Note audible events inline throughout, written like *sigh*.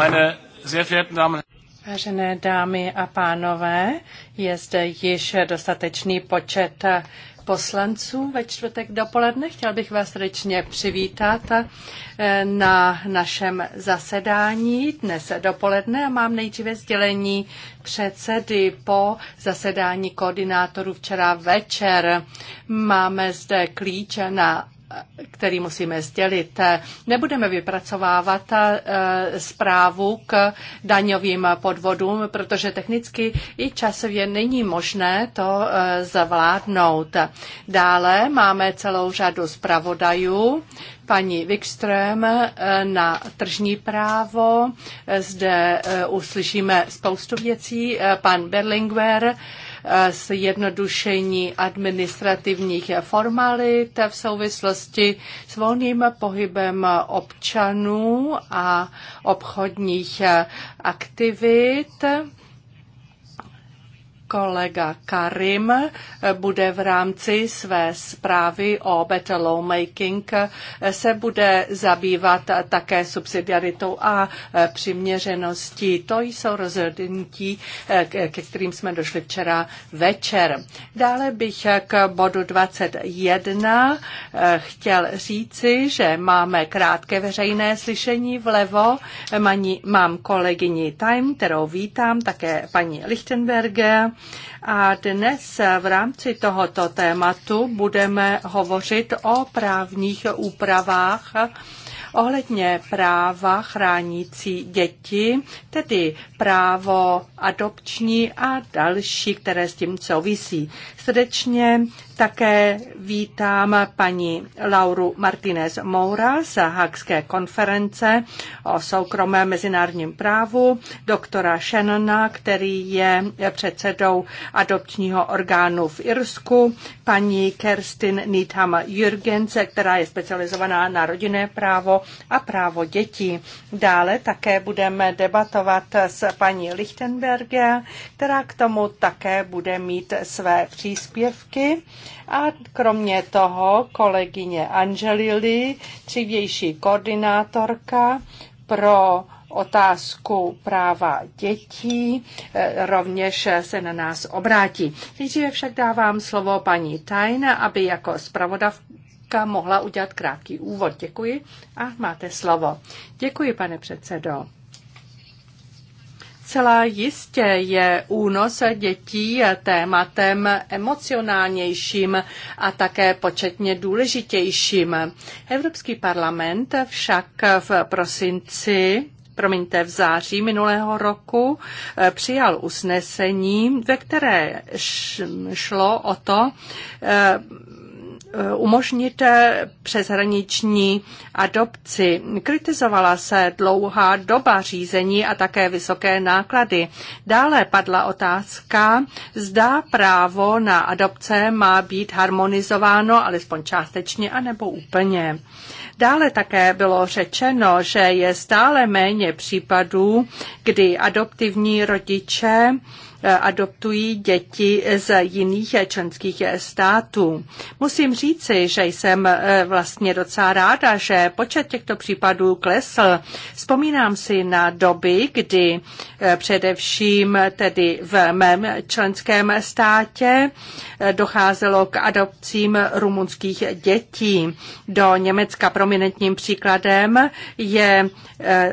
Meine sehr verehrten Damen Vážené dámy a pánové, je zde již dostatečný počet poslanců ve čtvrtek dopoledne. Chtěl bych vás srdečně přivítat eh, na našem zasedání dnes dopoledne a mám nejdříve sdělení předsedy po zasedání koordinátorů včera večer. Máme zde klíč na který musíme sdělit. Nebudeme vypracovávat eh, zprávu k daňovým podvodům, protože technicky i časově není možné to eh, zvládnout. Dále máme celou řadu zpravodajů, paní Wikström eh, na tržní právo. Zde uslyšíme spoustu věcí. Pan Berlinguer zjednodušení eh, administrativních formalit v souvislosti s volným pohybem občanů a obchodních eh, aktivit kolega Karim eh, bude v rámci své zprávy o better lawmaking eh, se bude zabývat také subsidiaritou a eh, přiměřeností. To jsou rozhodnutí, ke kterým jsme došli včera večer. Dále bych k bodu 21 chtěl říci, že máme krátké veřejné slyšení vlevo. Mám kolegyni Time, kterou vítám, také paní Lichtenberger a dnes v rámci tohoto tématu budeme hovořit o právních úpravách ohledně práva chránící děti, tedy právo adopční a další, které s tím souvisí. Srdečně také vítám paní Lauru Martinez Moura z Hagské konference o soukromém mezinárodním právu, doktora Shannona, který je předsedou adopčního orgánu v Irsku, paní Kerstin Needham Jürgense, která je specializovaná na rodinné právo a právo dětí. Dále také budeme debatovat s paní Lichtenberger, která k tomu také bude mít své příležitosti příspěvky a kromě toho kolegyně Angelili, dřívější koordinátorka pro otázku práva dětí eh, rovněž se na nás obrátí. Nejdříve však dávám slovo paní Tajna, aby jako zpravodavka mohla udělat krátký úvod. Děkuji a máte slovo. Děkuji, pane předsedo. Zcela jistě je únos dětí tématem emocionálnějším a také početně důležitějším. Evropský parlament však v prosinci promiňte, v září minulého roku eh, přijal usnesení, ve které šlo o to eh, Eh, umožnit eh, přeshraniční adopci. Kritizovala se dlouhá doba řízení a také vysoké náklady. Dále padla otázka, zda právo na adopce má být harmonizováno alespoň částečně anebo úplně. Dále také bylo řečeno, že je stále méně případů, kdy adoptivní rodiče adoptují děti z jiných členských států. Musím říci, že jsem eh, vlastně docela ráda, že počet těchto případů klesl. Vzpomínám si na doby, kdy eh, především tedy v mém členském státě eh, docházelo k adopcím rumunských dětí. Do Německa prominentním příkladem je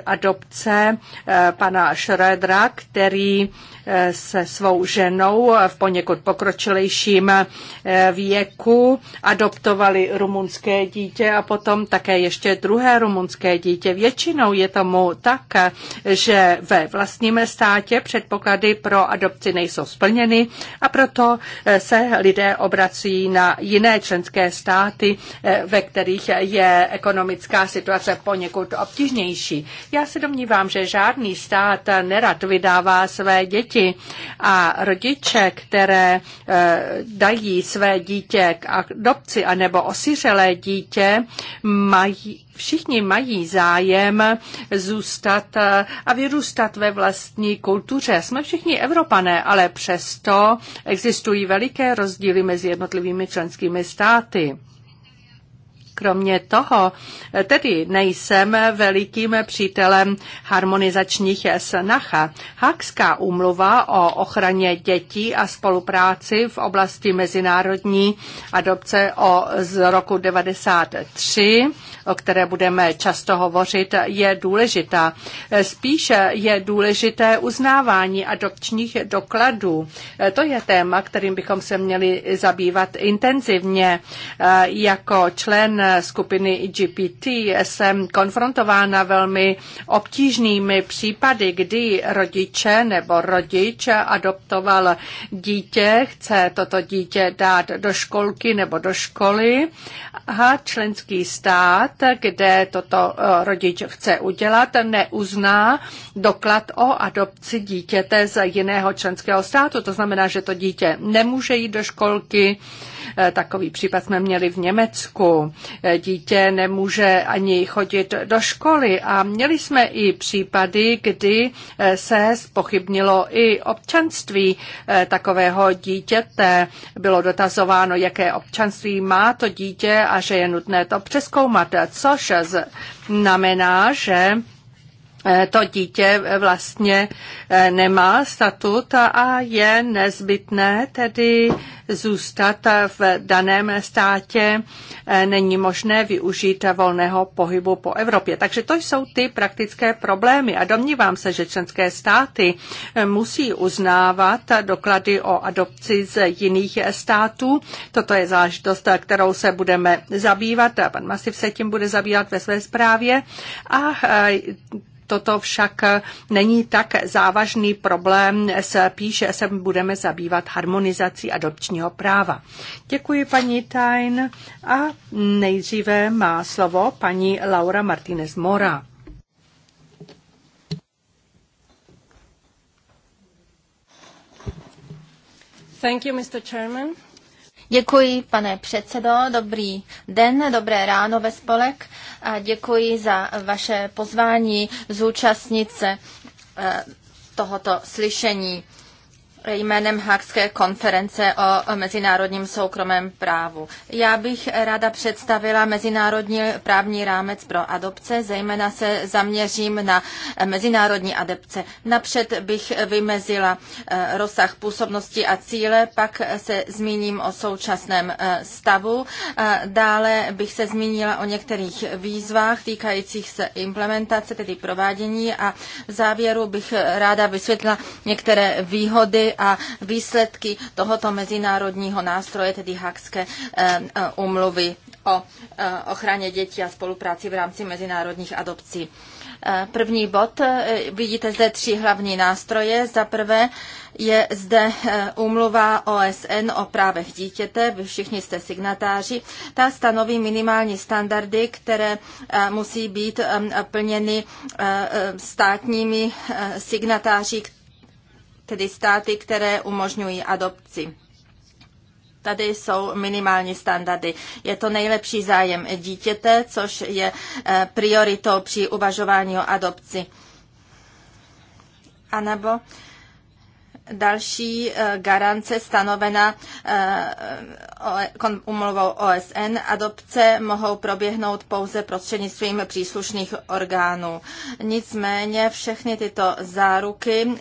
adopce pana Schrödera, který se svou ženou v poněkud pokročilejším eh, věku, adoptovali rumunské dítě a potom také ještě druhé rumunské dítě. Většinou je tomu tak, že ve vlastním státě předpoklady pro adopci nejsou splněny a proto eh, se lidé obrací na jiné členské státy, eh, ve kterých je ekonomická situace poněkud obtížnější. Já se domnívám, že žádný stát nerad vydává své děti děti. A rodiče, které eh, dají své dítě k adopci anebo osiřelé dítě, mají, všichni mají zájem zůstat eh, a vyrůstat ve vlastní kultuře. Jsme všichni Evropané, ale přesto existují veliké rozdíly mezi jednotlivými členskými státy. Kromě toho tedy nejsem velikým přítelem harmonizačních snah. Hákská úmluva o ochraně dětí a spolupráci v oblasti mezinárodní adopce o, z roku 93, o které budeme často hovořit, je důležitá. Spíše je důležité uznávání adopčních dokladů. To je téma, kterým bychom se měli zabývat intenzivně. E, jako člen skupiny GPT jsem konfrontována velmi obtížnými případy, kdy rodiče nebo rodič adoptoval dítě, chce toto dítě dát do školky nebo do školy a členský stát, kde toto eh, rodič chce udělat, neuzná doklad o adopci dítěte z jiného členského státu. To znamená, že to dítě nemůže jít do školky, Eh, takový případ jsme měli v Německu. Eh, dítě nemůže ani chodit do školy a měli jsme i případy, kdy eh, se spochybnilo i občanství takového dítěte. Bylo dotazováno, jaké občanství má to dítě a že je nutné to přeskoumat, což znamená, že Eh, to dítě vlastně eh, nemá statut a je nezbytné tedy zůstat eh, v daném státě. Není možné využít volného pohybu po Evropě. Takže to jsou ty praktické problémy a domnívám se, že členské státy musí uznávat doklady o adopci z jiných států. Toto je záležitost, kterou se budeme zabývat. Pan Masiv se tím bude zabývat ve své zprávě. A Toto však není tak závažný problém, píše, se budeme zabývat harmonizací adopčního práva. Děkuji paní Tajn a nejdříve má slovo paní Laura Martinez Mora. Thank you, Mr. Chairman. Děkuji, pane předsedo. Dobrý den, dobré ráno ve spolek a děkuji za vaše pozvání zúčastnit se eh, tohoto slyšení jménem Hákské konference o mezinárodním soukromém právu. Já bych ráda představila mezinárodní právní rámec pro adopce, zejména se zaměřím na mezinárodní adopce. Napřed bych vymezila eh, rozsah působnosti a cíle, pak se zmíním o současném eh, stavu. Eh, dále bych se zmínila o některých výzvách týkajících se implementace, tedy provádění a v závěru bych ráda vysvětlila některé výhody a výsledky tohoto mezinárodního nástroje, tedy Hakské umluvy eh, eh, o eh, ochraně dětí a spolupráci v rámci mezinárodních adopcí. První bod, vidíte zde tři hlavní nástroje. Za prvé je zde úmluva OSN o právech dítěte, vy všichni jste signatáři. Ta stanoví minimální standardy, které musí být plněny státními signatáři, tedy státy, které umožňují adopci. Tady jsou minimální standardy. Je to nejlepší zájem dítěte, což je eh, prioritou při uvažování o adopci. A nebo další eh, garance stanovena eh, eh, umluvou OSN. Adopce mohou proběhnout pouze prostřednictvím příslušných orgánů. Nicméně všechny tyto záruky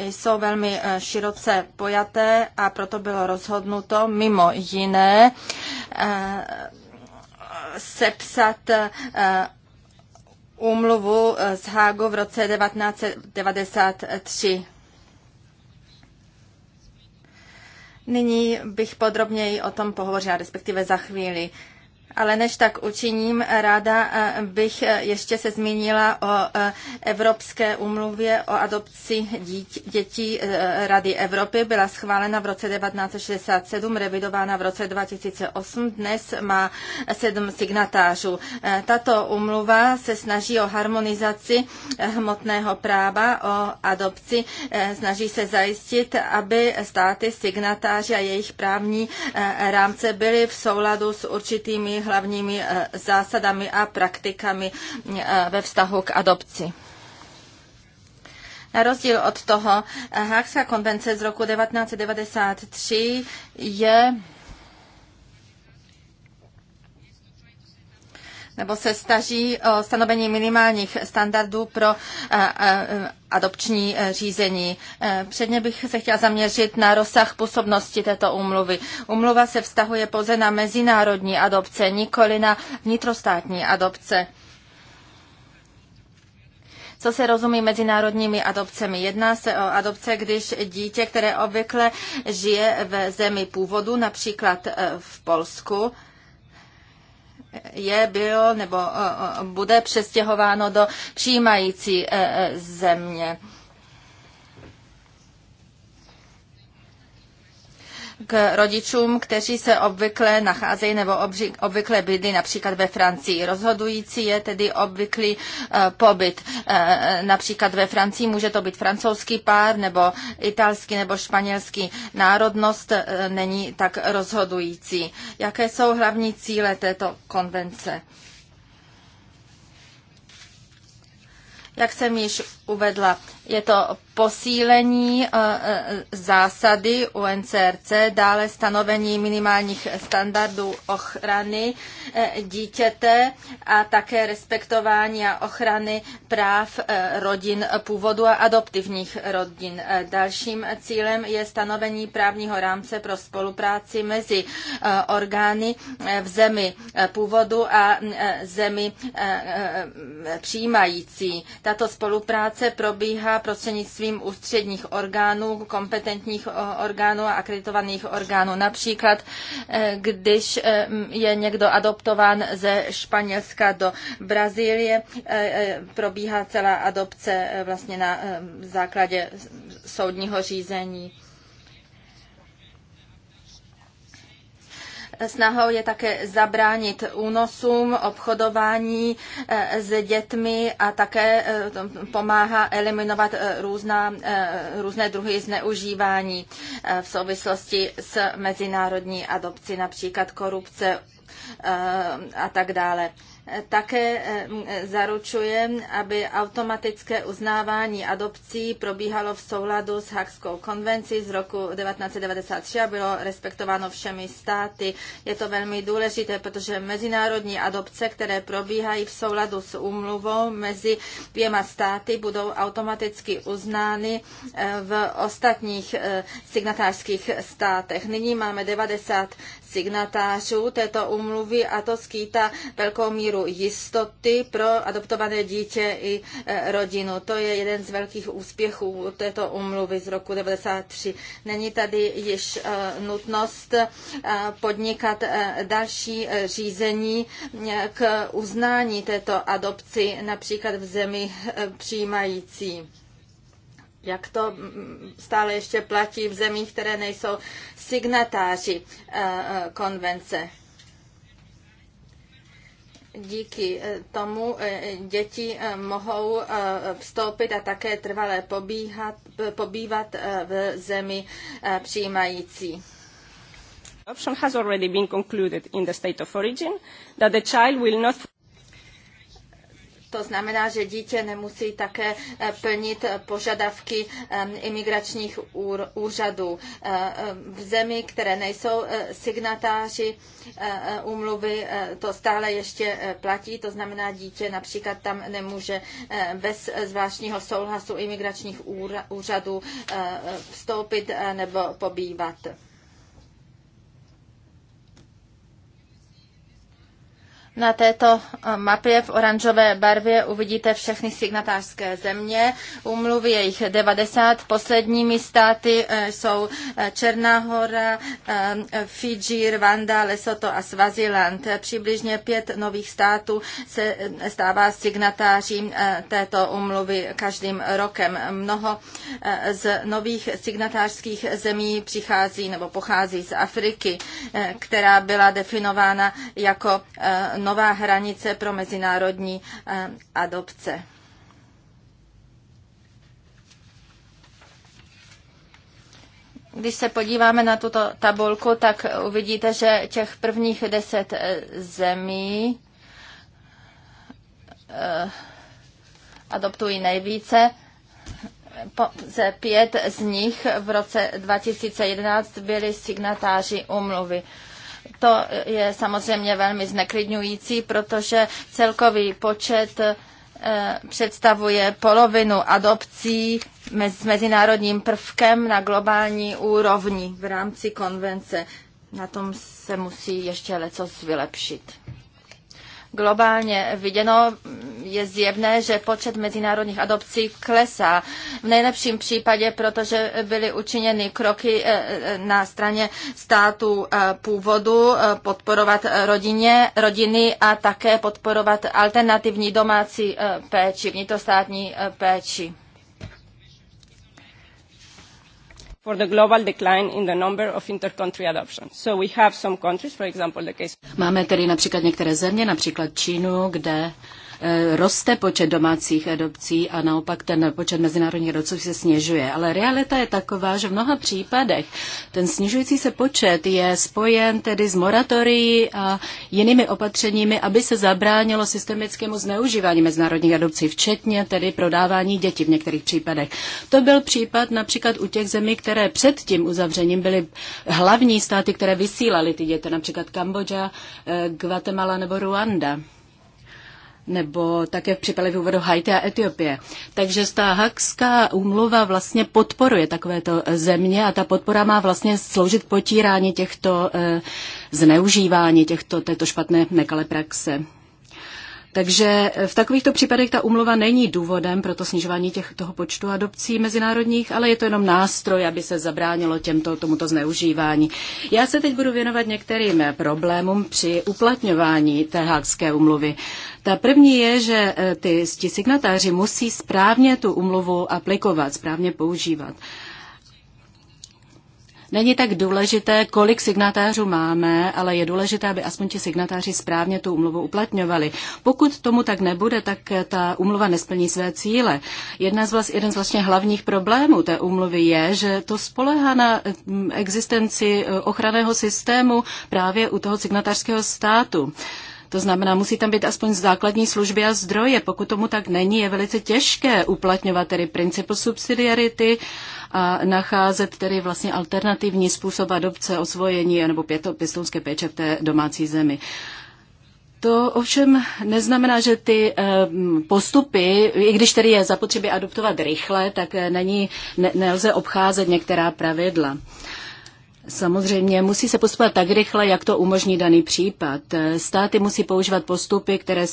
jsou velmi široce pojaté a proto bylo rozhodnuto mimo jiné sepsat úmluvu z Hágu v roce 1993. Nyní bych podrobněji o tom pohovořila, respektive za chvíli. Ale než tak učiním, ráda eh, bych eh, ještě se zmínila o eh, Evropské umluvě o adopci dětí Rady Evropy. Byla schválena v roce 1967, revidována v roce 2008. Dnes má sedm signatářů. Tato umluva se snaží o harmonizaci hmotného práva, o adopci. Snaží se zajistit, aby státy signatáři a jejich právní rámce byly v souladu s určitými hlavními eh, zásadami a praktikami eh, ve vztahu k adopci. Na rozdíl od toho, eh, Hákská konvence z roku 1993 je nebo se staží o eh, stanovení minimálních standardů pro eh, eh, adopční řízení. Předně bych se chtěla zaměřit na rozsah působnosti této úmluvy. Úmluva se vztahuje pouze na mezinárodní adopce, nikoli na vnitrostátní adopce. Co se rozumí mezinárodními adopcemi? Jedná se o adopce, když dítě, které obvykle žije ve zemi původu, například v Polsku, je, bylo nebo eh, eh, bude přestěhováno do přijímající eh, země. k rodičům, kteří se obvykle nacházejí nebo obvykle bydlí například ve Francii. Rozhodující je tedy obvyklý e, pobyt. E, například ve Francii může to být francouzský pár nebo italský nebo španělský. Národnost e, není tak rozhodující. Jaké jsou hlavní cíle této konvence? Jak jsem již uvedla, je to posílení eh, eh, zásady UNCRC, dále stanovení minimálních standardů ochrany eh, dítěte a také respektování a ochrany práv rodin původu a adoptivních rodin. Dalším cílem je stanovení právního rámce pro spolupráci mezi orgány v zemi původu a zemi přijímající. Tato spolupráce probíhá prostřednictvím prostřednictvím ústředních orgánů, kompetentních eh, orgánů a akreditovaných orgánů. Například, eh, když eh, je někdo adoptován ze Španělska do Brazílie, probíhá celá adopce vlastně na základě soudního řízení. Snahou je také zabránit únosům, obchodování eh, s dětmi a také eh, pomáhá eliminovat eh, různá, různé druhy zneužívání v souvislosti s mezinárodní adopcí, například korupce a tak dále také mm, zaručuje, aby automatické uznávání adopcí probíhalo v souladu s Hagskou konvencí z roku 1993 a bylo respektováno všemi státy. Je to velmi důležité, protože mezinárodní adopce, které probíhají v souladu s úmluvou mezi dvěma státy, budou automaticky uznány eh, v ostatních eh, signatářských státech. Nyní máme 90 signatářů této umluvy a to skýtá velkou míru jistoty pro adoptované dítě i e, rodinu. To je jeden z velkých úspěchů této umluvy z roku 1993. Není tady již e, nutnost e, podnikat další řízení k uznání této adopci, například v zemi přijímající jak to mm, stále ještě platí v zemích, které nejsou signatáři eh, eh, konvence. Díky eh, tomu děti mohou vstoupit a také trvale pobíhat, pobývat v zemi přijímající. Option has already been concluded in the state of origin that the child will not to znamená, že dítě nemusí také eh, plnit eh, požadavky eh, imigračních úřadů. V zemi, které nejsou signatáři úmluvy, to stále ještě platí. To znamená, dítě například tam nemůže bez zvláštního souhlasu imigračních úřadů vstoupit nebo pobývat. Na této eh, mapě v oranžové barvě uvidíte všechny signatářské země. Umluvy je jich 90. Posledními státy eh, jsou eh, Černá hora, Fiji, Rwanda, Lesoto a Svaziland. Přibližně pět nových států se stává signatáři této umluvy každým rokem. Mnoho z nových signatářských zemí přichází nebo pochází z Afriky, která byla definována jako nová hranice pro mezinárodní eh, adopce. Když se podíváme na tuto tabulku, tak uvidíte, že těch prvních deset eh, zemí eh, adoptují nejvíce. Ze pět z nich v roce 2011 byli signatáři umluvy. To je samozřejmě velmi zneklidňující, protože celkový počet eh, představuje polovinu adopcí s mezinárodním prvkem na globální úrovni v rámci konvence. Na tom se musí ještě leco vylepšit. Globálně viděno je zjevné, že počet mezinárodních adopcí klesá. V nejlepším případě, protože byly učiněny kroky eh, eh, na straně státu eh, původu podporovat rodině, rodiny a také podporovat alternativní domácí péči, vnitrostátní péči. for the global decline in the number of intercountry adoptions. So we have some countries, for example, the case. Máme tedy například některé země, například Čínu, kde Eh, roste počet domácích adopcí a naopak ten počet mezinárodních adopcí se snižuje. Ale realita je taková, že v mnoha případech ten snižující se počet je spojen tedy s moratorií a jinými opatřeními, aby se zabránilo systemickému zneužívání mezinárodních adopcí, včetně tedy prodávání dětí v některých případech. To byl případ například u těch zemí, které před tím uzavřením byly hlavní státy, které vysílaly ty děti, například Kambodža, eh, Guatemala nebo Ruanda nebo také v případě vývodu Haiti a Etiopie. Takže ta Hakská úmluva vlastně podporuje takovéto země a ta podpora má vlastně sloužit potírání těchto eh, zneužívání těchto, této špatné nekalé praxe. Takže v takovýchto případech ta umluva není důvodem pro to snižování těch, toho počtu adopcí mezinárodních, ale je to jenom nástroj, aby se zabránilo těmto, tomuto zneužívání. Já se teď budu věnovat některým problémům při uplatňování té hákské umluvy. Ta první je, že e, ty, ti signatáři musí správně tu umluvu aplikovat, správně používat. Není tak důležité, kolik signatářů máme, ale je důležité, aby aspoň ti signatáři správně tu umluvu uplatňovali. Pokud tomu tak nebude, tak ta umluva nesplní své cíle. Jedna z vlast, jeden z vlastně hlavních problémů té umluvy je, že to spolehá na mm, existenci eh, ochranného systému právě u toho signatářského státu. To znamená, musí tam být aspoň základní služby a zdroje. Pokud tomu tak není, je velice těžké uplatňovat tedy principu subsidiarity a nacházet tedy vlastně alternativní způsob adopce, osvojení nebo pěstounské péče v té domácí zemi. To ovšem neznamená, že ty ehm, postupy, i když tedy je zapotřebí adoptovat rychle, tak eh, není, ne, nelze obcházet některá pravidla. Samozřejmě musí se postupovat tak rychle, jak to umožní daný případ. Státy musí používat postupy, které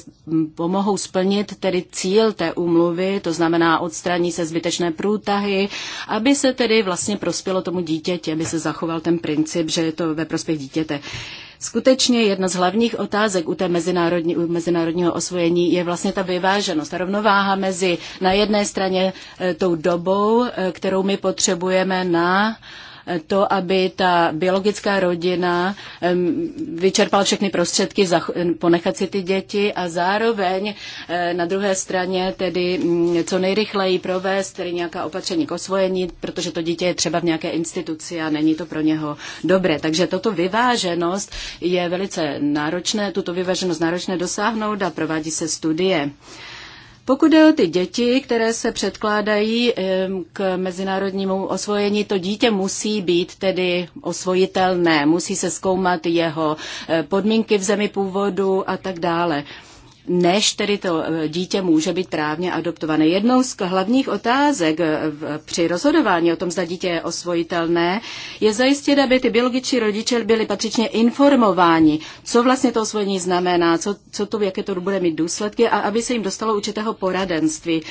pomohou splnit tedy cíl té úmluvy, to znamená odstraní se zbytečné průtahy, aby se tedy vlastně prospělo tomu dítěti, aby se zachoval ten princip, že je to ve prospěch dítěte. Skutečně jedna z hlavních otázek u té mezinárodní, u mezinárodního osvojení je vlastně ta vyváženost, ta rovnováha mezi na jedné straně e, tou dobou, e, kterou my potřebujeme na to, aby ta biologická rodina vyčerpala všechny prostředky, ponechat si ty děti a zároveň eh, na druhé straně tedy mm, co nejrychleji provést tedy nějaká opatření k osvojení, protože to dítě je třeba v nějaké instituci a není to pro něho dobré. Takže toto vyváženost je velice náročné, tuto vyváženost náročné dosáhnout a provádí se studie. Pokud jde o ty děti, které se předkládají k mezinárodnímu osvojení, to dítě musí být tedy osvojitelné, musí se zkoumat jeho eh, podmínky v zemi původu a tak dále než tedy to eh, dítě může být právně adoptované. Jednou z hlavních otázek eh, při rozhodování o tom, zda dítě je osvojitelné, je zajistit, aby ty biologiční rodiče byli patřičně informováni, co vlastně to osvojení znamená, co, co to, jaké to bude mít důsledky a aby se jim dostalo určitého poradenství.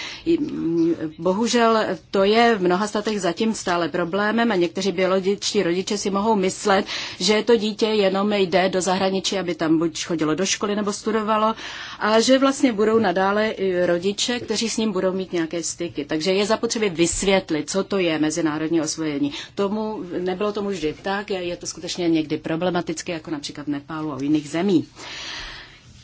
Mm, bohužel to je v mnoha statech zatím stále problémem a někteří biologičtí rodiče si mohou myslet, že to dítě jenom jde do zahraničí, aby tam buď chodilo do školy nebo studovalo a že vlastně budou nadále i rodiče, kteří s ním budou mít nějaké styky. Takže je zapotřebí vysvětlit, co to je mezinárodní osvojení. Tomu, nebylo tomu vždy tak, je to skutečně někdy problematické, jako například v Nepálu a v jiných zemí. Uh,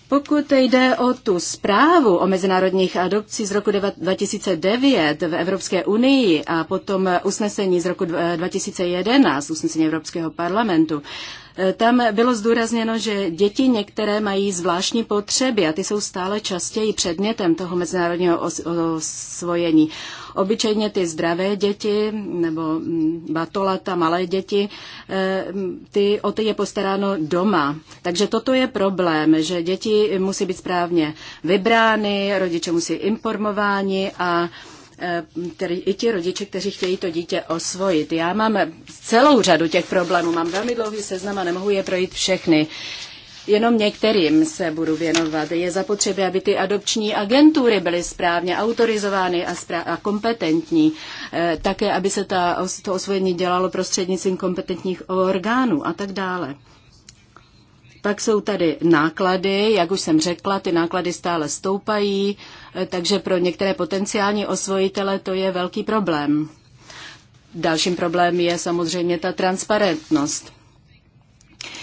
pokud jde o tu zprávu o mezinárodních adopcí z roku 2009 v Evropské unii a potom usnesení z roku 2011, usnesení Evropského parlamentu, eh, tam bylo zdůrazněno, že děti některé mají zvláštní potřeby a ty jsou stále častěji předmětem toho mezinárodního osvojení. Os- Obyčejně ty zdravé děti nebo mm, batolata, malé děti, eh, mm, ty, o ty je postaráno doma. Takže toto je problém, že děti musí být správně vybrány, rodiče musí informováni a který, eh, i ti rodiče, kteří chtějí to dítě osvojit. Já mám celou řadu těch problémů, mám velmi dlouhý seznam a nemohu je projít všechny. Jenom některým se budu věnovat. Je zapotřebí, aby ty adopční agentury byly správně autorizovány a, správ- a kompetentní. E, také, aby se ta, to osvojení dělalo prostřednictvím kompetentních orgánů a tak dále. Pak jsou tady náklady, jak už jsem řekla, ty náklady stále stoupají, eh, takže pro některé potenciální osvojitele to je velký problém. Dalším problémem je samozřejmě ta transparentnost.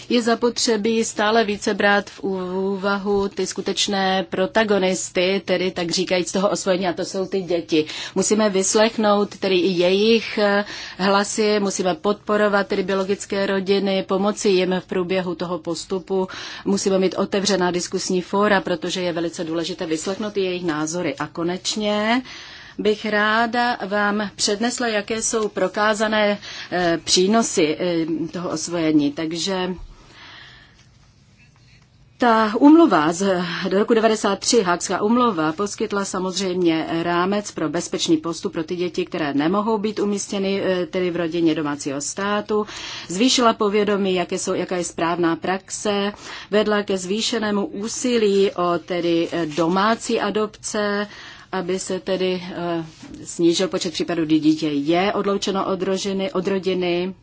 Je zapotřebí stále více brát v úvahu ty skutečné protagonisty, tedy tak říkajíc toho osvojení, a to jsou ty děti. Musíme vyslechnout tedy i jejich eh, hlasy, musíme podporovat tedy biologické rodiny, pomoci jim v průběhu toho postupu, musíme mít otevřená diskusní fóra, protože je velice důležité vyslechnout i jejich názory. A konečně, bych ráda vám přednesla, jaké jsou prokázané eh, přínosy eh, toho osvojení. Takže ta umluva z do roku 93, Hákská umluva, poskytla samozřejmě rámec pro bezpečný postup pro ty děti, které nemohou být umístěny eh, tedy v rodině domácího státu, zvýšila povědomí, jaké jsou, jaká je správná praxe, vedla ke zvýšenému úsilí o tedy domácí adopce, aby se tedy eh, snížil počet případů, kdy dítě je odloučeno od, rožiny, od rodiny.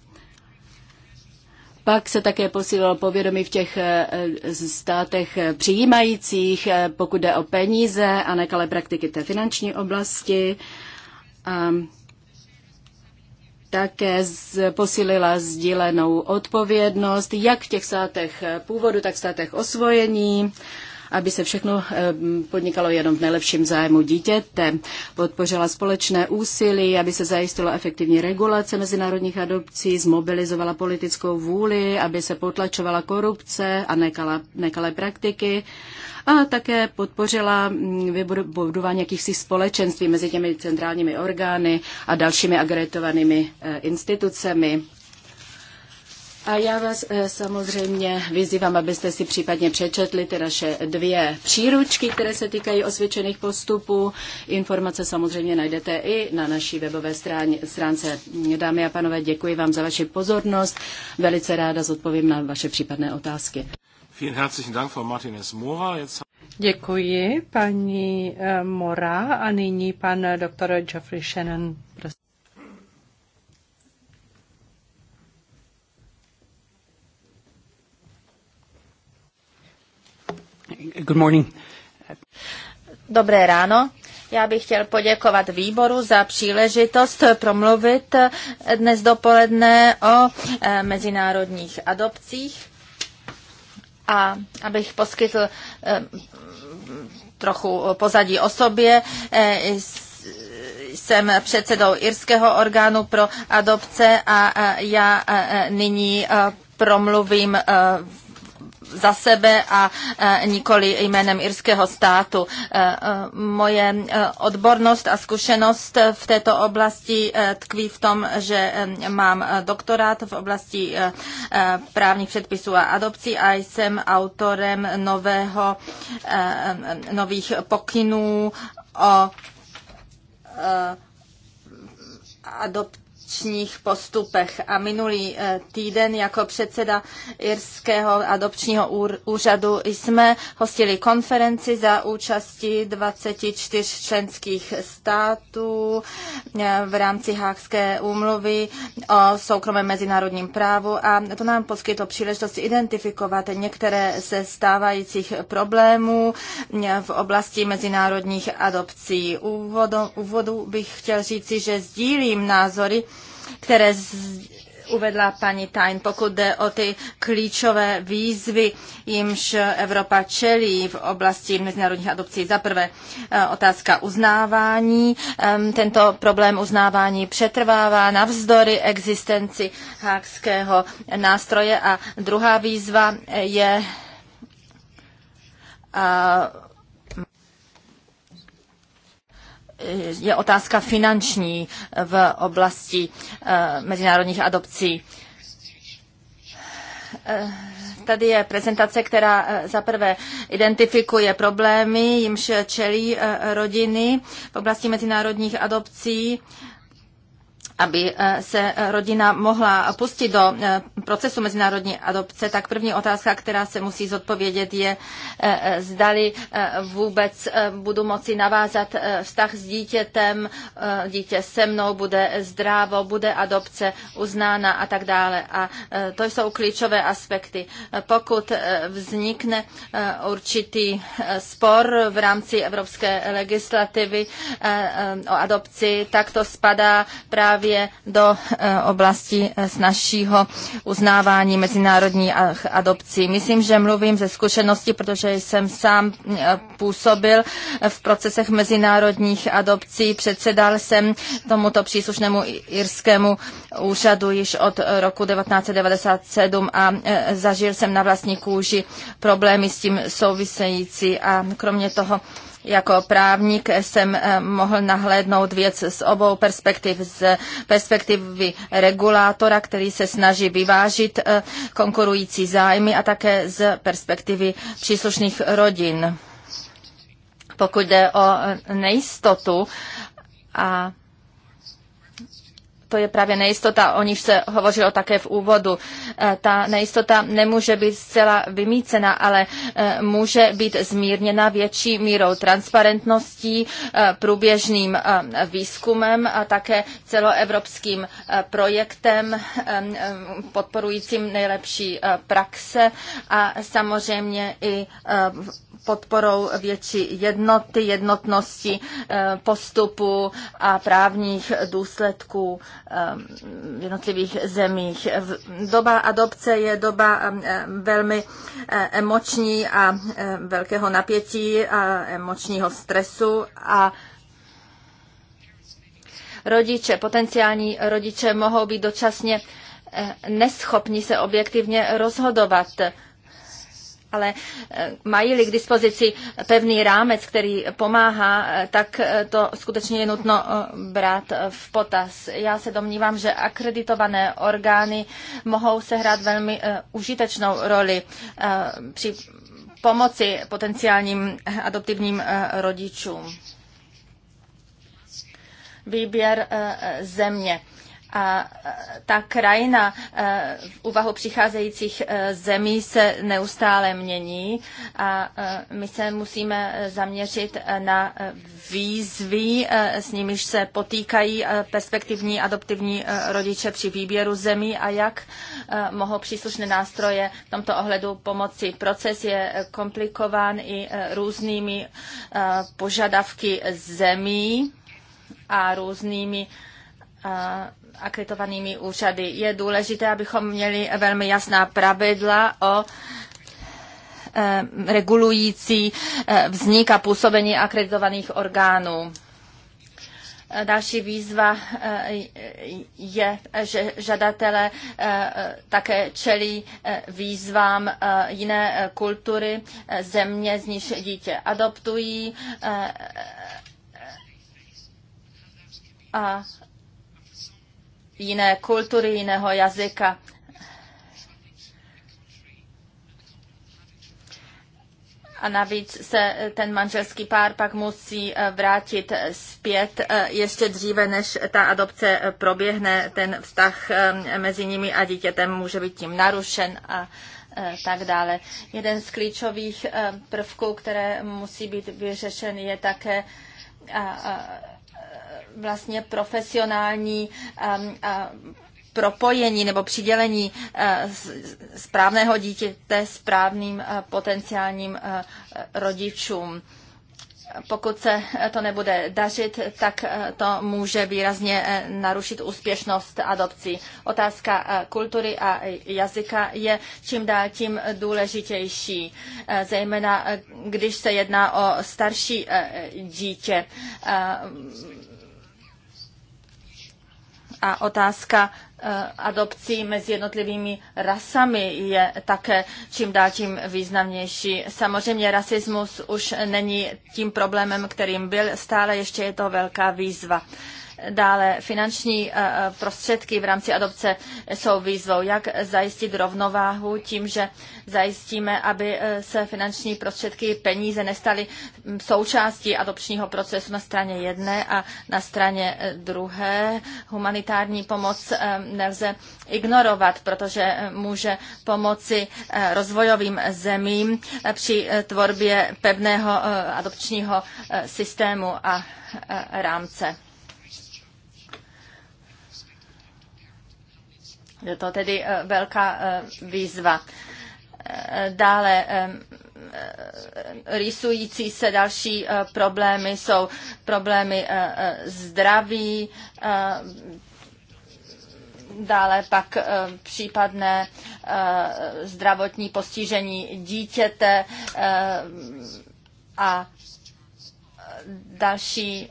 Pak se také posílilo povědomí v těch eh, státech přijímajících, eh, pokud jde o peníze a nekalé praktiky té finanční oblasti. A také posílila sdílenou odpovědnost jak v těch státech původu, tak v státech osvojení aby se všechno eh, podnikalo jenom v nejlepším zájmu dítěte. Podpořila společné úsilí, aby se zajistila efektivní regulace mezinárodních adopcí, zmobilizovala politickou vůli, aby se potlačovala korupce a nekala, nekalé praktiky a také podpořila mm, vybudování jakýchsi společenství mezi těmi centrálními orgány a dalšími agregovanými eh, institucemi. A já vás eh, samozřejmě vyzývám, abyste si případně přečetli ty naše dvě příručky, které se týkají osvědčených postupů. Informace samozřejmě najdete i na naší webové stránce. Dámy a panové, děkuji vám za vaši pozornost. Velice ráda zodpovím na vaše případné otázky. Děkuji, paní eh, Mora. A nyní pan doktor Geoffrey Shannon. Prosím. Good morning. Dobré ráno. Já bych chtěl poděkovat výboru za příležitost promluvit dnes dopoledne o eh, mezinárodních adopcích a abych poskytl eh, trochu pozadí o sobě, eh, jsem předsedou Irského orgánu pro adopce a já nyní promluvím za sebe a e, nikoli jménem irského státu. E, e, moje odbornost a zkušenost v této oblasti tkví v tom, že mám doktorát v oblasti právních předpisů a adopcí a jsem autorem nového, nových pokynů o adopci adopčních postupech. A minulý eh, týden jako předseda Irského adopčního úřadu jsme hostili konferenci za účasti 24 členských států eh, v rámci Hákské úmluvy o soukromém mezinárodním právu a to nám poskytlo příležitost identifikovat některé se stávajících problémů eh, v oblasti mezinárodních adopcí. Úvodu, úvodu bych chtěl říci, že sdílím názory, které z, uvedla paní Tain, pokud jde o ty klíčové výzvy, jimž Evropa čelí v oblasti mezinárodních adopcí. Za prvé eh, otázka uznávání. Tento problém uznávání přetrvává navzdory existenci hákského nástroje. A druhá výzva je Eh, je otázka finanční v oblasti eh, mezinárodních adopcí. Eh, tady je prezentace, která zaprvé identifikuje problémy, jimž čelí rodiny v oblasti mezinárodních adopcí aby eh, se rodina mohla pustit do eh, procesu mezinárodní adopce, tak první otázka, která se musí zodpovědět, je, eh, zdali vůbec budu moci navázat vztah s dítětem, dítě se mnou, bude zdrávo, bude adopce uznána a tak dále. A to jsou klíčové aspekty. Pokud vznikne určitý spor v rámci evropské legislativy o adopci, tak to spadá právě je do eh, oblasti eh, snažšího uznávání mezinárodní adopcí. Myslím, že mluvím ze zkušenosti, protože jsem sám eh, působil v procesech mezinárodních adopcí. Předsedal jsem tomuto příslušnému irskému úřadu již od roku 1997 a zažil jsem na vlastní kůži problémy s tím související a kromě toho jako právník jsem eh, mohl nahlédnout věc z obou perspektiv. Z perspektivy regulátora, který se snaží vyvážit eh, konkurující zájmy a také z perspektivy příslušných rodin. Pokud jde o eh, nejistotu a to je právě nejistota, o níž se hovořilo také v úvodu. E, ta nejistota nemůže být zcela vymícena, ale e, může být zmírněna větší mírou transparentností, e, průběžným výzkumem a také celoevropským projektem podporujícím nejlepší praxe a samozřejmě i podporou větší jednoty, jednotnosti eh, postupu a právních důsledků eh, v jednotlivých zemích. Doba adopce je doba eh, velmi emoční a velkého napětí a emočního stresu a rodiče, potenciální rodiče mohou být dočasně neschopni se objektivně rozhodovat ale eh, mají-li k dispozici pevný rámec, který pomáhá, eh, tak eh, to skutečně je nutno brát v potaz. Já se domnívám, že akreditované orgány mohou sehrát velmi užitečnou roli při pomoci potenciálním adoptivním rodičům. Výběr země. A e, ta krajina e, v úvahu přicházejících e, zemí se neustále mění a my se musíme zaměřit na výzvy, s nimiž se potýkají perspektivní adoptivní rodiče při výběru zemí a jak mohou příslušné nástroje v tomto ohledu pomoci. Proces je komplikován i různými požadavky zemí a různými akreditovanými úřady. Je důležité, abychom měli velmi jasná pravidla o eh, regulující eh, vznik a působení akreditovaných orgánů. Eh, další výzva je, že žadatelé také čelí výzvám jiné kultury, země, z níž dítě adoptují a jiné kultury, jiného jazyka. A navíc se ten manželský pár pak musí eh, vrátit zpět eh, ještě dříve, než ta adopce eh, proběhne. Ten vztah mezi nimi a dítětem může být tím narušen a tak dále. Jeden z klíčových prvků, které musí být vyřešen, je také vlastně profesionální propojení nebo přidělení e, správného dítěte správným e, potenciálním e, rodičům pokud se to nebude dařit, tak to může výrazně narušit úspěšnost adopcí. Otázka kultury a jazyka je čím dál tím důležitější, zejména když se jedná o starší dítě a otázka eh, adopcí mezi jednotlivými rasami je také čím dál tím významnější. Samozřejmě rasismus už není tím problémem, kterým byl, stále ještě je to velká výzva. Dále finanční eh, eh, prostředky v rámci adopce jsou výzvou, jak zajistit rovnováhu tím, že zajistíme, aby eh, se finanční prostředky, peníze nestaly mm, součástí adopčního procesu na straně jedné a na straně druhé. Humanitární pomoc nelze ignorovat, protože může pomoci rozvojovým zemím při tvorbě pevného adopčního systému a rámce. Je to tedy eh, velká eh, výzva. Eh, dále rýsující se další problémy jsou problémy zdraví, dále pak případné zdravotní postižení dítěte a další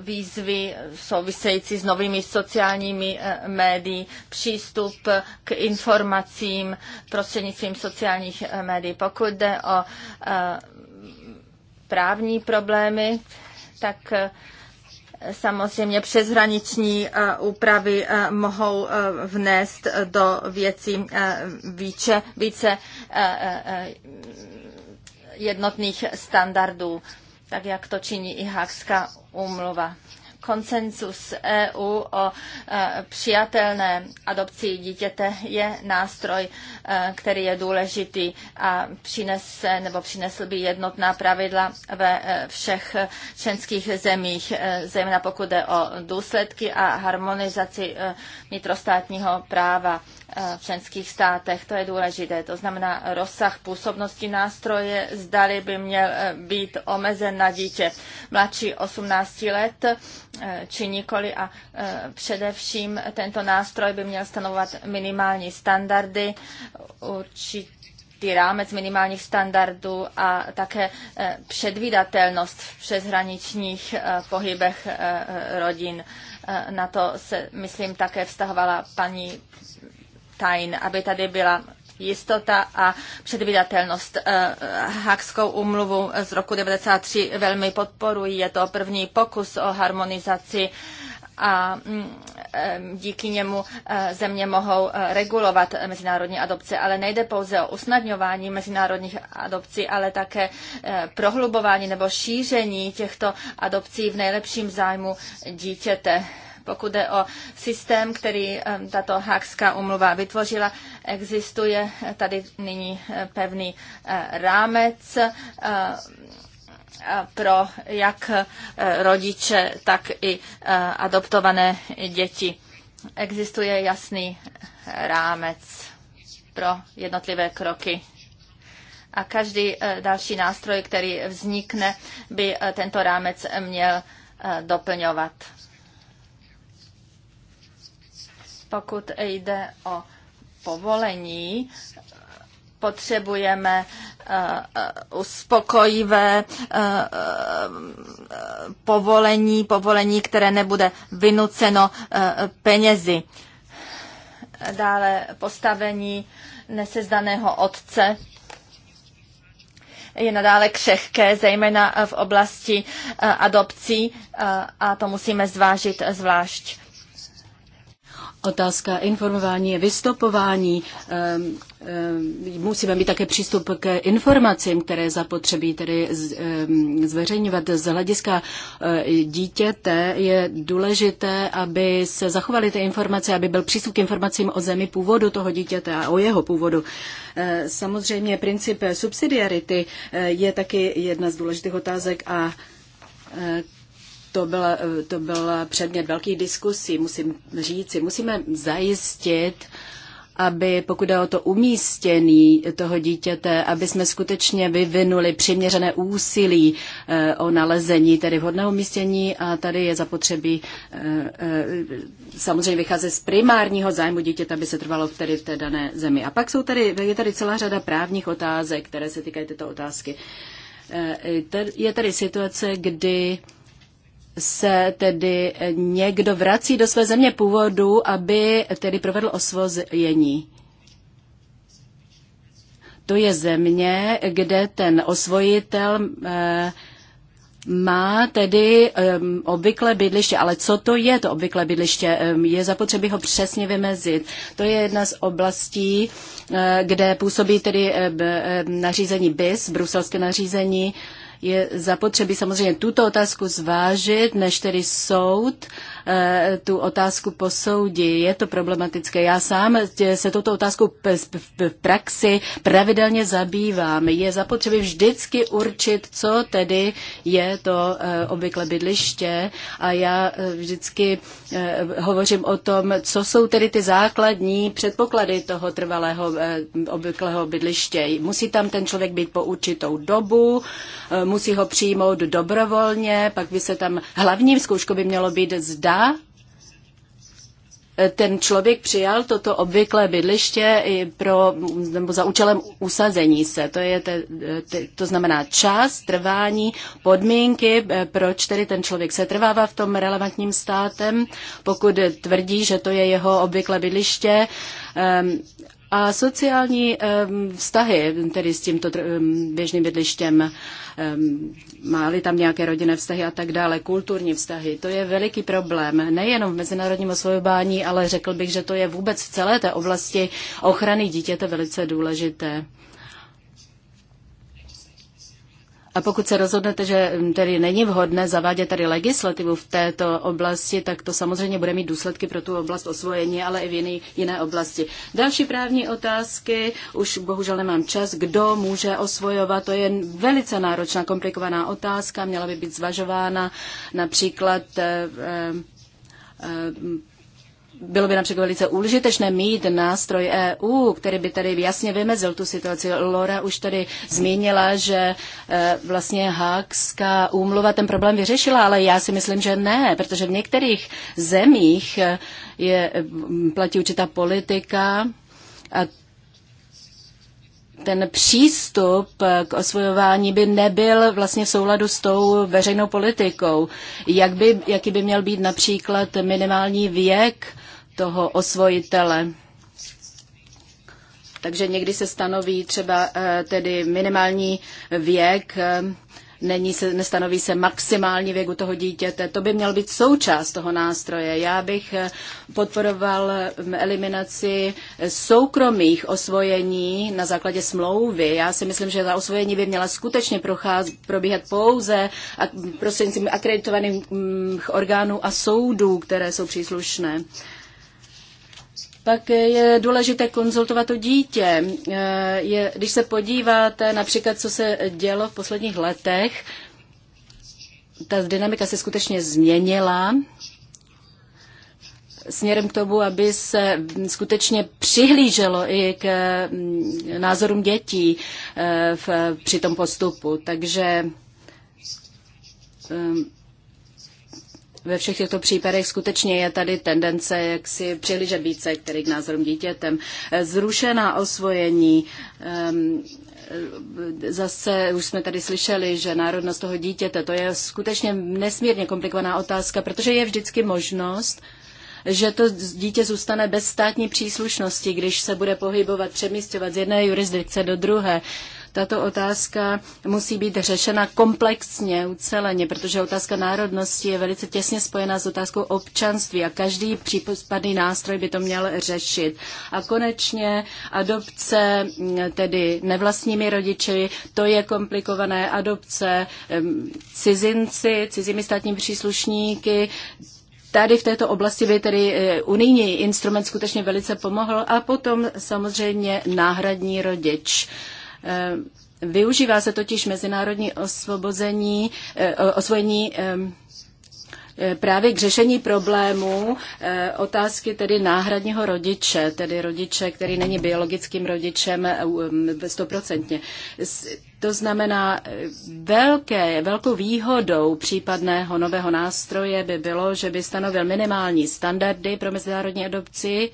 výzvy související s novými sociálními eh, médii, přístup k informacím prostřednictvím sociálních eh, médií. Pokud jde o eh, právní problémy, tak samozřejmě přeshraniční úpravy mohou vnést do věcí více, více jednotných standardů, tak jak to činí i Hákská úmluva Koncensus EU o e, přijatelné adopci dítěte je nástroj, e, který je důležitý a přinese nebo přinesl by jednotná pravidla ve e, všech členských zemích, zejména pokud jde o důsledky a harmonizaci vnitrostátního práva Eh, v členských státech. To je důležité. To znamená rozsah působnosti nástroje, zdali by měl eh, být omezen na dítě mladší 18 let eh, či nikoli a především tento nástroj by měl stanovat minimální standardy, určitý rámec minimálních standardů a také předvídatelnost v přeshraničních pohybech rodin. Na to se, myslím, také vztahovala paní tajn, aby tady byla jistota a předvydatelnost. Eh, Hakskou umluvu z roku 1993 velmi podporuji. Je to první pokus o harmonizaci a mm, eh, díky němu eh, země mohou regulovat mezinárodní adopce, ale nejde pouze o usnadňování mezinárodních adopcí, ale také prohlubování nebo šíření těchto adopcí v nejlepším zájmu dítěte pokud jde o systém, který tato Hákská umluva vytvořila, existuje tady nyní eh, pevný eh, rámec eh, pro jak rodiče, tak i adoptované děti. Existuje jasný rámec pro jednotlivé kroky a každý další nástroj, který vznikne, by tento rámec měl doplňovat. Pokud jde o povolení, potřebujeme eh, eh, uspokojivé eh, povolení, povolení, které nebude vynuceno penězi. Dále postavení nesezdaného otce je nadále křehké, zejména v oblasti adopcí a to musíme zvážit zvlášť. Otázka informování je vystupování. Ehm, ehm, musíme mít také přístup k informacím, které zapotřebí tedy ehm, zveřejňovat. Z hlediska eh, dítěte je důležité, aby se zachovaly ty informace, aby byl přístup k informacím o zemi původu toho dítěte a o jeho původu. Eh, samozřejmě princip subsidiarity eh, je taky jedna z důležitých otázek a to byl, eh, to byl předmět velkých diskusí, musím říct. Musíme zajistit, aby pokud je o to umístění toho dítěte, aby jsme skutečně vyvinuli přiměřené úsilí eh, o nalezení tedy vhodného umístění a tady je zapotřebí eh, samozřejmě vycházet z primárního zájmu dítěte, aby se trvalo v tedy v té dané zemi. A pak jsou tady, je tady celá řada právních otázek, které se týkají této otázky. Je tady situace, kdy se tedy někdo vrací do své země původu, aby tedy provedl osvojení. To je země, kde ten osvojitel eh, má tedy um, eh, obvyklé bydliště, ale co to je to obvyklé bydliště? Eh, je zapotřebí ho přesně vymezit. To je jedna z oblastí, kde působí tedy uh, nařízení BIS, bruselské nařízení je zapotřebí samozřejmě tuto otázku zvážit, než tedy soud Eh, tu otázku posoudí. Je to problematické. Já sám se touto otázkou v praxi pravidelně zabývám. Je zapotřebí vždycky určit, co tedy je to eh, obvykle bydliště a já eh, vždycky hovořím o tom, co jsou tedy ty základní předpoklady toho trvalého obvyklého bydliště. Musí tam ten člověk být po určitou dobu, musí ho přijmout dobrovolně, pak by se tam hlavním zkouškou by mělo být zdá ten člověk přijal toto obvyklé bydliště i pro, nebo za účelem usazení se. To, je te, te, to znamená čas, trvání, podmínky, eh, proč tedy ten člověk se trvává v tom relevantním státem, pokud tvrdí, že to je jeho obvyklé bydliště ehm, a sociální vztahy, tedy s tímto běžným bydlištěm, máli tam nějaké rodinné vztahy a tak dále, kulturní vztahy, to je veliký problém, nejenom v mezinárodním osvojování, ale řekl bych, že to je vůbec v celé té oblasti ochrany dítěte velice důležité. A pokud se rozhodnete, že tedy není vhodné zavádět tady legislativu v této oblasti, tak to samozřejmě bude mít důsledky pro tu oblast osvojení, ale i v jiný, jiné oblasti. Další právní otázky, už bohužel nemám čas, kdo může osvojovat, to je velice náročná, komplikovaná otázka, měla by být zvažována například eh, eh, bylo by například velice užitečné mít nástroj EU, který by tady jasně vymezil tu situaci. Laura už tady zmínila, že e, vlastně Hákská úmluva ten problém vyřešila, ale já si myslím, že ne, protože v některých zemích e, je, platí určitá politika a ten přístup e, k osvojování by nebyl vlastně v souladu s tou veřejnou politikou. Jak by, jaký by měl být například minimální věk toho osvojitele. Takže někdy se stanoví třeba eh, tedy minimální věk, eh, není se, nestanoví se maximální věk u toho dítěte. To by měl být součást toho nástroje. Já bych eh, podporoval mm, eliminaci soukromých osvojení na základě smlouvy. Já si myslím, že ta osvojení by měla skutečně procház- probíhat pouze a mm, prostřednictvím akreditovaných mm, orgánů a soudů, které jsou příslušné. Pak je důležité konzultovat to dítě. Eh, je, když se podíváte například, co se dělo v posledních letech, ta dynamika se skutečně změnila směrem k tomu, aby se skutečně přihlíželo i k mm, názorům dětí eh, v, při tom postupu. Takže ehm, ve všech těchto případech skutečně je tady tendence, jak si přihlížet více který k názorům dítětem. Zrušená osvojení, ehm, e, zase už jsme tady slyšeli, že národnost toho dítěte, to je skutečně nesmírně komplikovaná otázka, protože je vždycky možnost, že to dítě zůstane bez státní příslušnosti, když se bude pohybovat, přemístěvat z jedné jurisdikce do druhé tato otázka musí být řešena komplexně, uceleně, protože otázka národnosti je velice těsně spojená s otázkou občanství a každý případný nástroj by to měl řešit. A konečně adopce, mm, tedy nevlastními rodiči, to je komplikované adopce, mm, cizinci, cizími státními příslušníky, Tady v této oblasti by tedy e, unijní instrument skutečně velice pomohl a potom samozřejmě náhradní rodič. Eh, využívá se totiž mezinárodní osvobození, eh, osvojení eh, právě k řešení problémů otázky tedy náhradního rodiče, tedy rodiče, který není biologickým rodičem stoprocentně. To znamená, velké, velkou výhodou případného nového nástroje by bylo, že by stanovil minimální standardy pro mezinárodní adopci,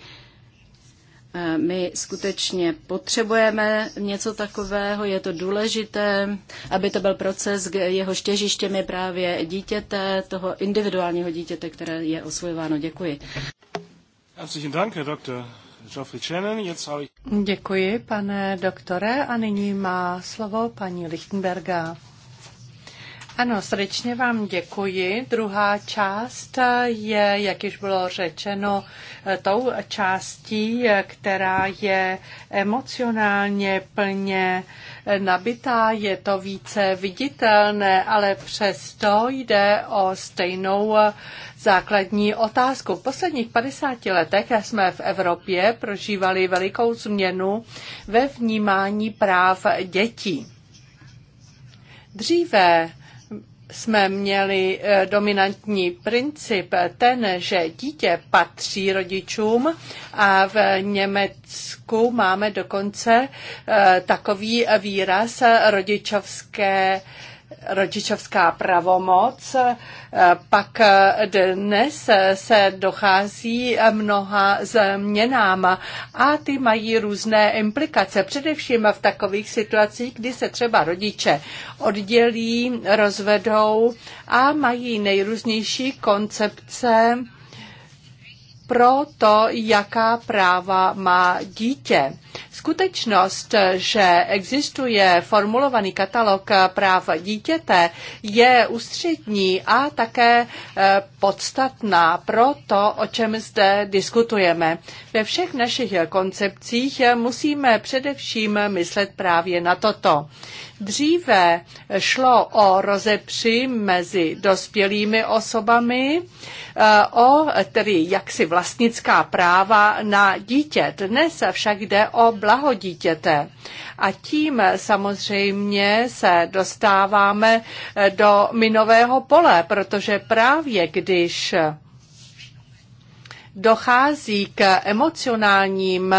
Eh, my skutečně potřebujeme něco takového, je to důležité, aby to byl proces, jeho štěžištěm je právě dítěte, toho individuálního dítěte, které je osvojováno. Děkuji. Herzlichen Dank, Herr Dr. Děkuji, pane doktore, a nyní má slovo paní Lichtenberga. Ano, srdečně vám děkuji. Druhá část je, jak již bylo řečeno, tou částí, která je emocionálně plně nabitá, je to více viditelné, ale přesto jde o stejnou základní otázku. V posledních 50 letech jsme v Evropě prožívali velikou změnu ve vnímání práv dětí. Dříve jsme měli eh, dominantní princip eh, ten, že dítě patří rodičům a v Německu máme dokonce eh, takový výraz rodičovské rodičovská pravomoc. Eh, pak eh, dnes eh, se dochází mnoha změnám a ty mají různé implikace, především v takových situacích, kdy se třeba rodiče oddělí, rozvedou a mají nejrůznější koncepce pro to, jaká práva má dítě. Skutečnost, že existuje formulovaný katalog práv dítěte, je ústřední a také eh, podstatná pro to, o čem zde diskutujeme. Ve všech našich koncepcích musíme především myslet právě na toto. Dříve šlo o rozepři mezi dospělými osobami, eh, o tedy jaksi vlastnická práva na dítě. Dnes však jde o blaho dítěte. A tím samozřejmě se dostáváme eh, do minového pole, protože právě když dochází k emocionálním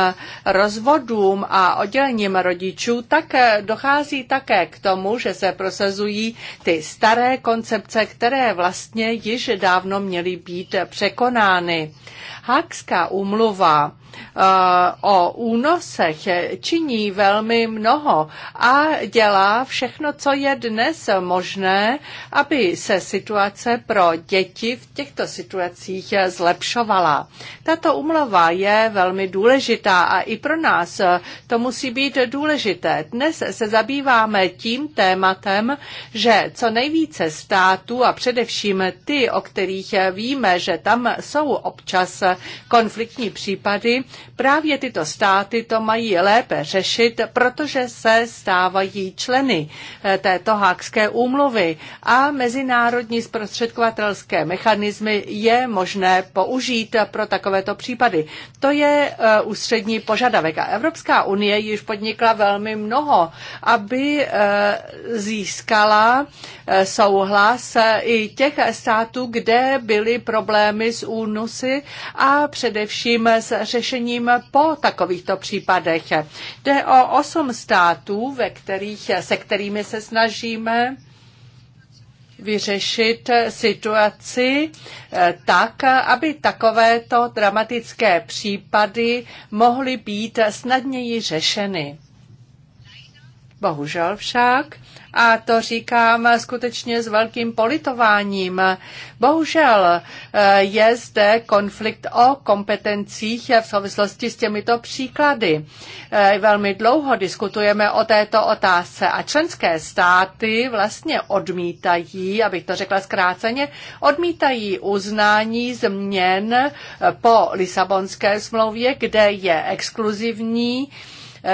rozvodům a oddělením rodičů, tak dochází také k tomu, že se prosazují ty staré koncepce, které vlastně již dávno měly být překonány. Hákská úmluva o únosech činí velmi mnoho a dělá všechno, co je dnes možné, aby se situace pro děti v těchto situacích zlepšovala. Tato umlova je velmi důležitá a i pro nás to musí být důležité. Dnes se zabýváme tím tématem, že co nejvíce států a především ty, o kterých víme, že tam jsou občas konfliktní případy, Právě tyto státy to mají lépe řešit, protože se stávají členy eh, této hákské úmluvy a mezinárodní zprostředkovatelské mechanismy je možné použít pro takovéto případy. To je eh, ústřední požadavek a Evropská unie již podnikla velmi mnoho, aby eh, získala souhlas i těch států, kde byly problémy s únosy a především s řešením řešením po takovýchto případech. Jde o osm států, ve kterých, se kterými se snažíme vyřešit situaci eh, tak, aby takovéto dramatické případy mohly být snadněji řešeny. Bohužel však a to říkám skutečně s velkým politováním. Bohužel eh, je zde konflikt o kompetencích v souvislosti s těmito příklady. Eh, velmi dlouho diskutujeme o této otázce a členské státy vlastně odmítají, abych to řekla zkráceně, odmítají uznání změn po Lisabonské smlouvě, kde je exkluzivní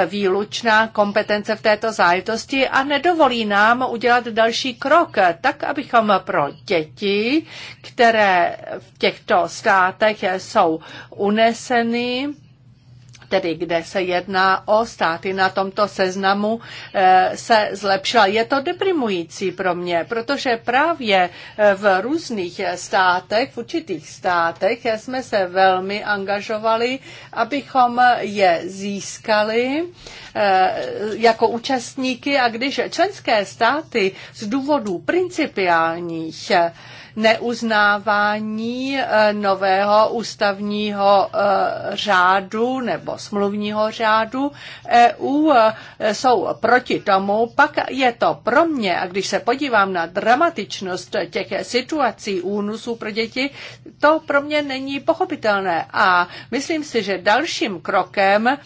výlučná kompetence v této záležitosti a nedovolí nám udělat další krok, tak abychom pro děti, které v těchto státech jsou uneseny, tedy kde se jedná o státy na tomto seznamu, eh, se zlepšila. Je to deprimující pro mě, protože právě eh, v různých státech, v určitých státech eh, jsme se velmi angažovali, abychom je získali jako účastníky a když členské státy z důvodů principiálních neuznávání eh, nového ústavního eh, řádu nebo smluvního řádu EU eh, jsou proti tomu, pak je to pro mě, a když se podívám na dramatičnost těch situací únusů pro děti, to pro mě není pochopitelné. A myslím si, že dalším krokem,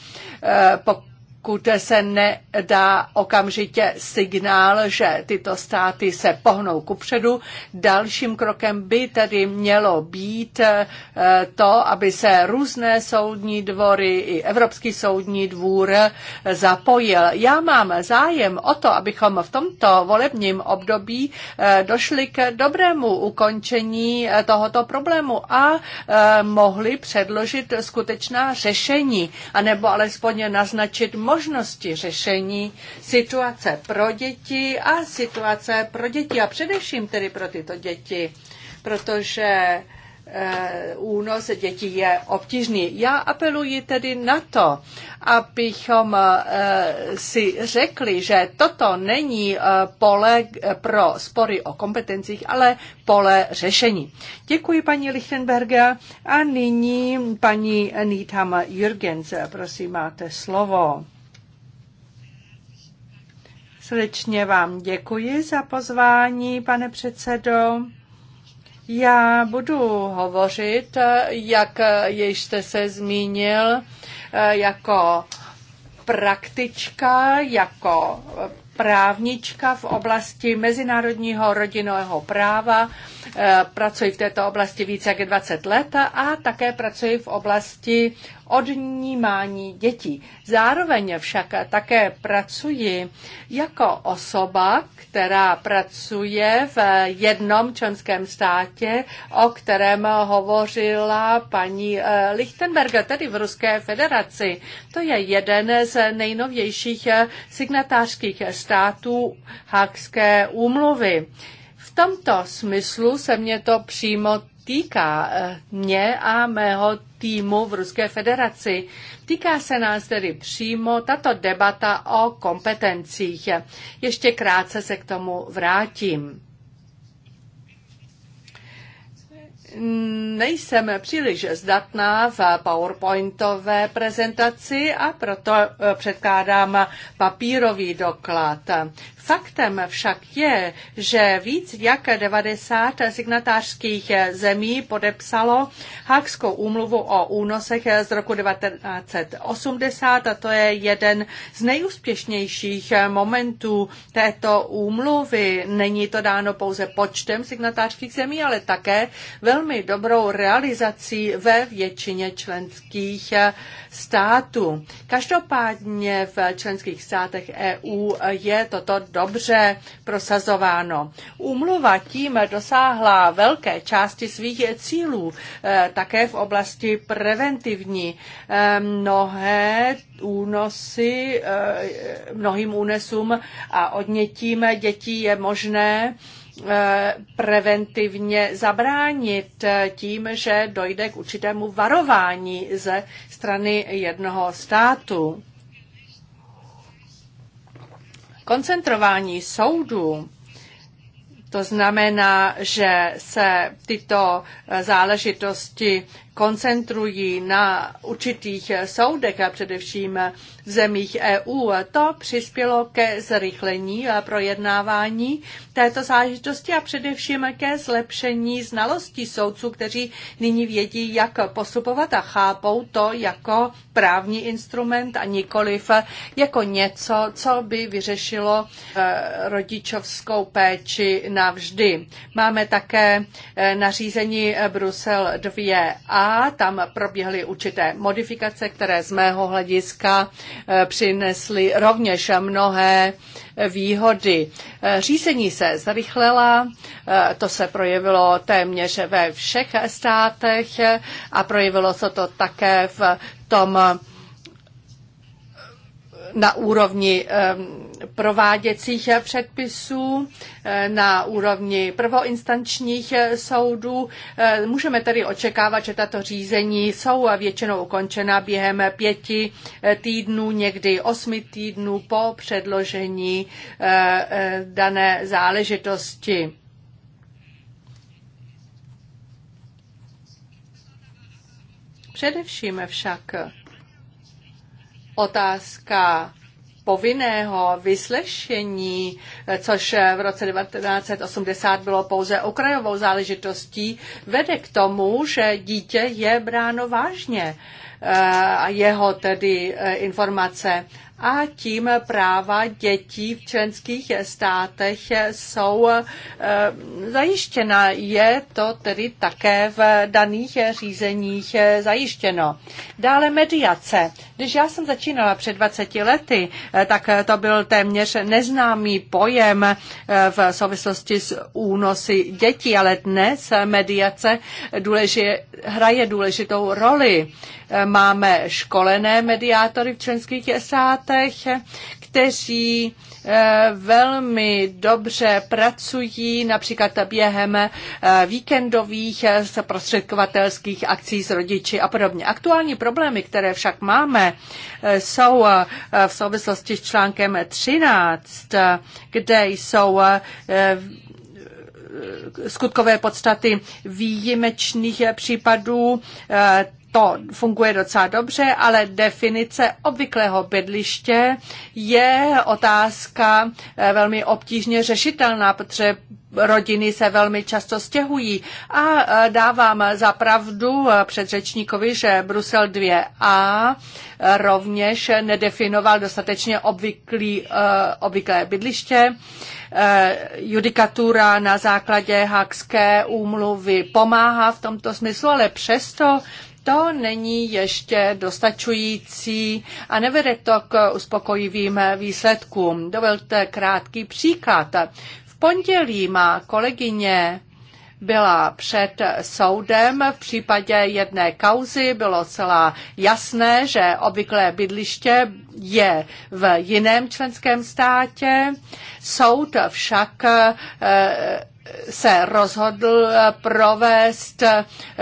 pokud pokud se nedá okamžitě signál, že tyto státy se pohnou kupředu. Dalším krokem by tedy mělo být eh, to, aby se různé soudní dvory i Evropský soudní dvůr zapojil. Já mám zájem o to, abychom v tomto volebním období eh, došli k dobrému ukončení eh, tohoto problému a mohli předložit skutečná řešení, anebo alespoň naznačit možnost, možnosti řešení situace pro děti a situace pro děti a především tedy pro tyto děti, protože eh, únos dětí je obtížný. Já apeluji tedy na to, abychom eh, si řekli, že toto není eh, pole pro spory o kompetencích, ale pole řešení. Děkuji paní Lichtenberger a nyní paní Nitham Jürgens. Prosím, máte slovo. Srdečně vám děkuji za pozvání, pane předsedo. Já budu hovořit, jak již jste se zmínil, jako praktička, jako právnička v oblasti mezinárodního rodinného práva Eh, pracuji v této oblasti více jak 20 let a také pracuji v oblasti odnímání dětí. Zároveň však také pracuji jako osoba, která pracuje v jednom členském státě, o kterém hovořila paní eh, Lichtenberger, tedy v Ruské federaci. To je jeden z nejnovějších eh, signatářských států Hákské úmluvy tomto smyslu se mě to přímo týká eh, mě a mého týmu v Ruské federaci. Týká se nás tedy přímo tato debata o kompetencích. Ještě krátce se k tomu vrátím. Nejsem příliš zdatná v PowerPointové prezentaci a proto eh, předkládám papírový doklad. Faktem však je, že víc jak 90 signatářských zemí podepsalo Hákskou úmluvu o únosech z roku 1980 a to je jeden z nejúspěšnějších momentů této úmluvy. Není to dáno pouze počtem signatářských zemí, ale také velmi dobrou realizací ve většině členských států. Každopádně v členských státech EU je toto dobře prosazováno. Úmluva tím dosáhla velké části svých cílů, eh, také v oblasti preventivní. Eh, mnohé únosy, eh, mnohým únesům a odnětím dětí je možné preventivně zabránit tím, že dojde k určitému varování ze strany jednoho státu. Koncentrování soudů to znamená, že se tyto eh, záležitosti koncentrují na určitých soudech a především v zemích EU. To přispělo ke zrychlení projednávání této záležitosti a především ke zlepšení znalostí soudců, kteří nyní vědí, jak postupovat a chápou to jako právní instrument a nikoliv jako něco, co by vyřešilo eh, rodičovskou péči navždy. Máme také eh, nařízení Brusel 2a, tam proběhly určité modifikace, které z mého hlediska eh, přinesly rovněž mnohé výhody. Eh, řízení se zrychlela, eh, to se projevilo téměř ve všech státech a projevilo se to také v tom na úrovni prováděcích předpisů, eh, na úrovni prvoinstančních eh, soudů. Eh, můžeme tedy očekávat, že tato řízení jsou většinou ukončena během pěti týdnů, někdy osmi týdnů po předložení dané záležitosti. Především však Otázka povinného vyslešení, což v roce 1980 bylo pouze okrajovou záležitostí, vede k tomu, že dítě je bráno vážně eh, a jeho tedy eh, informace a tím práva dětí v členských státech jsou eh, zajištěna. Je to tedy také v daných řízeních eh, zajištěno. Dále mediace. Když já jsem začínala před 20 lety, eh, tak to byl téměř neznámý pojem v souvislosti s únosy dětí, ale dnes mediace důleži, hraje důležitou roli. Máme školené mediátory v členských státech, státech, kteří eh, velmi dobře pracují, například během eh, víkendových eh, prostředkovatelských akcí s rodiči a podobně. Aktuální problémy, které však máme, jsou v souvislosti s článkem 13, kde jsou skutkové podstaty výjimečných případů to funguje docela dobře, ale definice obvyklého bydliště je otázka eh, velmi obtížně řešitelná, protože rodiny se velmi často stěhují. A eh, dávám za pravdu eh, předřečníkovi, že Brusel 2a rovněž nedefinoval dostatečně obvyklý, obvyklé bydliště. Judikatura na základě Hakské úmluvy pomáhá v tomto smyslu, ale přesto to není ještě dostačující a nevede to k uspokojivým výsledkům. Dovolte krátký příklad. V pondělí má kolegyně byla před soudem. V případě jedné kauzy bylo celá jasné, že obvyklé bydliště je v jiném členském státě. Soud však eh, se rozhodl provést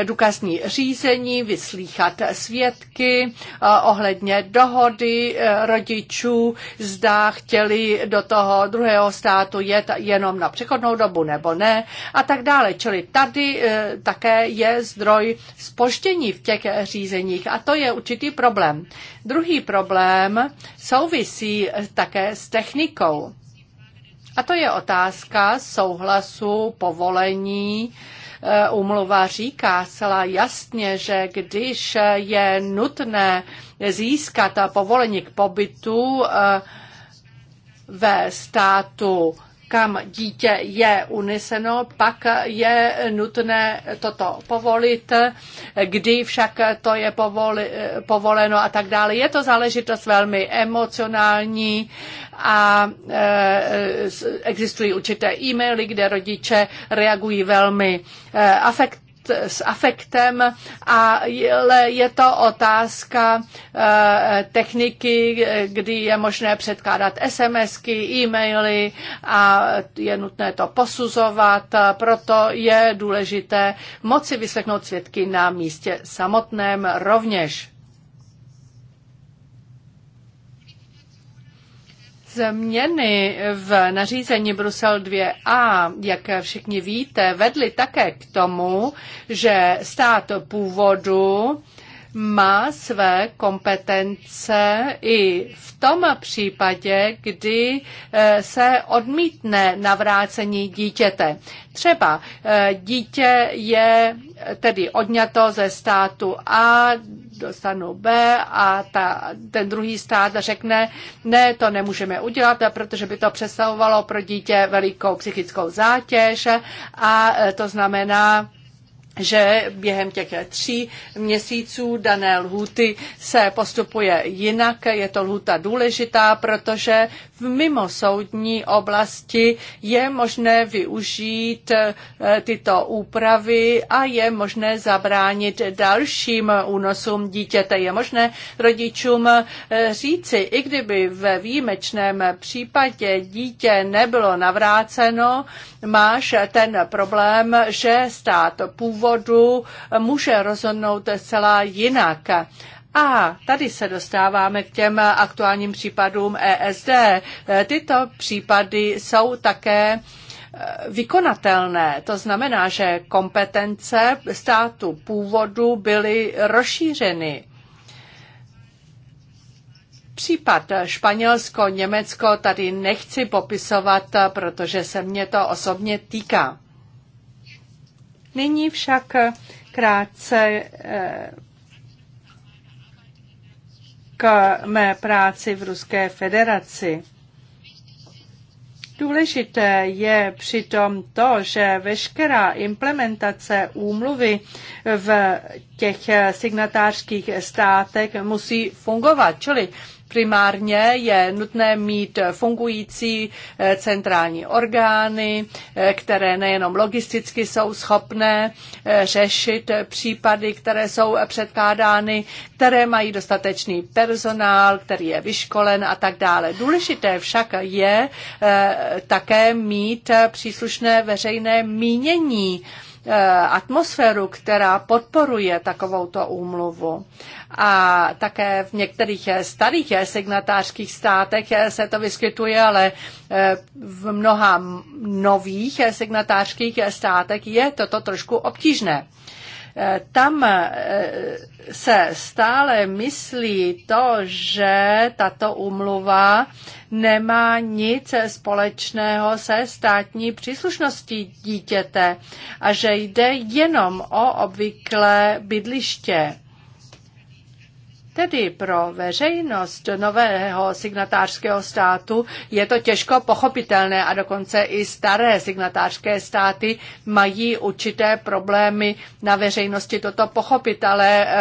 důkazní řízení, vyslíchat svědky eh, ohledně dohody eh, rodičů, zda chtěli do toho druhého státu jet jenom na přechodnou dobu nebo ne a tak dále. Čili tady eh, také je zdroj spoštění v těch řízeních a to je určitý problém. Druhý problém souvisí také s technikou. A to je otázka souhlasu, povolení, e, Umluva říká celá jasně, že když je nutné získat povolení k pobytu e, ve státu kam dítě je uneseno, pak je nutné toto povolit, kdy však to je povoli, povoleno a tak dále. Je to záležitost velmi emocionální a e, existují určité e-maily, kde rodiče reagují velmi e, s afektem, ale je to otázka eh, techniky, kdy je možné předkládat SMSky, e-maily a je nutné to posuzovat. Proto je důležité moci vyslechnout svědky na místě samotném rovněž. Změny v nařízení Brusel 2a, jak všichni víte, vedly také k tomu, že stát původu má své kompetence i v tom případě, kdy eh, se odmítne navrácení dítěte. Třeba eh, dítě je tedy odňato ze státu A dostanou B a ta, ten druhý stát řekne, ne, to nemůžeme udělat, protože by to představovalo pro dítě velikou psychickou zátěž a eh, to znamená že během těch tří měsíců dané lhůty se postupuje jinak. Je to lhůta důležitá, protože v mimosoudní oblasti je možné využít eh, tyto úpravy a je možné zabránit dalším únosům dítěte. Je možné rodičům eh, říci, i kdyby ve výjimečném případě dítě nebylo navráceno, máš ten problém, že stát původu může rozhodnout zcela jinak. A tady se dostáváme k těm aktuálním případům ESD. E, tyto případy jsou také e, vykonatelné. To znamená, že kompetence státu původu byly rozšířeny. Případ Španělsko, Německo tady nechci popisovat, protože se mě to osobně týká. Nyní však krátce e, k mé práci v Ruské federaci. Důležité je přitom to, že veškerá implementace úmluvy v těch signatářských státech musí fungovat, čili Primárně je nutné mít fungující eh, centrální orgány, eh, které nejenom logisticky jsou schopné eh, řešit případy, které jsou předkládány, které mají dostatečný personál, který je vyškolen a tak dále. Důležité však je také mít příslušné veřejné mínění, Eh, atmosféru, která podporuje takovouto úmluvu. A také v některých starých signatářských státech se to vyskytuje, ale eh, v mnoha nových signatářských státech je toto trošku obtížné. Tam eh, se stále myslí to, že tato umluva nemá nic společného se státní příslušností dítěte a že jde jenom o obvyklé bydliště. Tedy pro veřejnost nového signatářského státu je to těžko pochopitelné a dokonce i staré signatářské státy mají určité problémy na veřejnosti toto pochopit, ale eh,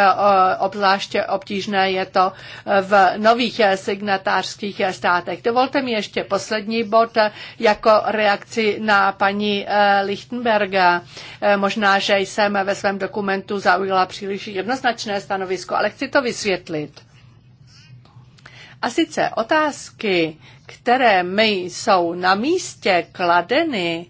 obzvláště obtížné je to eh, v nových eh, signatářských státech. Dovolte mi ještě poslední bod jako reakci na paní Lichtenberga. Možná, že jsem ve svém dokumentu zaujala příliš jednoznačné stanovisko, ale chci to vysvětlit vysvětlit. A sice otázky, které mi jsou na místě kladeny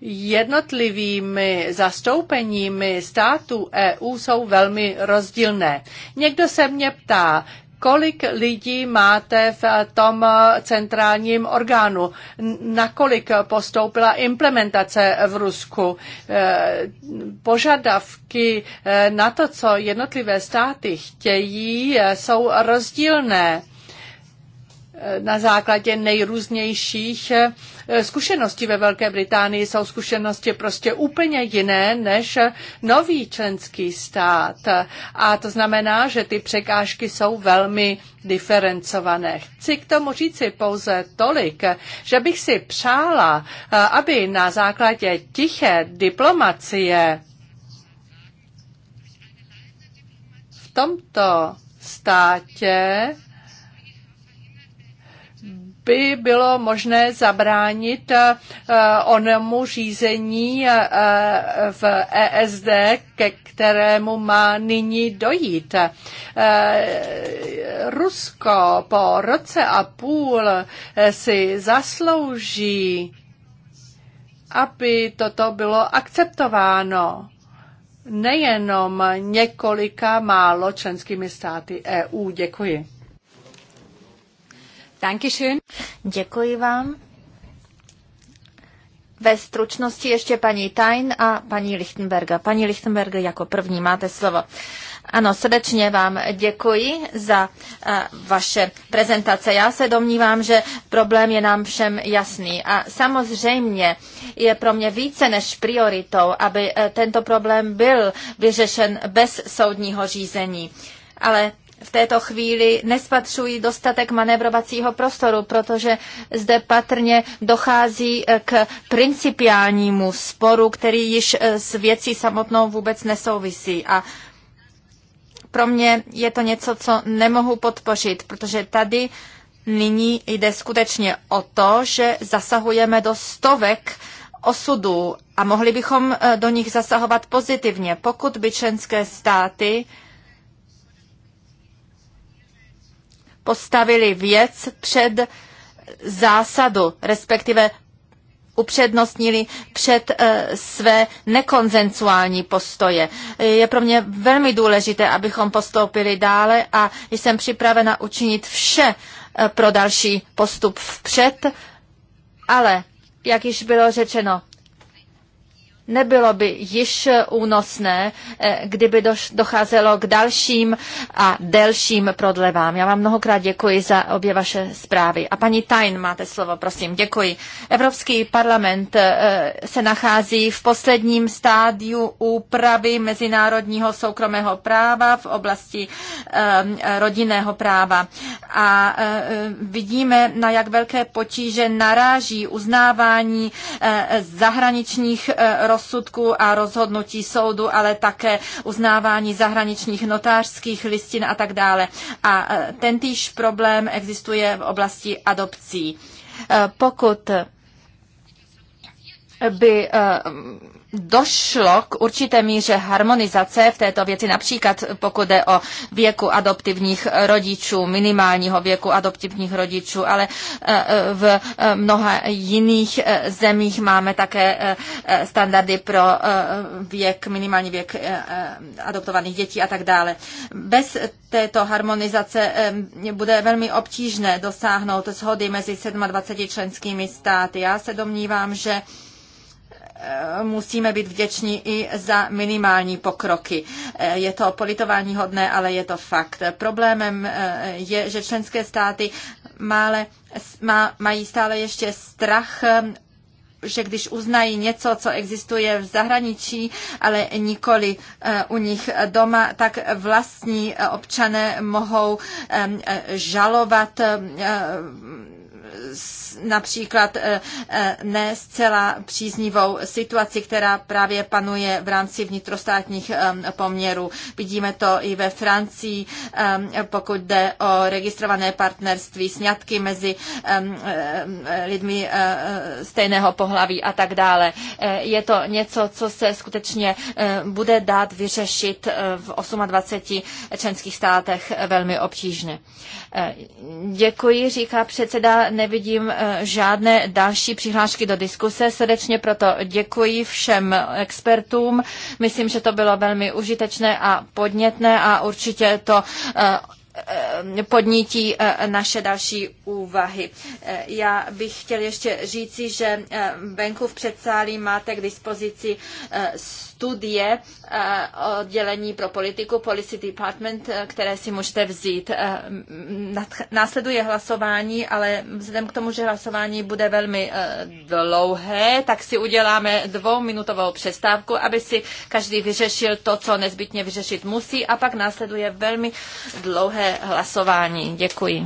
jednotlivými zastoupeními států EU jsou velmi rozdílné. Někdo se mě ptá, Kolik lidí máte v tom centrálním orgánu? Nakolik postoupila implementace v Rusku? Eh, požadavky eh, na to, co jednotlivé státy chtějí, eh, jsou rozdílné na základě nejrůznějších eh, zkušeností ve Velké Británii jsou zkušenosti prostě úplně jiné než nový členský stát. A to znamená, že ty překážky jsou velmi diferencované. Chci k tomu říci pouze tolik, že bych si přála, eh, aby na základě tiché diplomacie v tomto státě by bylo možné zabránit eh, onemu řízení eh, eh, v ESD, ke kterému má nyní dojít. Rusko po roce a půl si zaslouží, aby toto bylo akceptováno nejenom několika málo členskými státy EU. Děkuji. Dankeschön. Děkuji vám. Ve stručnosti ještě paní Tain a paní Lichtenberga. Paní Lichtenberga jako první máte slovo. Ano, srdečně vám děkuji za eh, vaše prezentace. Já se domnívám, že problém je nám všem jasný. A samozřejmě je pro mě více než prioritou, aby eh, tento problém byl vyřešen bez soudního řízení. Ale v této chvíli nespatřují dostatek manévrovacího prostoru, protože zde patrně dochází eh, k principiálnímu sporu, který již eh, s věcí samotnou vůbec nesouvisí. A pro mě je to něco, co nemohu podpořit, protože tady nyní jde skutečně o to, že zasahujeme do stovek osudů a mohli bychom eh, do nich zasahovat pozitivně, pokud by členské státy uh, postavili věc před zásadu, respektive upřednostnili před eh, své nekonzensuální postoje. Je pro mě velmi důležité, abychom postoupili dále a jsem připravena učinit vše eh, pro další postup vpřed, ale, jak již bylo řečeno, Nebylo by již únosné, eh, kdyby docházelo k dalším a delším prodlevám. Já vám mnohokrát děkuji za obě vaše zprávy. A paní Tajn, máte slovo, prosím. Děkuji. Evropský parlament eh, se nachází v posledním stádiu úpravy mezinárodního soukromého práva v oblasti eh, rodinného práva. A vidíme, na jak velké potíže naráží uznávání zahraničních rozhodnutí rozsudků a rozhodnutí soudu, ale také uznávání zahraničních notářských listin a tak dále. A e, tentýž problém existuje v oblasti adopcí. E, pokud by e, došlo k určité míře harmonizace v této věci, například pokud jde o věku adoptivních rodičů, minimálního věku adoptivních rodičů, ale eh, eh, v eh, mnoha jiných zemích máme také standardy pro věk, minimální věk adoptovaných dětí a tak dále. Bez této harmonizace bude velmi obtížné dosáhnout shody mezi 27 členskými státy. Já se domnívám, že Eh, musíme být vděční i za minimální pokroky. Eh, je to politování hodné, ale je to fakt. Problémem eh, je, že členské státy mále, má, mají stále ještě strach že když uznají něco, co existuje v zahraničí, ale nikoli u nich doma, tak vlastní občané mohou žalovat například eh, eh, ne zcela příznivou situaci, která právě panuje v rámci vnitrostátních ehm, poměrů. Vidíme to i ve Francii, ehm, pokud jde o registrované partnerství, sňatky mezi ehm, lidmi eh, stejného pohlaví a tak dále. Je to něco, co se skutečně bude dát vyřešit v 28 členských státech velmi obtížně. Děkuji, říká předseda, nevidím Eh, žádné další přihlášky do diskuse. Srdečně proto děkuji všem expertům. Myslím, že to bylo velmi užitečné a podnětné a určitě to eh, podnítí eh, naše další úvahy. Já bych chtěl ještě říci, že venku v předsálí máte k dispozici studie eh, oddělení pro politiku, Policy Department, eh, které si můžete vzít. Eh, následuje hlasování, ale vzhledem k tomu, že hlasování bude velmi dlouhé, tak si uděláme dvouminutovou přestávku, aby si každý vyřešil to, co nezbytně vyřešit musí a pak následuje velmi dlouhé hlasování. Děkuji.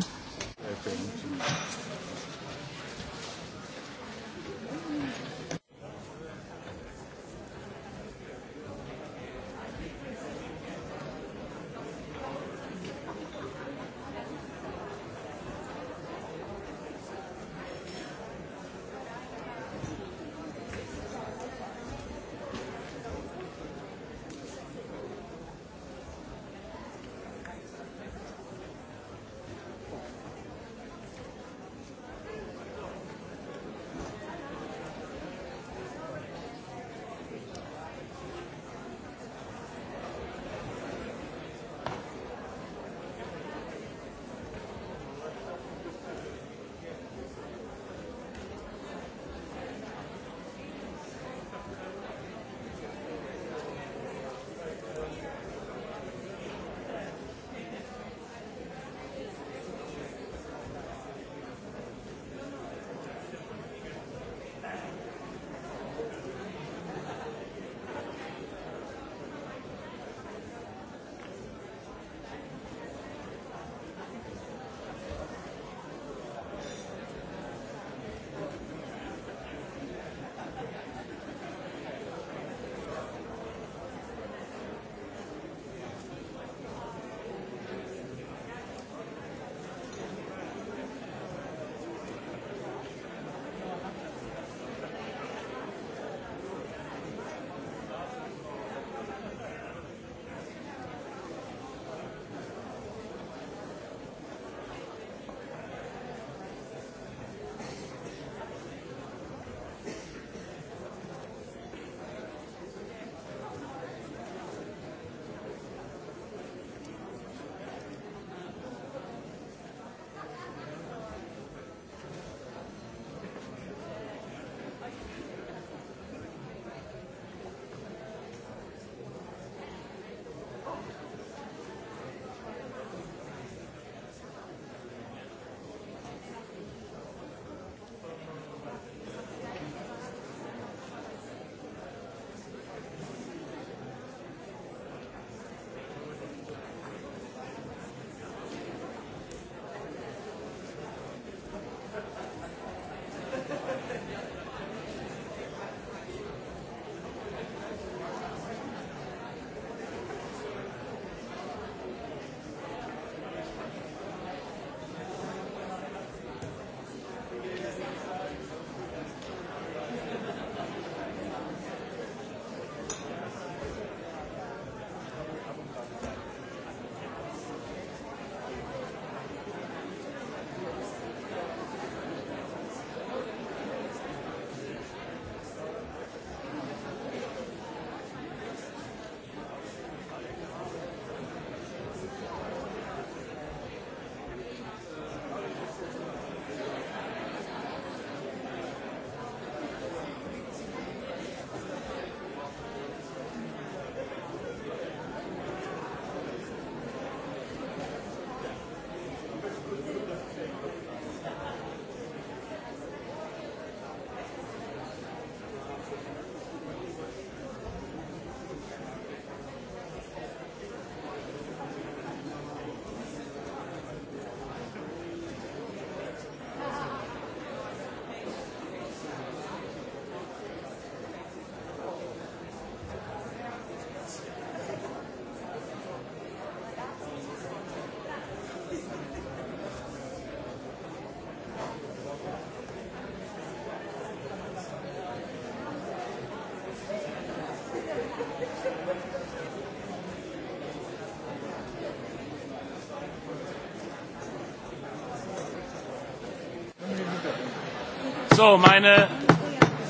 So, meine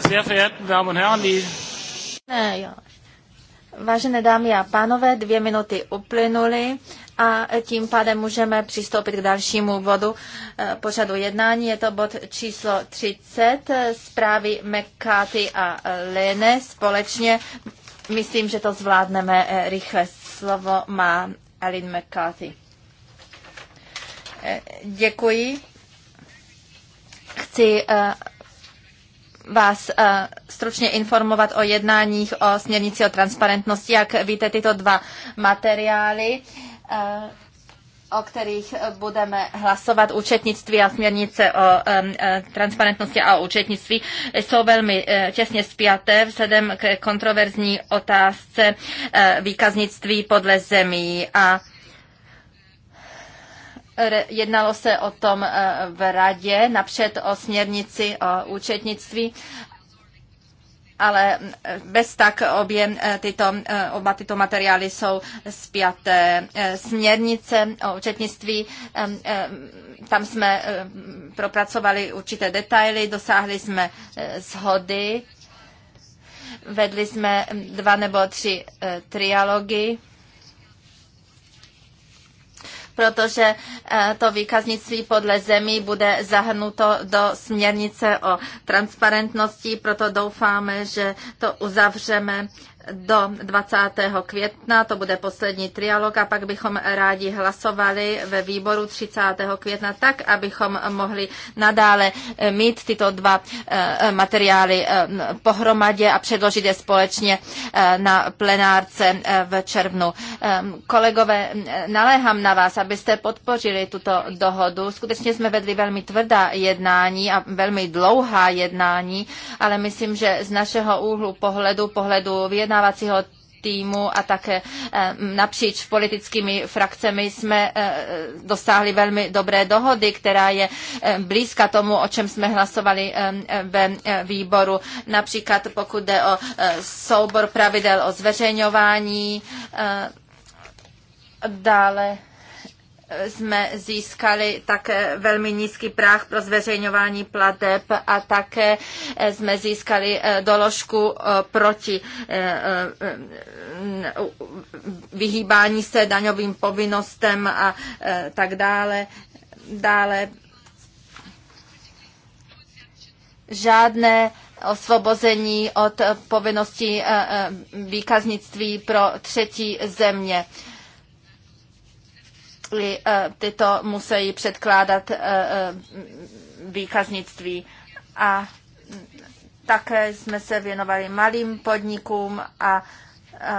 sehr verehrten Damen und Herren, die... Ne, Vážené dámy a pánové, dvě minuty uplynuly a tím pádem můžeme přistoupit k dalšímu bodu eh, pořadu jednání. Je to bod číslo 30 eh, zprávy McCarthy a Lene společně. Myslím, že to zvládneme eh, rychle. Slovo má Aline McCarthy. Děkuji. Chci vás eh, stručně informovat o jednáních o směrnici o transparentnosti. Jak víte, tyto dva materiály eh, o kterých budeme hlasovat, účetnictví a směrnice o um, transparentnosti a o účetnictví, jsou velmi uh, těsně spjaté vzhledem k kontroverzní otázce uh, výkaznictví podle zemí a Jednalo se o tom e, v radě, napřed o směrnici o účetnictví, ale bez tak obě e, tyto, e, oba tyto materiály jsou zpěté. Směrnice o účetnictví, tam jsme propracovali určité detaily, dosáhli jsme shody, vedli jsme dva nebo tři trialogy protože eh, to výkaznictví podle zemí bude zahrnuto do směrnice o transparentnosti, proto doufáme, že to uzavřeme do 20. května, to bude poslední trialog a pak bychom rádi hlasovali ve výboru 30. května tak, abychom mohli nadále eh, mít tyto dva eh, materiály eh, pohromadě a předložit je společně na plenárce v červnu. Ehm, kolegové, naléhám na vás, abyste podpořili tuto dohodu. Skutečně jsme vedli velmi tvrdá jednání a velmi dlouhá jednání, ale myslím, že z našeho úhlu pohledu, pohledu vyjednání, vyjednávacího týmu a také eh, napříč politickými frakcemi jsme eh, dosáhli velmi dobré dohody, která je eh, blízka tomu, o čem jsme hlasovali ve výboru. Například pokud jde o soubor pravidel o zveřejňování, dále jsme získali také velmi nízký práh pro zveřejňování plateb a také eh, jsme získali eh, doložku eh, proti vyhýbání se daňovým povinnostem a tak dále. Dále žádné osvobození od povinnosti výkaznictví pro třetí země. E, tyto musí předkládat e, e, výkaznictví. A také jsme se věnovali malým podnikům a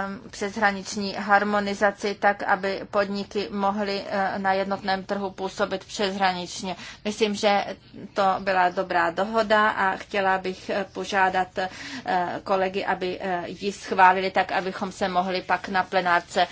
Um, přeshraniční harmonizaci tak, aby podniky mohly uh, na jednotném trhu působit přeshraničně. Myslím, že to byla dobrá dohoda a chtěla bych uh, požádat uh, kolegy, aby ji schválili tak, abychom se mohli pak na plenárce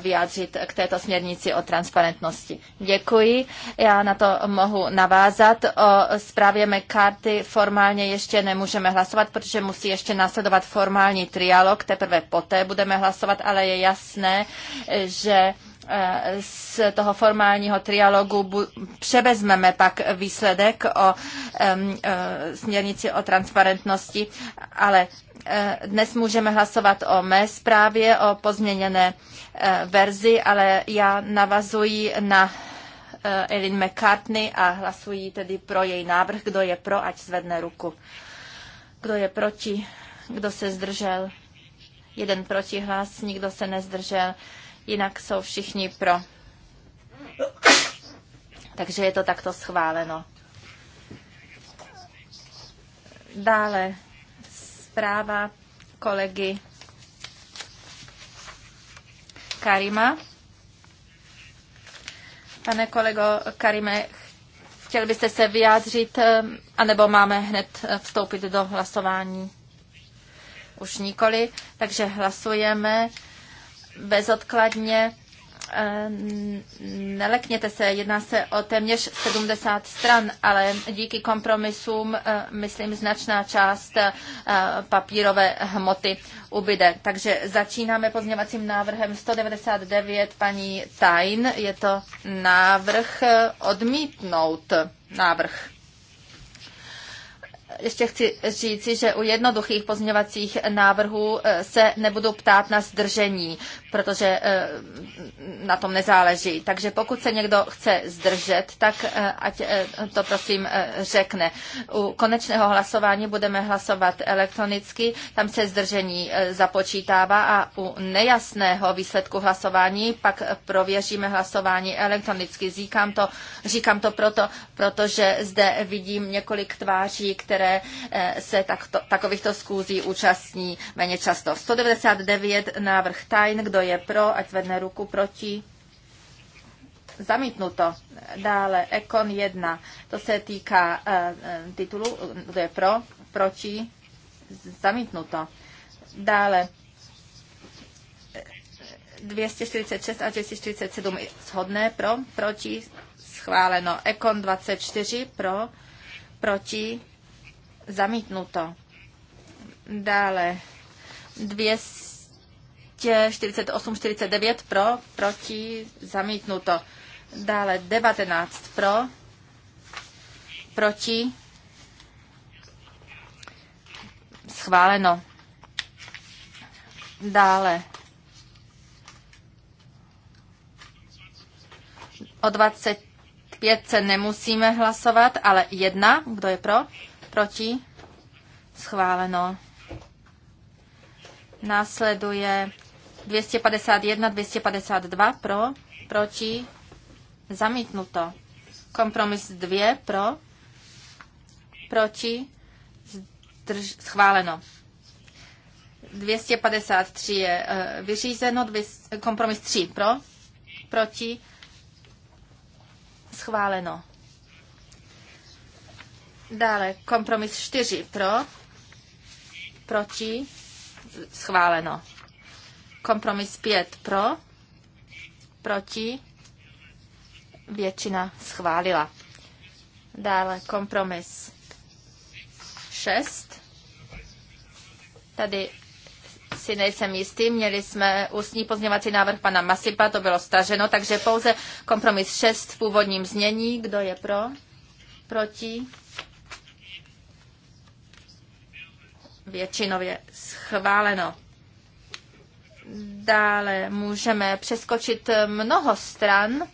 vyjádřit k této směrnici o transparentnosti. Děkuji. Já na to mohu navázat. O zprávě McCarthy formálně ještě nemůžeme hlasovat, protože musí ještě následovat formální trialog, teprve poté budeme hlasovat, ale je jasné, že eh, z toho formálního trialogu převezmeme pak výsledek o eh, směrnici o transparentnosti, ale eh, dnes můžeme hlasovat o mé zprávě, o pozměněné verzi, ale já navazuji na Elin McCartney a hlasuji tedy pro její návrh. Kdo je pro, ať zvedne ruku. Kdo je proti? Kdo se zdržel? jeden protihlas, nikdo se nezdržel, jinak jsou všichni pro. Takže je to takto schváleno. Dále zpráva kolegy Karima. Pane kolego Karime, chtěl byste se vyjádřit, eh, anebo máme hned eh, vstoupit do hlasování? už nikoli, takže hlasujeme bezodkladně. Eh, nelekněte se, jedná se o téměř 70 stran, ale díky kompromisům, eh, myslím, značná část eh, papírové hmoty ubyde. Takže začínáme pozměvacím návrhem 199 paní Tajn. Je to návrh odmítnout návrh ještě chci říci, že u jednoduchých pozměňovacích návrhů eh, se nebudu ptát na zdržení, protože eh, na tom nezáleží. Takže pokud se někdo chce zdržet, tak eh, ať to prosím řekne. U konečného hlasování budeme hlasovat elektronicky, tam se zdržení započítává a u nejasného výsledku hlasování pak prověříme hlasování elektronicky. Říkám to, říkám to proto, protože zde vidím několik tváří, které které eh, se takto, takovýchto skůzí účastní méně často. 199 návrh tajn, kdo je pro, ať zvedne ruku proti. Zamítnuto. Dále Ekon 1. To se týká uh, titulu, kdo je pro, proti. Zamítnuto. Dále 246 eh, a 247 shodné pro, proti, schváleno. Ekon 24 pro, proti, Zamítnuto. Dále 248, 49 pro, proti, zamítnuto. Dále 19 pro, proti, schváleno. Dále o 25 se nemusíme hlasovat, ale jedna, kdo je pro, Proti? Schváleno. Následuje 251, 252 pro, proti, zamítnuto. Kompromis 2 pro, proti, zdrž, schváleno. 253 je eh, vyřízeno, kompromis 3 pro, proti, schváleno. Dále kompromis 4 pro, proti, schváleno. Kompromis 5 pro, proti, většina schválila. Dále kompromis 6. Tady si nejsem jistý, měli jsme ústní pozměvací návrh pana Masipa, to bylo staženo, takže pouze kompromis 6 v původním znění. Kdo je pro? Proti? většinově schváleno. Dále můžeme přeskočit mnoho stran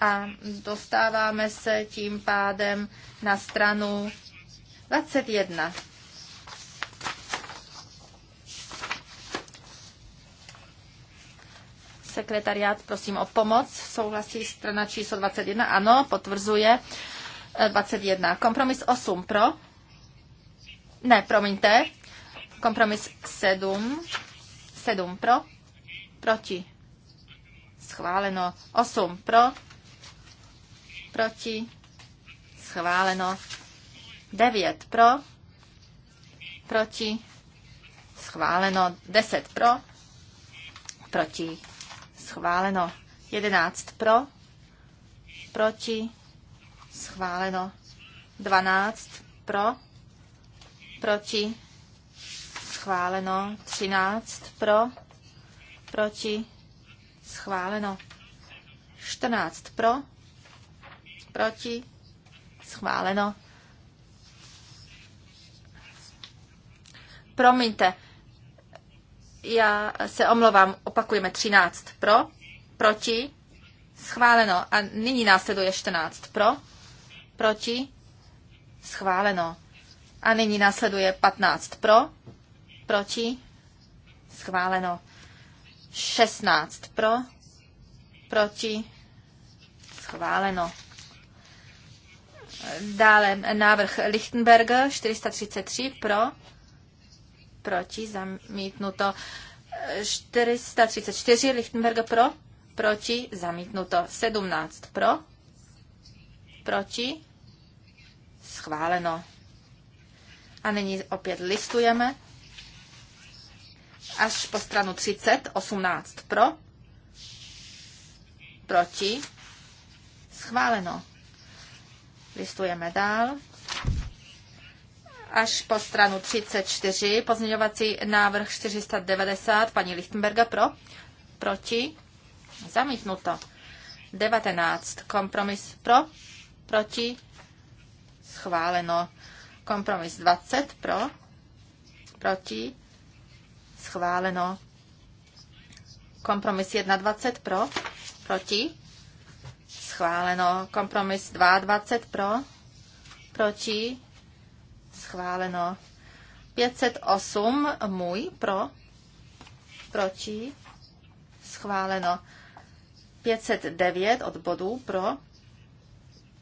a dostáváme se tím pádem na stranu 21. Sekretariát, prosím o pomoc. Souhlasí strana číslo 21? Ano, potvrzuje. 21. Eh, Kompromis 8 pro, ne, promiňte. Kompromis 7. 7 pro. Proti. Schváleno. 8 pro. Proti. Schváleno. 9 pro. Proti. Schváleno. 10 pro. Proti. Schváleno. 11 pro. Proti. Schváleno. 12 pro proti, schváleno. 13 pro, proti, schváleno. 14 pro, proti, schváleno. Promiňte, já se omlouvám, opakujeme 13 pro, proti, schváleno. A nyní následuje 14 pro, proti, schváleno. A nyní následuje 15 pro, proti, schváleno. 16 pro, proti, schváleno. Dále návrh Lichtenberger 433 pro, proti, zamítnuto. 434 Lichtenberger pro, proti, zamítnuto. 17 pro, proti, schváleno. A nyní opět listujeme až po stranu 30, 18 pro, proti, schváleno. Listujeme dál. Až po stranu 34, pozměňovací návrh 490, paní Lichtenberga pro, proti, zamítnuto. 19, kompromis pro, proti, schváleno. Kompromis 20 pro, proti, schváleno. Kompromis 21 pro, proti, schváleno. Kompromis 22 pro, proti, schváleno. 508 můj pro, proti, schváleno. 509 od bodů pro,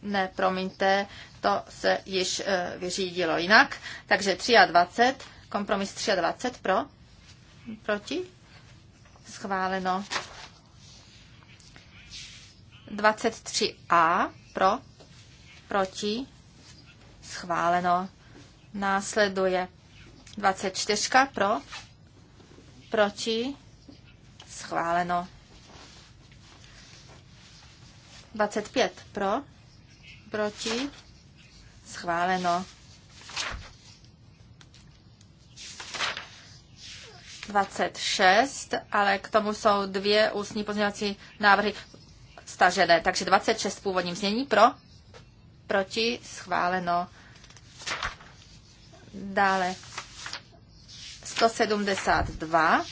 ne, promiňte, to se již eh, vyřídilo jinak. Takže 23, kompromis 23 pro, proti, schváleno. 23a pro, proti, schváleno. Následuje 24 pro, proti, schváleno. 25 pro, proti, schváleno. 26, ale k tomu jsou dvě ústní pozměňovací návrhy stažené. Takže 26 v původním znění pro, proti, schváleno. Dále 172.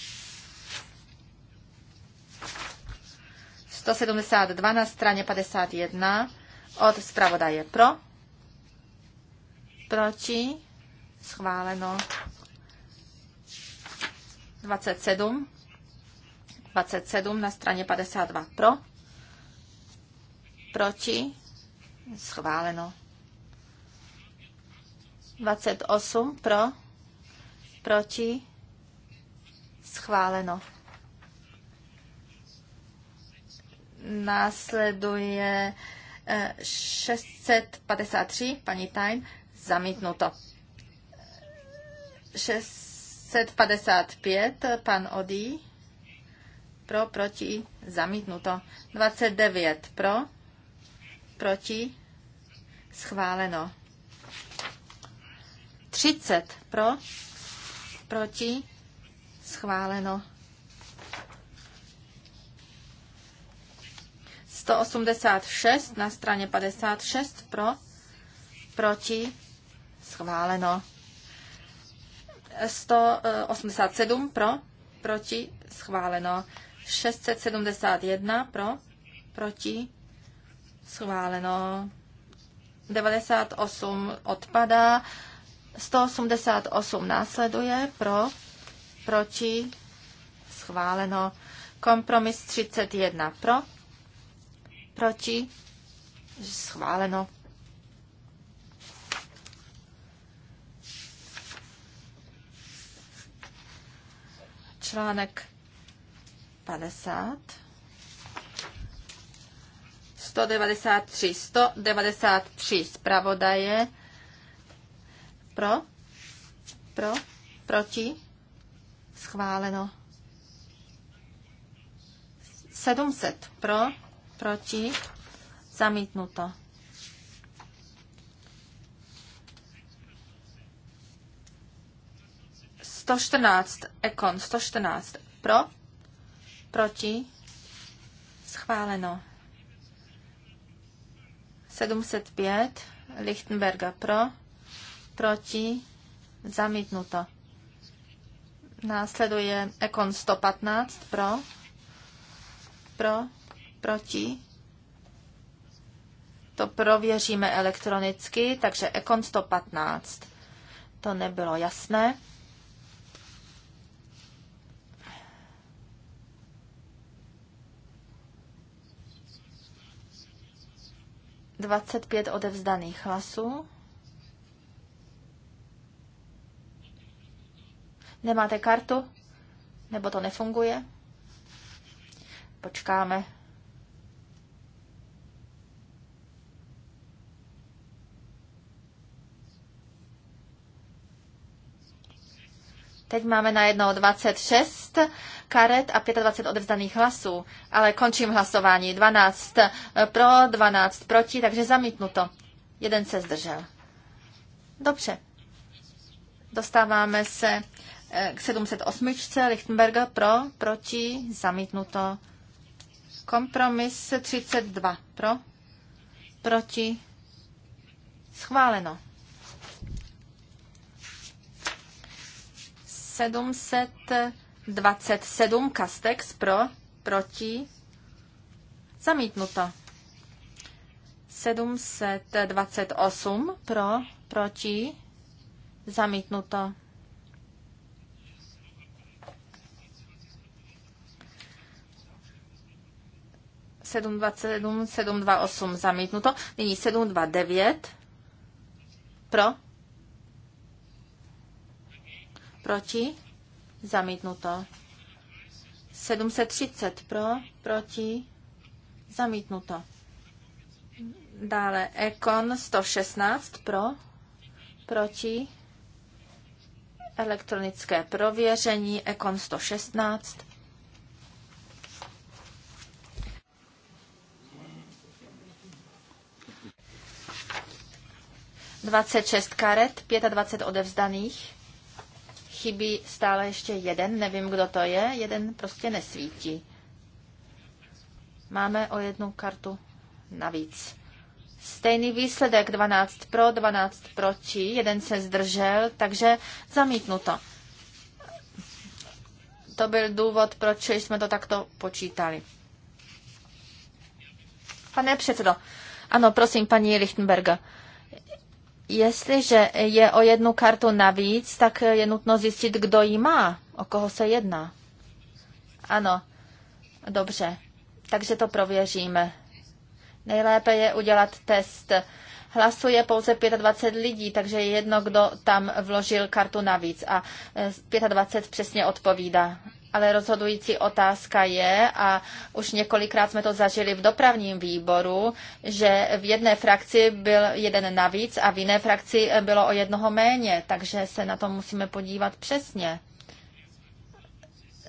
172 na straně 51 od zpravodaje pro, proti, schváleno 27, 27 na straně 52 pro, proti, schváleno 28 pro, proti, schváleno. Následuje 653, paní Time, zamítnuto. 655, pan Odí, pro, proti, zamítnuto. 29 pro, proti, schváleno. 30 pro, proti, schváleno. 186 na straně 56 pro, proti, schváleno. 187 pro, proti, schváleno. 671 pro, proti, schváleno. 98 odpadá, 188 následuje pro, proti, schváleno. Kompromis 31 pro, Proti? Schváleno. Článek 50. 193. 193 zpravodaje. Pro? Pro? Proti? Schváleno. 700 pro, proti, zamítnuto. Sto čtrnáct, ekon, sto čtrnáct, pro, proti, schváleno. 705, Lichtenberga pro, proti, zamítnuto. Následuje Ekon 115 pro, pro, Proti? To prověříme elektronicky, takže Ekon 115. To nebylo jasné. Dvacet pět odevzdaných hlasů. Nemáte kartu? Nebo to nefunguje? Počkáme. Teď máme na jedno 26 karet a 25 odevzdaných hlasů, ale končím hlasování. 12 eh, pro, 12 proti, takže zamítnuto. Jeden se zdržel. Dobře. Dostáváme se eh, k 708. Lichtenberger pro, proti, zamítnuto. Kompromis 32 pro, proti, schváleno. 727 Kastex pro, proti, zamítnuto. 728 pro, proti, zamítnuto. Sedm dvacet sedm, sedm dva osm zamítnuto. Nyní sedm dva devět pro, proti, zamítnuto. 730 pro, proti, zamítnuto. Dále Econ 116 pro, proti, elektronické prověření, Econ 116. Dvacet šest karet, dvacet odevzdaných chybí stále ještě jeden, nevím, kdo to je, jeden prostě nesvítí. Máme o jednu kartu navíc. Stejný výsledek 12 pro, 12 proti, jeden se zdržel, takže zamítnuto. To byl důvod, proč jsme to takto počítali. Pane předsedo, ano, prosím, paní Lichtenberger. Jestliže je o jednu kartu navíc, tak je nutno zjistit, kdo ji má, o koho se jedná. Ano, dobře, takže to prověříme. Nejlépe je udělat test. Hlasuje pouze 25 lidí, takže je jedno, kdo tam vložil kartu navíc. A 25 e, přesně odpovídá ale rozhodující otázka je, a už několikrát jsme to zažili v dopravním výboru, že v jedné frakci byl jeden navíc a v jiné frakci bylo o jednoho méně, takže se na to musíme podívat přesně.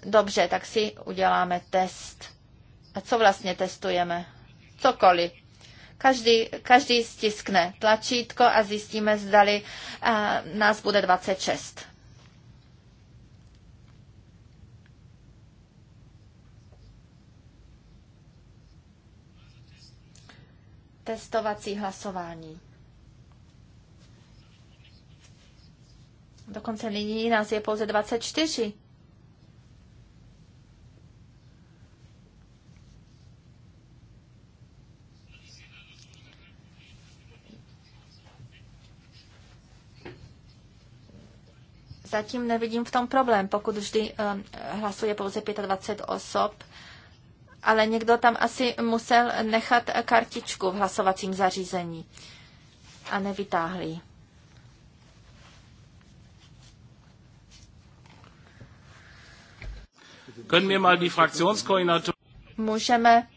Dobře, tak si uděláme test. A co vlastně testujeme? Cokoliv. Každý, každý stiskne tlačítko a zjistíme, zdali a, nás bude 26. testovací hlasování. Dokonce nyní nás je pouze 24. Zatím nevidím v tom problém, pokud vždy um, hlasuje pouze 25 osob ale někdo tam asi musel nechat kartičku v hlasovacím zařízení a nevytáhl ji. Můžeme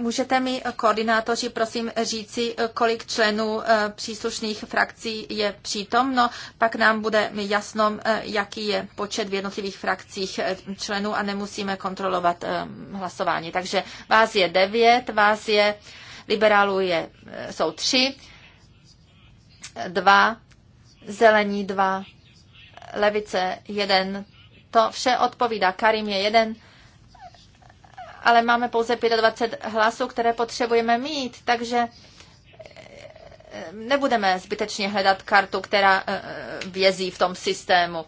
Můžete mi, koordinátoři, prosím říci, kolik členů eh, příslušných frakcí je přítomno, pak nám bude jasno, eh, jaký je počet v jednotlivých frakcích eh, členů a nemusíme kontrolovat hlasování. Takže vás je devět, vás je, liberálů je, jsou tři, dva, zelení dva, levice jeden. To vše odpovídá. Karim je jeden, ale máme pouze 25 hlasů, které potřebujeme mít, takže eh, nebudeme zbytečně hledat kartu, která eh, vězí v tom systému.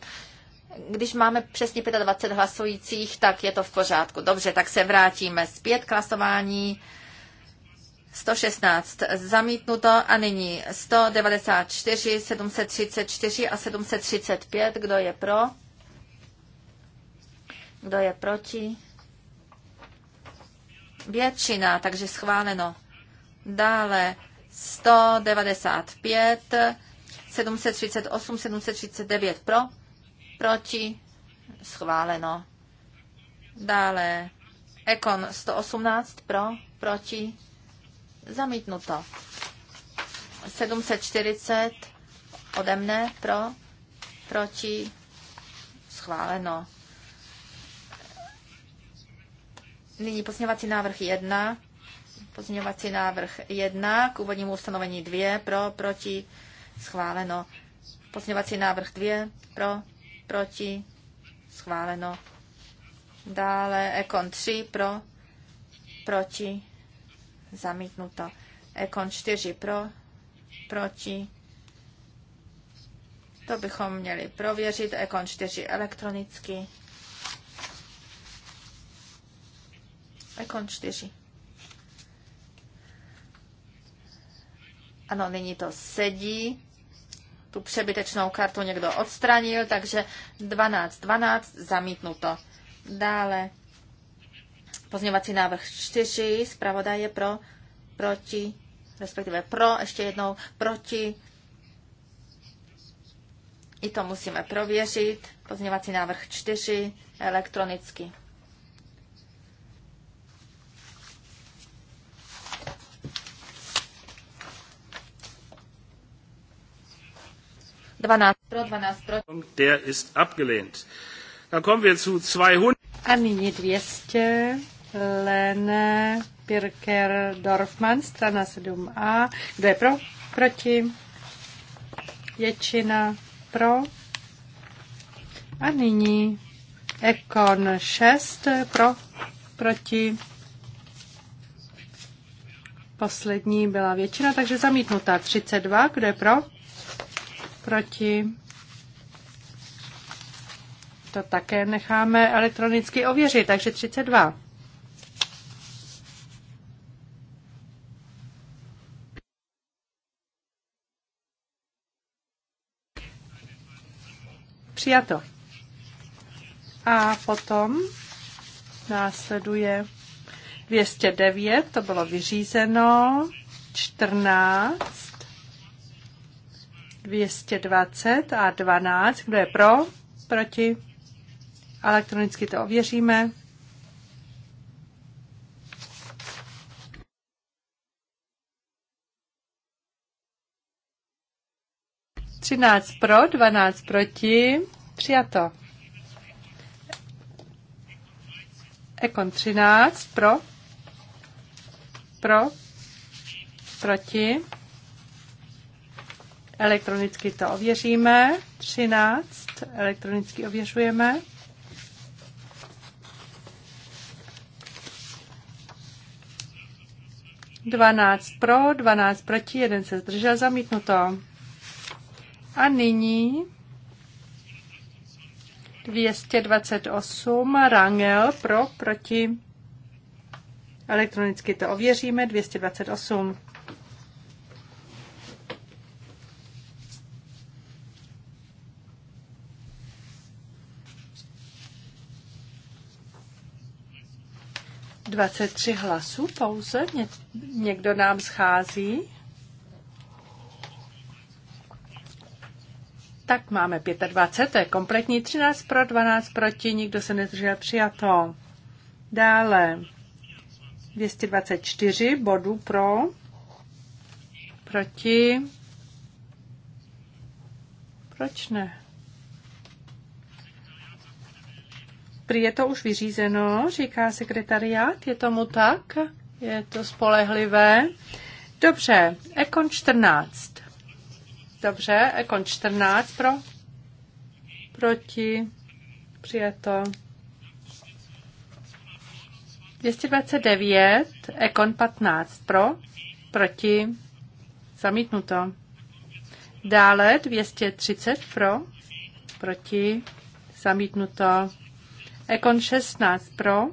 Když máme přesně 25 hlasujících, tak je to v pořádku. Dobře, tak se vrátíme zpět k hlasování. 116 zamítnuto a nyní 194, 734 a 735. Kdo je pro? Kdo je proti? Většina, takže schváleno. Dále 195, 738, 739 pro, proti, schváleno. Dále Ekon 118 pro, proti, zamítnuto. 740 ode mne pro, proti, schváleno. Nyní pozměňovací návrh 1. Pozměňovací návrh 1 k úvodnímu ustanovení 2 pro, proti, schváleno. Pozměňovací návrh 2 pro, proti, schváleno. Dále Ekon 3 pro, proti, zamítnuto. Ekon 4 pro, proti. To bychom měli prověřit. Ekon 4 elektronicky. Ekon 4. Ano, nyní to sedí. Tu přebytečnou kartu někdo odstranil, takže 12, 12, zamítnuto. Dále pozměvací návrh 4, zpravodaje pro, proti, respektive pro, ještě jednou proti. I to musíme prověřit. Pozměvací návrh 4, elektronicky. 12 pro, 12 Der ist abgelehnt. Dann kommen wir zu 200. A nyní 200. Lene Pirker Dorfman, strana 7a. Kdo je pro? Proti? Většina pro. A nyní Ekon 6 pro, proti. Poslední byla většina, takže zamítnutá 32. Kdo je pro? proti. To také necháme elektronicky ověřit, takže 32. Přijato. A potom následuje 209, to bylo vyřízeno, 14, 220 a 12. Kdo je pro? Proti? Elektronicky to ověříme. Třináct pro, dvanáct proti. Přijato. Ekon třináct pro. Pro. Proti. Elektronicky to ověříme. 13. Elektronicky ověřujeme. Dvanáct pro, dvanáct proti, jeden se zdržel, zamítnuto. A nyní 228 Rangel pro, proti. Elektronicky to ověříme, 228. 23 hlasů pouze? Ně- někdo nám schází? Tak máme 25. To je kompletní 13 pro, 12 proti, nikdo se nezdržel přijato. Dále 224 bodů pro, proti. Proč ne? Prý je to už vyřízeno, říká sekretariát, je tomu tak? Je to spolehlivé? Dobře, Ekon 14. Dobře, Ekon 14 pro, proti, přijeto. 229, Ekon 15 pro, proti, zamítnuto. Dále 230 pro, proti, zamítnuto. Ekon 16 pro,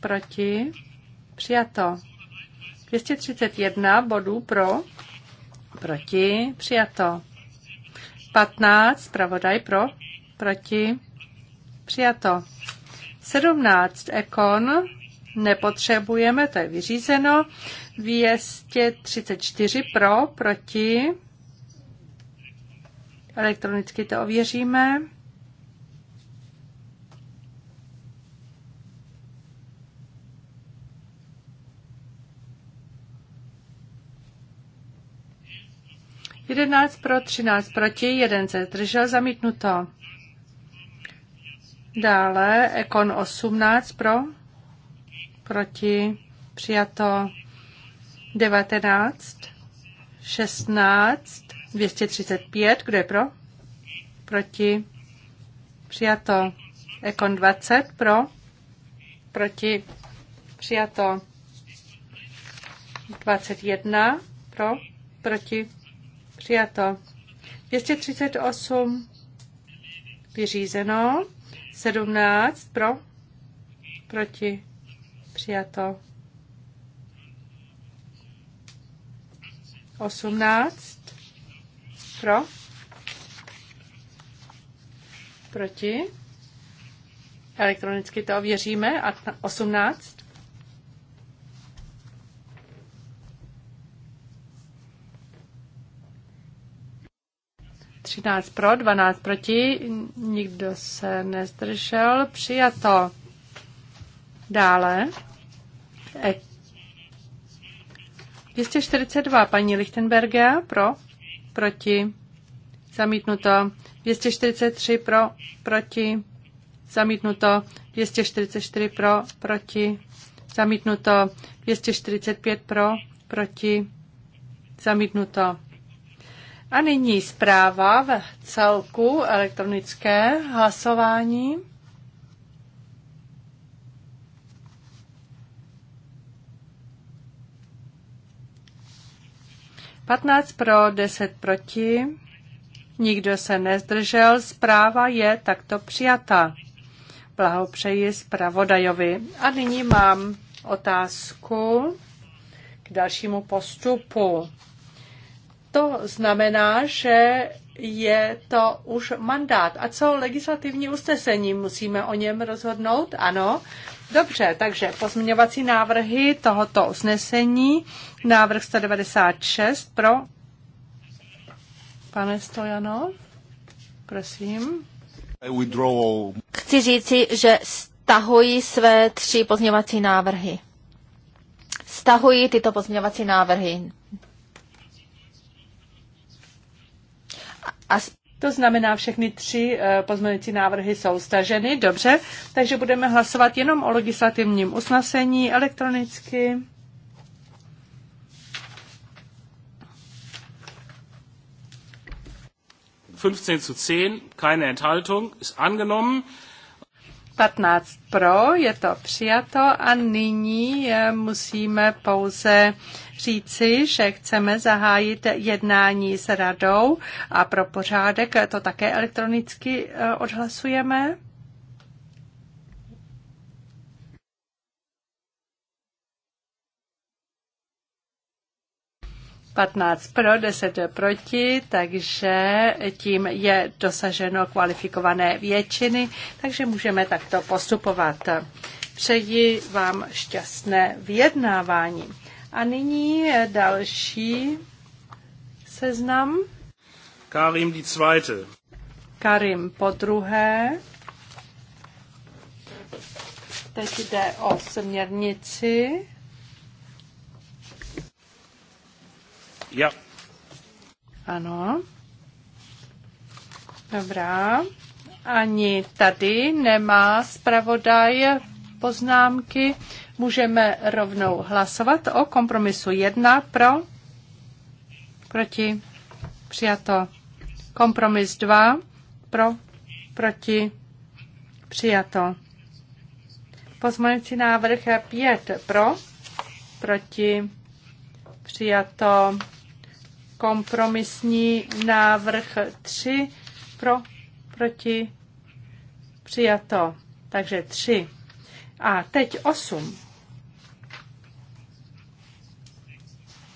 proti, přijato. 231 bodů pro, proti, přijato. 15, pravodaj pro, proti, přijato. 17, ekon, nepotřebujeme, to je vyřízeno. 234 pro, proti, elektronicky to ověříme. 11 pro, 13 proti, 1 se zdržel, zamítnuto. Dále Ekon 18 pro, proti, přijato 19, 16, 235, kdo je pro? Proti, přijato Ekon 20 pro, proti, přijato 21 pro, proti, Přijato. 238 vyřízeno. 17 pro, proti, přijato. 18 pro, proti. Elektronicky to ověříme. A 18. 13 pro, 12 proti, nikdo se nezdržel, přijato. Dále. 242, e- paní Lichtenberger, pro, proti, zamítnuto. 243 pro, proti, zamítnuto. 244 pro, proti, zamítnuto. 245 pro, proti, zamítnuto. A nyní zpráva v celku elektronické hlasování. Patnáct pro, deset proti. Nikdo se nezdržel. Zpráva je takto přijata. Blahopřeji zpravodajovi. A nyní mám otázku k dalšímu postupu. To znamená, že je to už mandát. A co legislativní usnesení? Musíme o něm rozhodnout? Ano. Dobře, takže pozměňovací návrhy tohoto usnesení. Návrh 196 pro. Pane Stojanov, prosím. Chci říci, že stahuji své tři pozměňovací návrhy. Stahuji tyto pozměňovací návrhy. A to znamená, všechny tři eh, pozměňující návrhy jsou staženy, dobře, takže budeme hlasovat jenom o legislativním usnesení elektronicky. zu 10, keine Enthaltung, ist angenommen. 15 pro, je to přijato a nyní eh, musíme pouze říci, že chceme zahájit jednání s radou a pro pořádek to také elektronicky eh, odhlasujeme. 15 pro, 10 proti, takže tím je dosaženo kvalifikované většiny, takže můžeme takto postupovat. Přeji vám šťastné vyjednávání. A nyní je další seznam. Karim die zweite. Karim po druhé. Teď jde o směrnici Ja. Ano. Dobrá. Ani tady nemá zpravodaj poznámky. Můžeme rovnou hlasovat o kompromisu 1 pro, proti, přijato. Kompromis 2 pro, proti, přijato. Pozmanující návrh 5 pro, proti, přijato. Kompromisní návrh 3 pro, proti, přijato. Takže 3. A teď 8.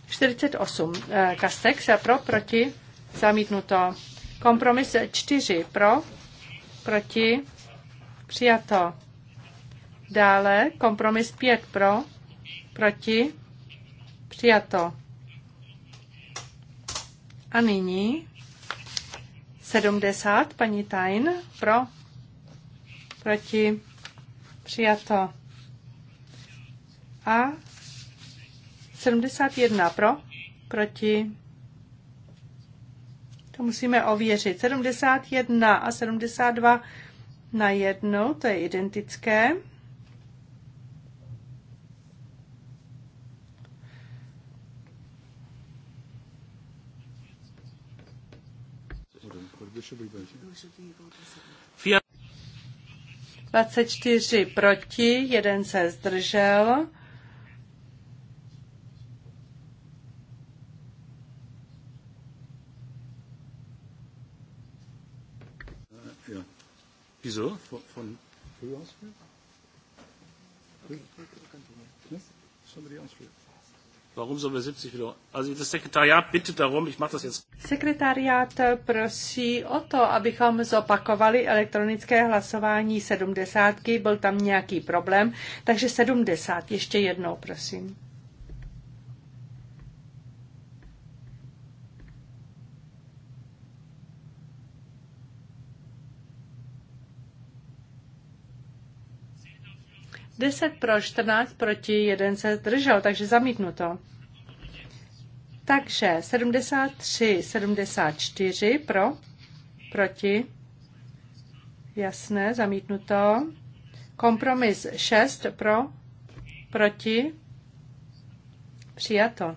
48. Kastex pro, proti, zamítnuto. Kompromis 4 pro, proti, přijato. Dále kompromis 5 pro, proti, přijato. A nyní 70, paní Tajn, pro, proti, přijato. A 71 pro, proti, to musíme ověřit. 71 a 72 na jedno, to je identické. 24 proti, jeden se zdržel. Eh, Wieso? Von, von who asked Okay, Somebody asked you. Warum sollen wir 70 Kilo? Also das Sekretariat bittet darum, ich mache das jetzt. Sekretariát prosí o to, abychom zopakovali elektronické hlasování 70. Byl tam nějaký problém, takže 70. Ještě jednou, prosím. 10 pro, 14 proti, 1 se držel, takže zamítnuto. Takže 73, 74 pro, proti, jasné, zamítnuto. Kompromis 6 pro, proti, přijato.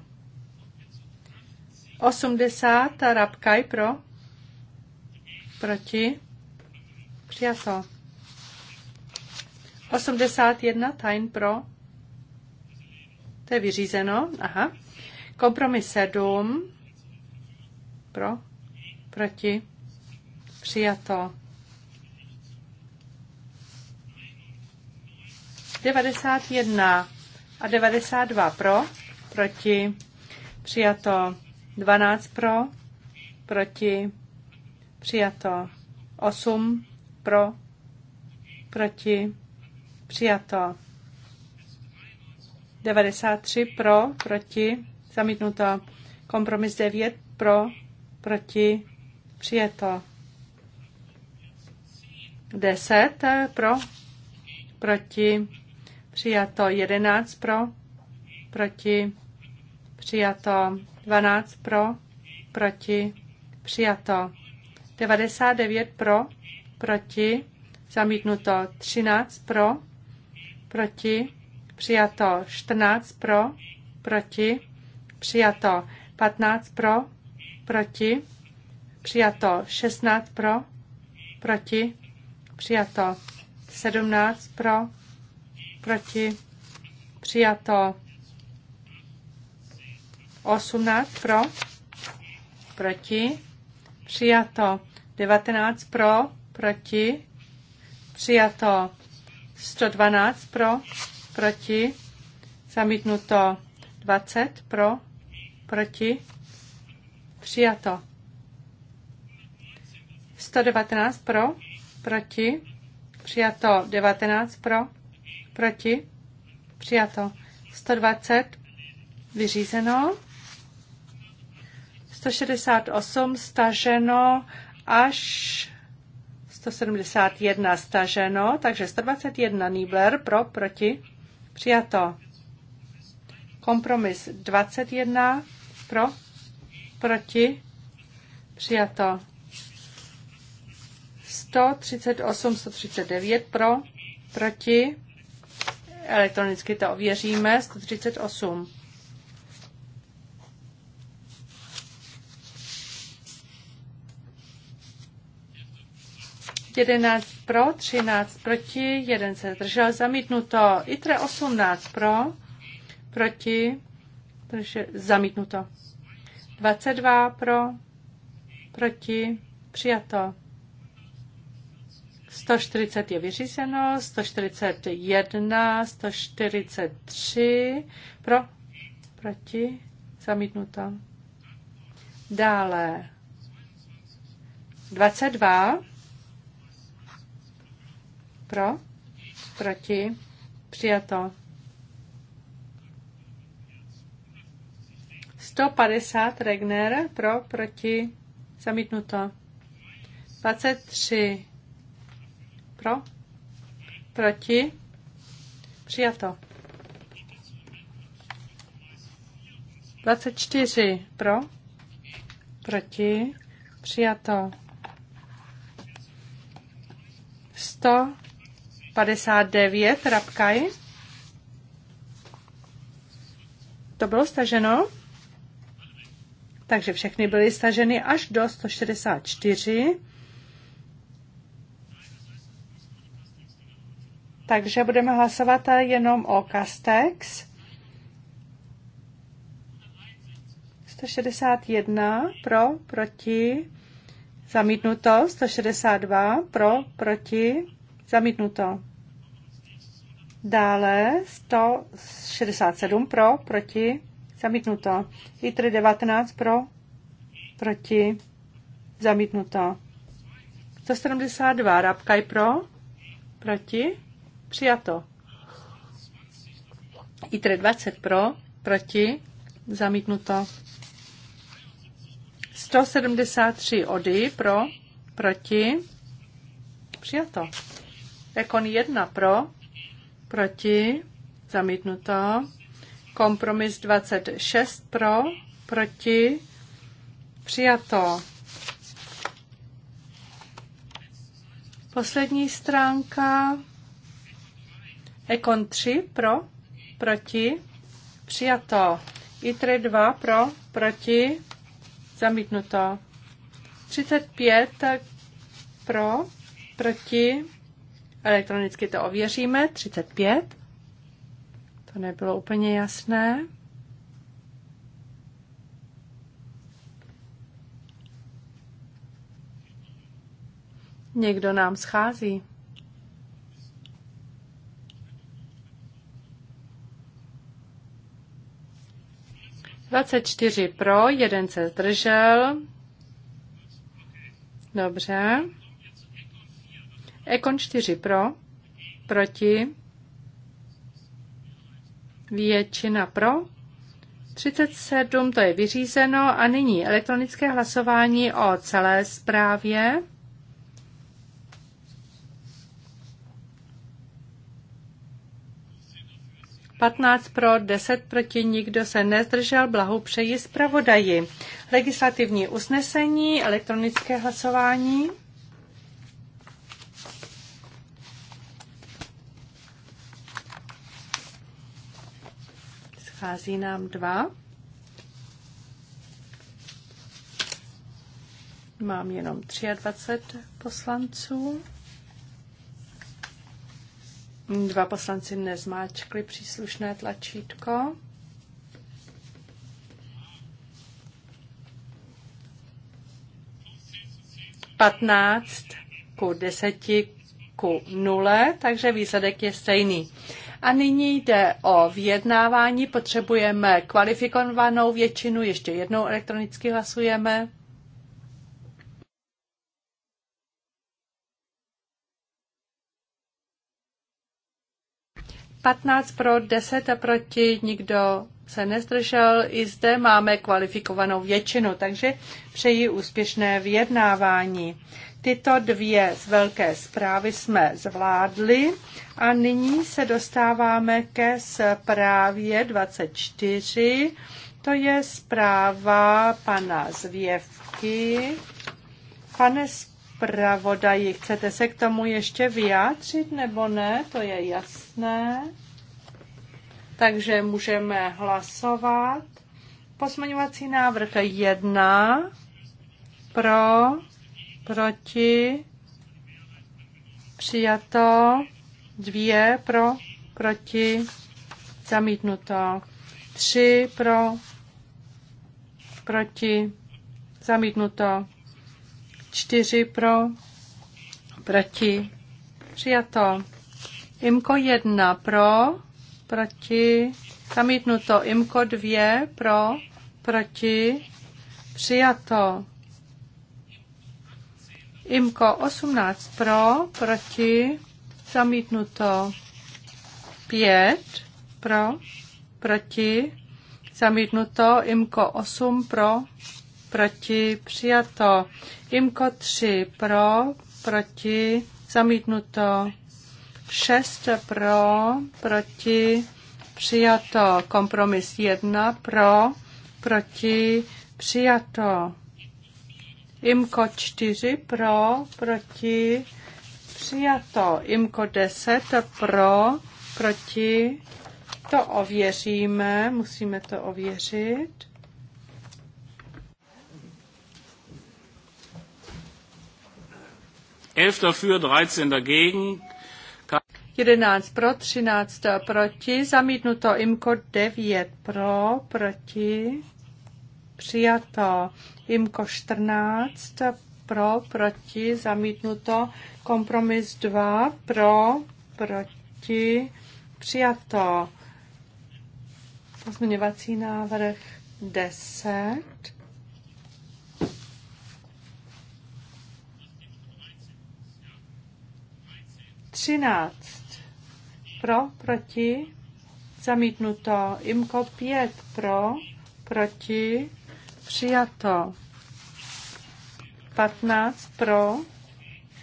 80 Rabkaj pro, proti, přijato. 81 tajn pro. To je vyřízeno, aha. Kompromis 7 pro, proti, přijato. 91 a 92 pro, proti, přijato 12 pro, proti, přijato 8 pro, proti, Přijato. 93 pro, proti, zamítnuto. Kompromis 9 pro, proti, přijato. 10 pro, proti, přijato. 11 pro, proti, přijato. 12 pro, proti, přijato. 99 pro, proti, zamítnuto. 13 pro, proti, přijato 14 pro, proti, přijato 15 pro, proti, přijato 16 pro, proti, přijato 17 pro, proti, přijato 18 pro, proti, přijato 19 pro, proti, přijato 112 pro, proti, zamítnuto 20 pro, proti, přijato. 119 pro, proti, přijato 19 pro, proti, přijato 120 vyřízeno, 168 staženo až 171 staženo, takže 121 Nibler pro, proti, přijato. Kompromis 21 pro, proti, přijato. 138, 139 pro, proti, elektronicky to ověříme, 138. 11 pro, 13 proti, 1 se zdržel zamítnuto. ITRE 18 pro, proti, takže zamítnuto. 22 pro, proti, přijato. 140 je vyřízeno, 141, 143 pro, proti, zamítnuto. Dále 22 pro? Proti? Přijato. 150 Regner pro, proti, zamítnuto. 23 pro, proti, přijato. 24 pro, proti, přijato. 100 59, Rabkaj. To bylo staženo. Takže všechny byly staženy až do 164. Takže budeme hlasovat jenom o Castex. 161 pro, proti, zamítnuto, 162 pro, proti, Zamítnuto. Dále 167 pro, proti, zamítnuto. ITRE 19 pro, proti, zamítnuto. 172 Rabkaj pro, proti, přijato. ITRE 20 pro, proti, zamítnuto. 173 ODY pro, proti, přijato. Ekon 1 pro, proti, zamítnuto. Kompromis 26 pro, proti, přijato. Poslední stránka. Ekon 3 pro, proti, přijato. ITRE 2 pro, proti, zamítnuto. 35 pro, proti, Elektronicky to ověříme. 35. To nebylo úplně jasné. Někdo nám schází. Dvacet čtyři pro, jeden se zdržel. Dobře. Ekon 4 pro, proti, většina pro, 37 to je vyřízeno a nyní elektronické hlasování o celé zprávě. Patnáct pro, deset proti, nikdo se nezdržel, blahopřeji zpravodaji. Legislativní usnesení, elektronické hlasování. Schází nám dva. Mám jenom 23 poslanců. Dva poslanci nezmáčkli příslušné tlačítko. Patnáct ku deseti ku nule, takže výsledek je stejný. A nyní jde o vyjednávání. Potřebujeme kvalifikovanou většinu. Ještě jednou elektronicky hlasujeme. Patnáct pro, deset a proti, nikdo se nezdržel. I zde máme kvalifikovanou většinu, takže přeji úspěšné vyjednávání. Tyto dvě z velké zprávy jsme zvládli a nyní se dostáváme ke zprávě 24. To je zpráva pana Zvěvky. Pane zpravodaji, chcete se k tomu ještě vyjádřit nebo ne? To je jasné. Takže můžeme hlasovat. Posmaňovací návrh 1 pro proti, přijato, dvě pro, proti, zamítnuto, tři pro, proti, zamítnuto, čtyři pro, proti, přijato, imko jedna pro, proti, zamítnuto, imko dvě pro, proti, přijato, Imko 18 pro, proti, zamítnuto 5 pro, proti, zamítnuto Imko 8 pro, proti, přijato Imko 3 pro, proti, zamítnuto 6 pro, proti, přijato kompromis 1 pro, proti, přijato IMKO 4 pro, proti, přijato. IMKO 10 pro, proti, to ověříme, musíme to ověřit. Elf dafür, 13 dagegen. 11 pro, 13 proti, zamítnuto IMKO 9 pro, proti přijato. Imko 14 pro, proti, zamítnuto. Kompromis 2 pro, proti, přijato. Pozměňovací návrh 10. Třináct. Pro, proti, zamítnuto. Imko pět pro, proti, Přijato. 15 pro,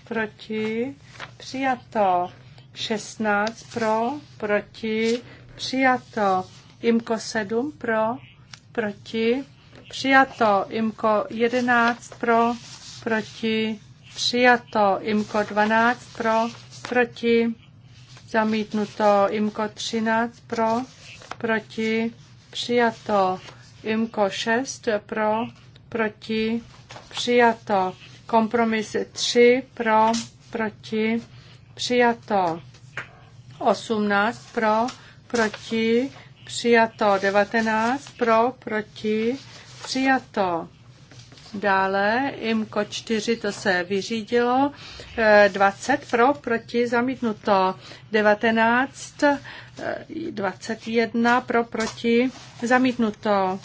proti, přijato. 16 pro, proti, přijato. Imko 7 pro, proti, přijato. Imko 11 pro, proti, přijato. Imko 12 pro, proti, zamítnuto. Imko 13 pro, proti, přijato. IMKO 6 pro, proti, přijato. Kompromis 3 pro, proti, přijato. 18 pro, proti, přijato. 19 pro, proti, přijato. Dále IMKO 4, to se vyřídilo, 20 eh, pro, proti zamítnuto, 19, 21 eh, pro, proti zamítnuto,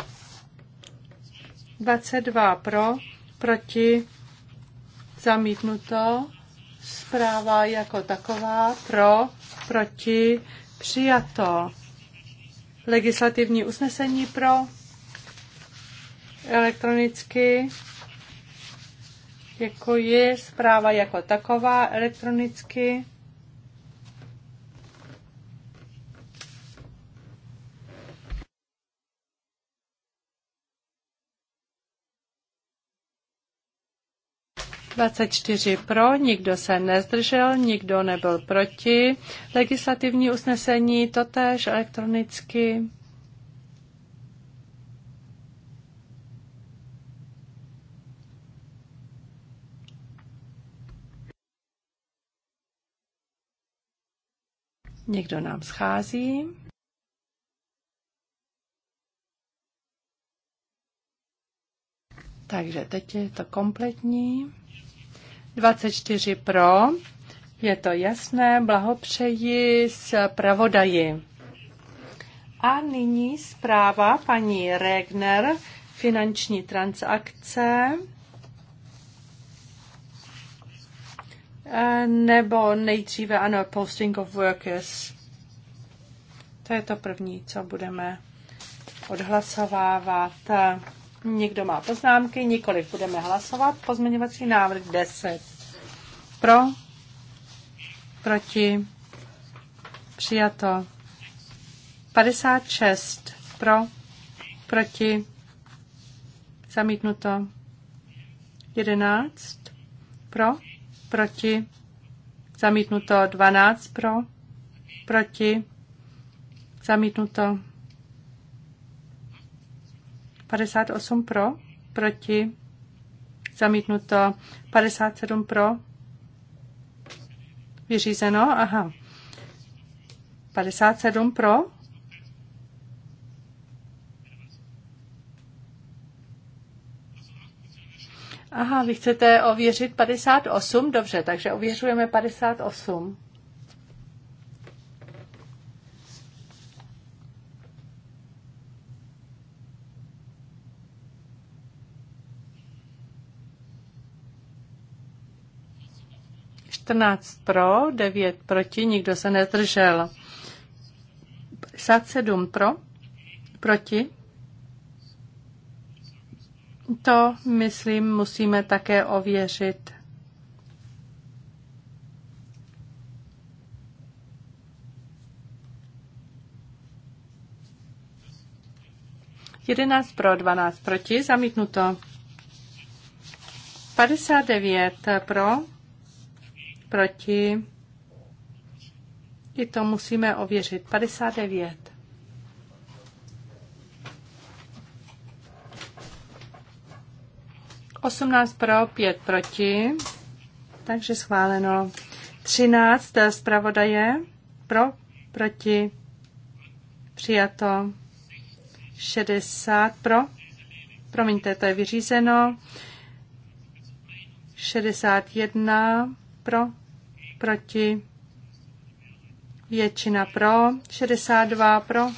22 pro, proti zamítnuto, zpráva jako taková pro, proti přijato, legislativní usnesení pro, elektronicky. jako je Zpráva jako taková elektronicky. čtyři pro, nikdo se nezdržel, nikdo nebyl proti. Legislativní usnesení totéž elektronicky. Někdo nám schází. Takže teď je to kompletní. 24 pro. Je to jasné. Blahopřeji s pravodaji. A nyní zpráva paní Regner, finanční transakce. nebo nejdříve ano, posting of workers. To je to první, co budeme odhlasovávat. Někdo má poznámky, nikoliv budeme hlasovat. Pozměňovací návrh 10. Pro, proti, přijato. 56 pro, proti, zamítnuto. 11 pro, proti, zamítnuto 12 pro, proti, zamítnuto 58 pro, proti, zamítnuto 57 pro, vyřízeno, aha, 57 pro, Aha, vy chcete ověřit 58? Dobře, takže ověřujeme 58. pro, 9 proti, nikdo se nezdržel. 57 pro, proti. To, myslím, musíme také ověřit. Jedenáct pro, dvanáct proti, zamítnuto. 59 pro, proti. I to musíme ověřit. 59. 18 pro, 5 proti. Takže schváleno. 13 eh, zpravodaje pro, proti. Přijato. 60 pro. Promiňte, to je vyřízeno. 61 pro, proti. Většina pro, 62 pro,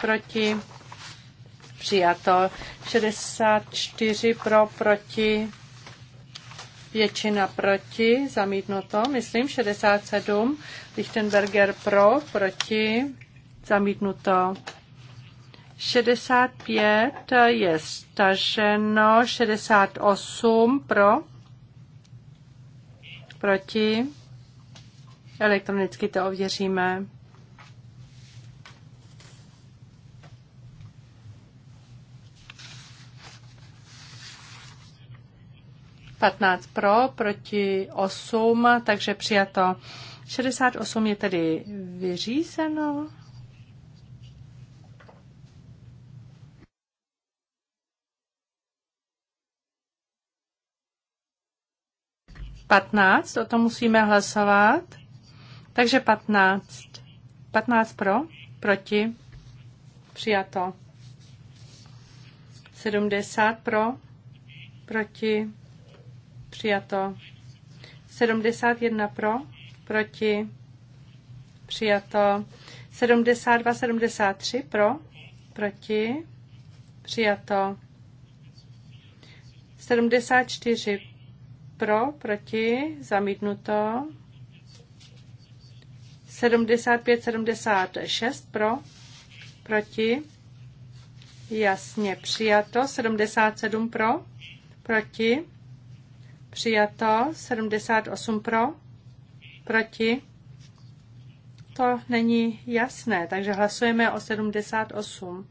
proti přijato. 64 pro, proti, většina proti, zamítnuto, myslím, 67, Lichtenberger pro, proti, zamítnuto. 65 je staženo, 68 pro, proti, elektronicky to ověříme. 15 pro, proti 8, takže přijato. 68 je tedy vyřízeno. Patnáct, o tom musíme hlasovat. Takže patnáct. Patnáct pro, proti, přijato. Sedmdesát pro, proti, Přijato. 71 pro, proti, přijato. 72, 73 pro, proti, přijato. 74 pro, proti, zamítnuto. 75, 76 pro, proti, jasně přijato. 77 pro, proti, Přijato 78 pro, proti. To není jasné, takže hlasujeme o 78.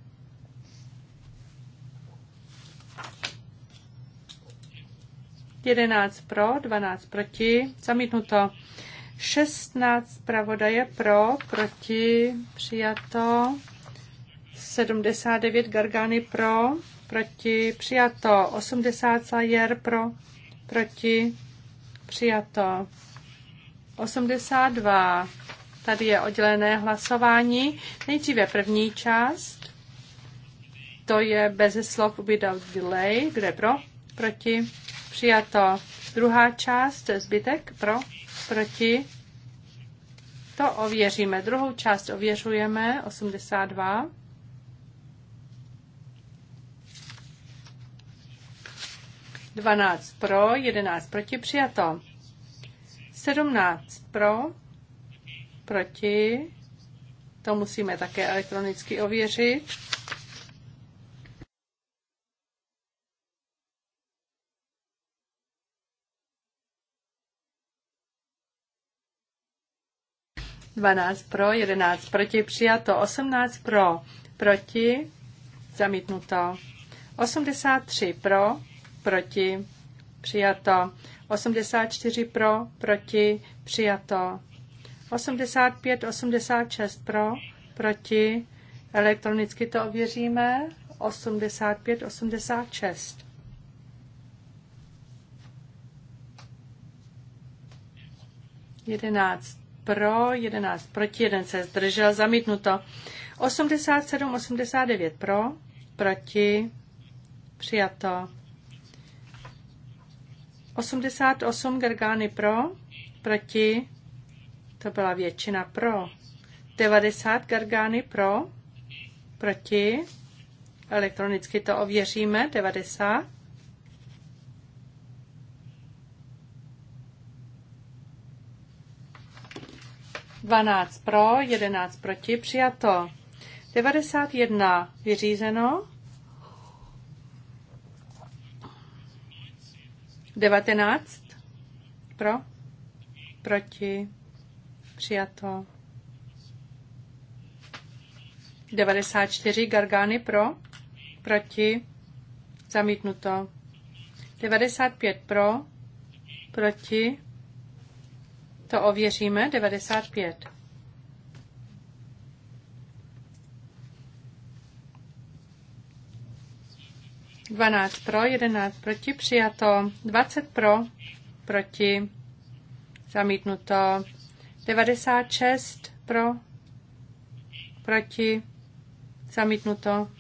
Jedenáct pro, 12 proti, zamítnuto. 16 pravodaje pro, proti, přijato. 79 Gargány pro, proti, přijato. 80 Sajer pro, proti, přijato. 82. Tady je oddělené hlasování. Nejdříve první část. To je bez slov without delay. Kde pro? Proti. Přijato. Druhá část, zbytek pro, proti. To ověříme. Druhou část ověřujeme, 82. 12 pro, 11 proti, přijato. 17 pro, proti, to musíme také elektronicky ověřit. Dvanáct pro, jedenáct proti, přijato, osmnáct pro, proti, zamítnuto, osmdesát tři pro, proti, přijato. 84 pro, proti, přijato. 85, 86 pro, proti, elektronicky to ověříme. 85, 86. Jedenáct pro, jedenáct proti, jeden se zdržel, zamítnuto. 87, 89 pro, proti, přijato. 88 Gargány pro, proti, to byla většina pro. 90 Gargány pro, proti, elektronicky to ověříme, 90. Dvanáct pro, jedenáct proti, přijato. 91 vyřízeno. 19 pro, proti, přijato. 94 Gargány pro, proti, zamítnuto. 95 pro, proti, to ověříme, 95. 12 pro, 11 proti, přijato. 20 pro, proti, zamítnuto. 96 pro, proti, zamítnuto.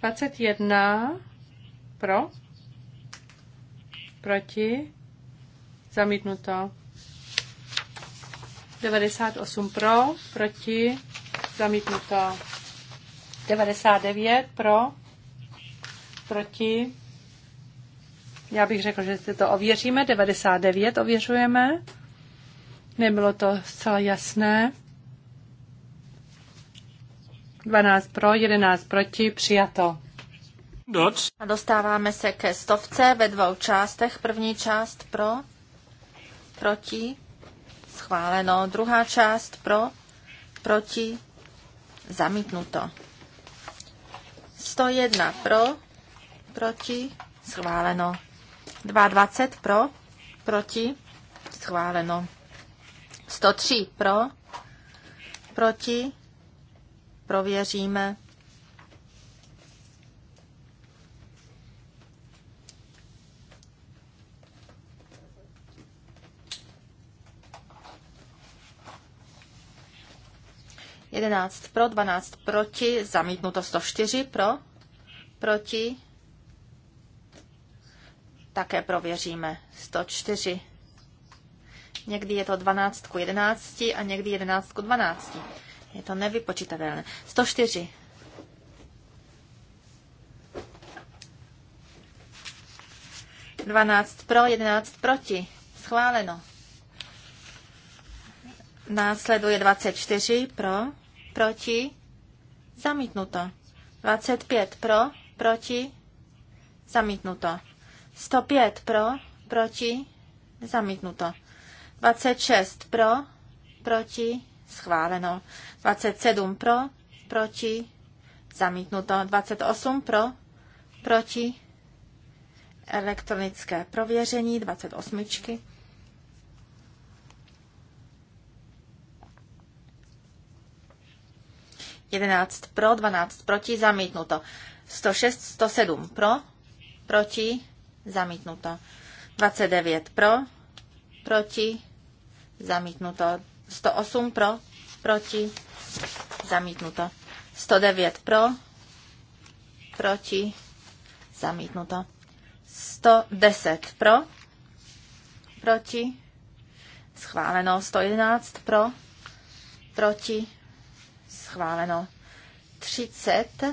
21 pro, proti, zamítnuto. 98 pro, proti, zamítnuto. 99 pro, proti. Já bych řekl, že si to ověříme. 99 ověřujeme. Nebylo to zcela jasné. 12 pro, 11 proti, přijato. A dostáváme se ke stovce ve dvou částech. První část pro, proti, schváleno. Druhá část pro, proti, zamítnuto. 101 pro, proti, schváleno. 22 pro, proti, schváleno. 103 pro, proti, prověříme. Jedenáct pro, dvanáct proti, zamítnuto 104 pro, proti, také prověříme. 104. Někdy je to 12 ku 11 a někdy 11 ku 12. Je to nevypočitatelné. 104. Dvanáct pro, jedenáct proti. Schváleno. Následuje 24 pro, proti, zamítnuto. 25 pro, proti, zamítnuto. 105 pro, proti, zamítnuto. 26 pro, proti, schváleno. 27 pro, proti, zamítnuto. 28 pro, proti, elektronické prověření 28. Jedenáct pro, 12 proti, zamítnuto. 106, 107 pro, proti, Zamítnuto. 29 pro, proti, zamítnuto. 108 pro, proti, zamítnuto. 109 pro, proti, zamítnuto. 110 pro, proti, schváleno. 111 pro, proti, schváleno. 30,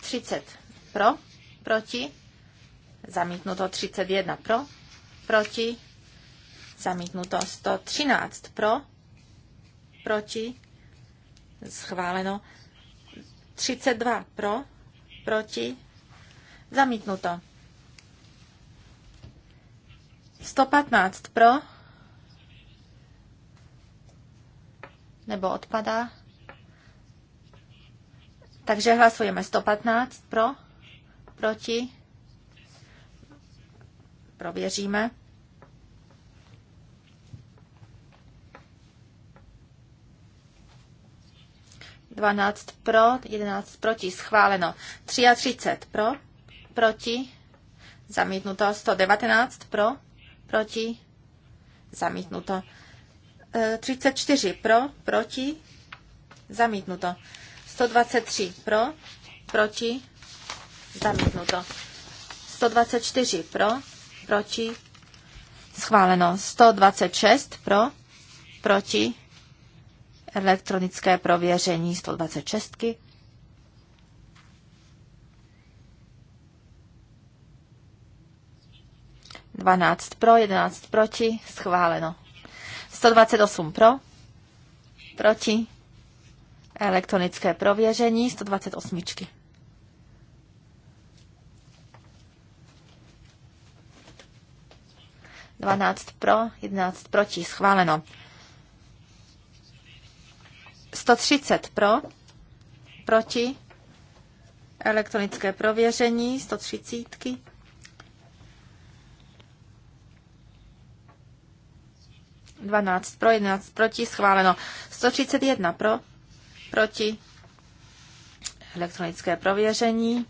30 pro, proti, zamítnuto 31 pro, proti, zamítnuto 113 pro, proti, schváleno 32 pro, proti, zamítnuto 115 pro, nebo odpadá. Takže hlasujeme 115 pro, Proti? Prověříme. Dvanáct pro, jedenáct proti, schváleno. třicet pro, proti, zamítnuto. Sto devatenáct pro, proti, zamítnuto. 34 e, pro, proti, zamítnuto. 123 pro, proti, zamítnuto. 124 pro, proti, schváleno. 126 pro, proti, elektronické prověření 126. -ky. Dvanáct pro, jedenáct proti, schváleno. 128 pro, proti, elektronické prověření 128. 12 pro, 11 proti. Schváleno. 130 pro, proti, elektronické prověření, 130. -ky. Dvanáct pro, 11 proti, schváleno. 131 pro, proti, elektronické prověření.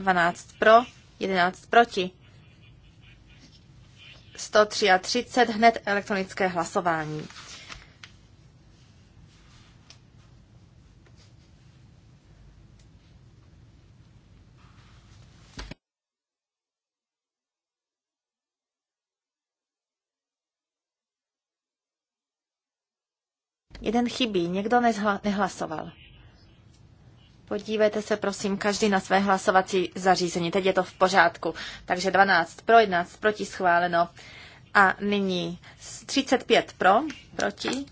12 pro, 11 proti. 133 hned elektronické hlasování. Jeden chybí, někdo nehlasoval. Podívejte se, prosím, každý na své hlasovací zařízení. Teď je to v pořádku. Takže 12 pro, 11 proti schváleno. A nyní 35 pro, proti,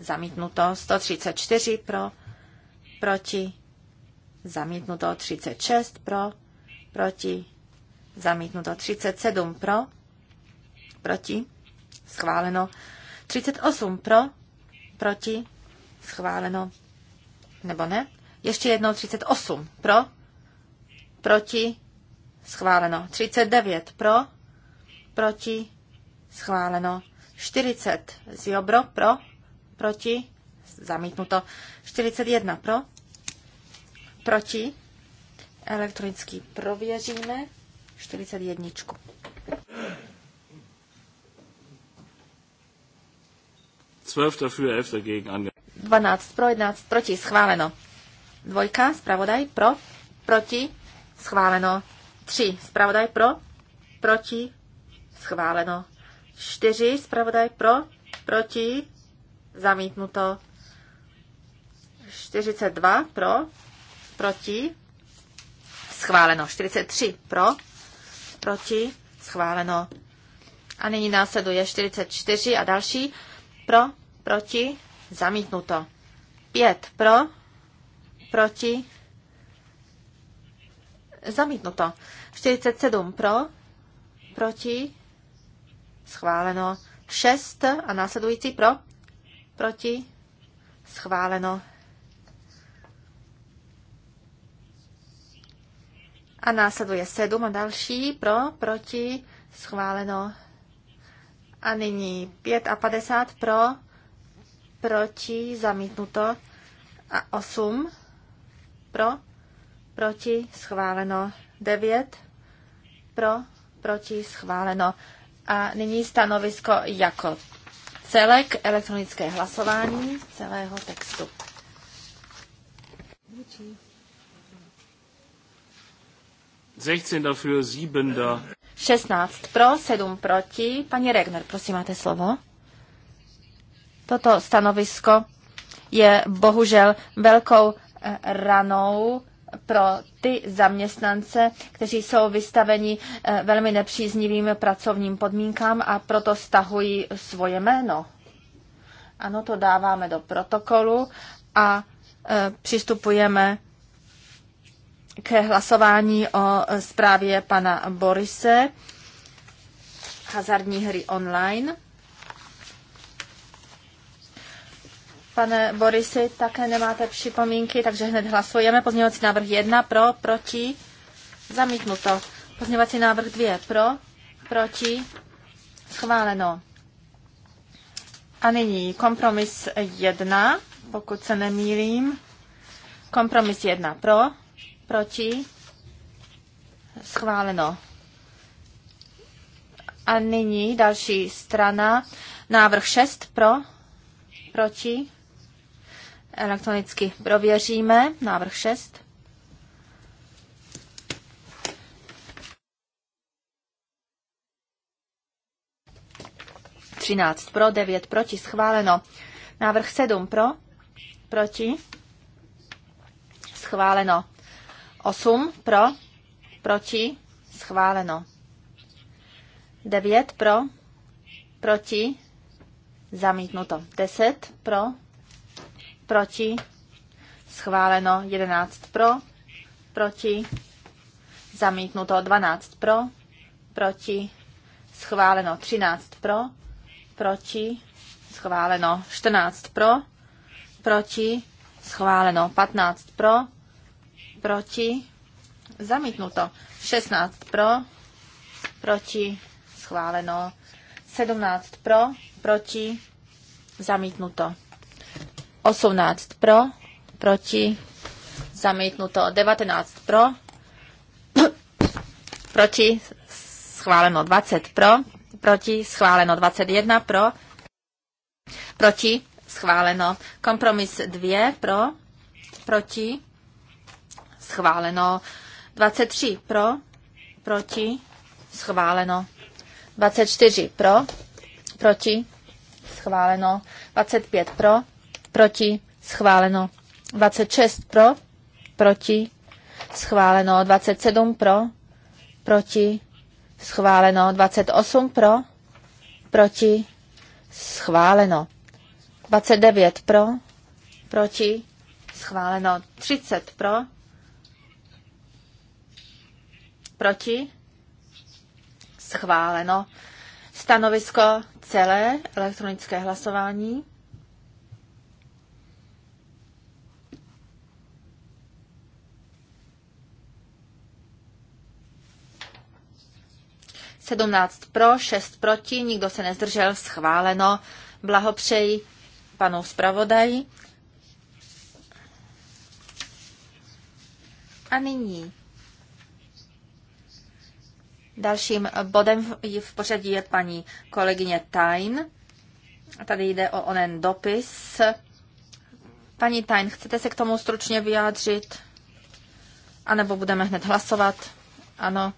zamítnuto, 134 pro, proti, zamítnuto, 36 pro, proti, zamítnuto, 37 pro, proti, schváleno, 38 pro, proti, schváleno, nebo ne? Ještě jednou 38 pro, proti, schváleno. 39 pro, proti, schváleno. 40 z Jobro pro, proti, zamítnuto. 41 pro, proti, elektronicky prověříme. 41. Dafür, dagegen 12 pro, 11 proti, schváleno. Dvojka, zpravodaj pro, proti, schváleno. Tři, zpravodaj pro, proti, schváleno. Čtyři, zpravodaj pro, proti, zamítnuto. 42 pro, proti, schváleno. 43 pro, proti, schváleno. A nyní následuje 44 a další pro, proti, zamítnuto. 5 pro, proti, zamítnuto. 47 pro, proti, schváleno. 6 a následující pro, proti, schváleno. A následuje 7 a další pro, proti, schváleno. A nyní 5 a 50 pro, proti, zamítnuto. A 8 pro, proti, schváleno. 9. Pro, proti, schváleno. A nyní stanovisko jako celek elektronické hlasování celého textu. 16 dafür, 16 pro, 7 proti. Paní Regner, prosím, máte slovo. Toto stanovisko je bohužel velkou ranou pro ty zaměstnance, kteří jsou vystaveni eh, velmi nepříznivým pracovním podmínkám a proto stahují svoje jméno. Ano, to dáváme do protokolu a eh, přistupujeme k hlasování o zprávě pana Borise hazardní hry online. Pane Borisy, také nemáte připomínky, takže hned hlasujeme. Pozměňovací návrh 1 pro, proti, zamítnuto. Pozměňovací návrh 2 pro, proti, schváleno. A nyní kompromis 1, pokud se nemýlím. Kompromis 1 pro, proti, schváleno. A nyní další strana. Návrh 6 pro, proti, Elektronicky prověříme. Návrh 6. Třináct pro, devět proti, schváleno. Návrh sedm pro, proti, schváleno. Osm pro, proti, schváleno. Devět pro, proti, zamítnuto. Deset pro, proti, schváleno 11 pro, proti, zamítnuto 12 pro, proti, schváleno 13 pro, proti, schváleno 14 pro, proti, schváleno 15 pro, proti, zamítnuto 16 pro, proti, schváleno 17 pro, proti, zamítnuto. 18 pro, proti, zamítnuto. 19 *coughs* pro, proti, schváleno 20 pro, proti, schváleno 21 pro, proti, schváleno. Kompromis 2 pro, proti, schváleno. 23 pro, proti, schváleno. 24 pro, proti, schváleno. 25 pro, proti, schváleno. 26 pro, proti, schváleno. 27 pro, proti, schváleno. 28 pro, proti, schváleno. 29 pro, proti, schváleno. 30 pro, proti, schváleno. Stanovisko celé elektronické hlasování. 17 pro, 6 proti, nikdo se nezdržel, schváleno. Blahopřeji panu zpravodaji. A nyní dalším bodem v pořadí je paní kolegyně Tain. Tady jde o onen dopis. Paní Tain, chcete se k tomu stručně vyjádřit? A nebo budeme hned hlasovat? Ano.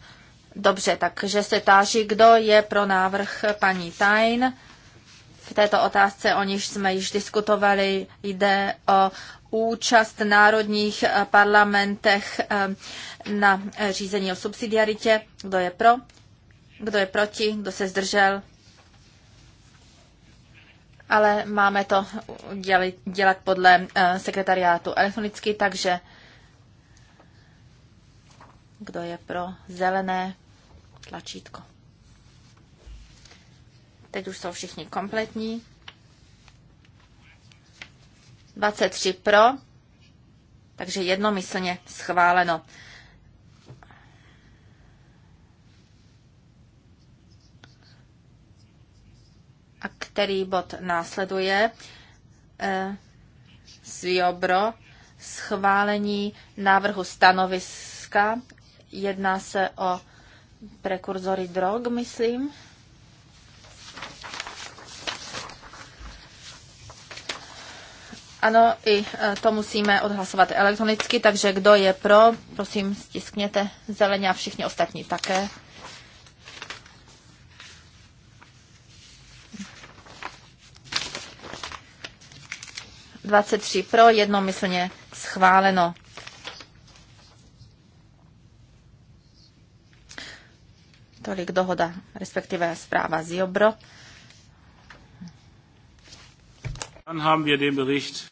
Dobře, takže se táží, kdo je pro návrh paní Tajn. V této otázce, o níž jsme již diskutovali, jde o účast národních parlamentech eh, na řízení o subsidiaritě. Kdo je pro? Kdo je proti? Kdo se zdržel? Ale máme to dělat podle eh, sekretariátu elektronicky, takže kdo je pro zelené, tlačítko. Teď už jsou všichni kompletní. 23 pro, takže jednomyslně schváleno. A který bod následuje? Eh, Sviobro, schválení návrhu stanoviska. Jedná se o prekurzory drog, myslím. Ano, i e, to musíme odhlasovat elektronicky, takže kdo je pro, prosím, stiskněte zeleně a všichni ostatní také. Dvacet tři pro, jednomyslně schváleno. Tolik dohoda, respektive zpráva z Jobro.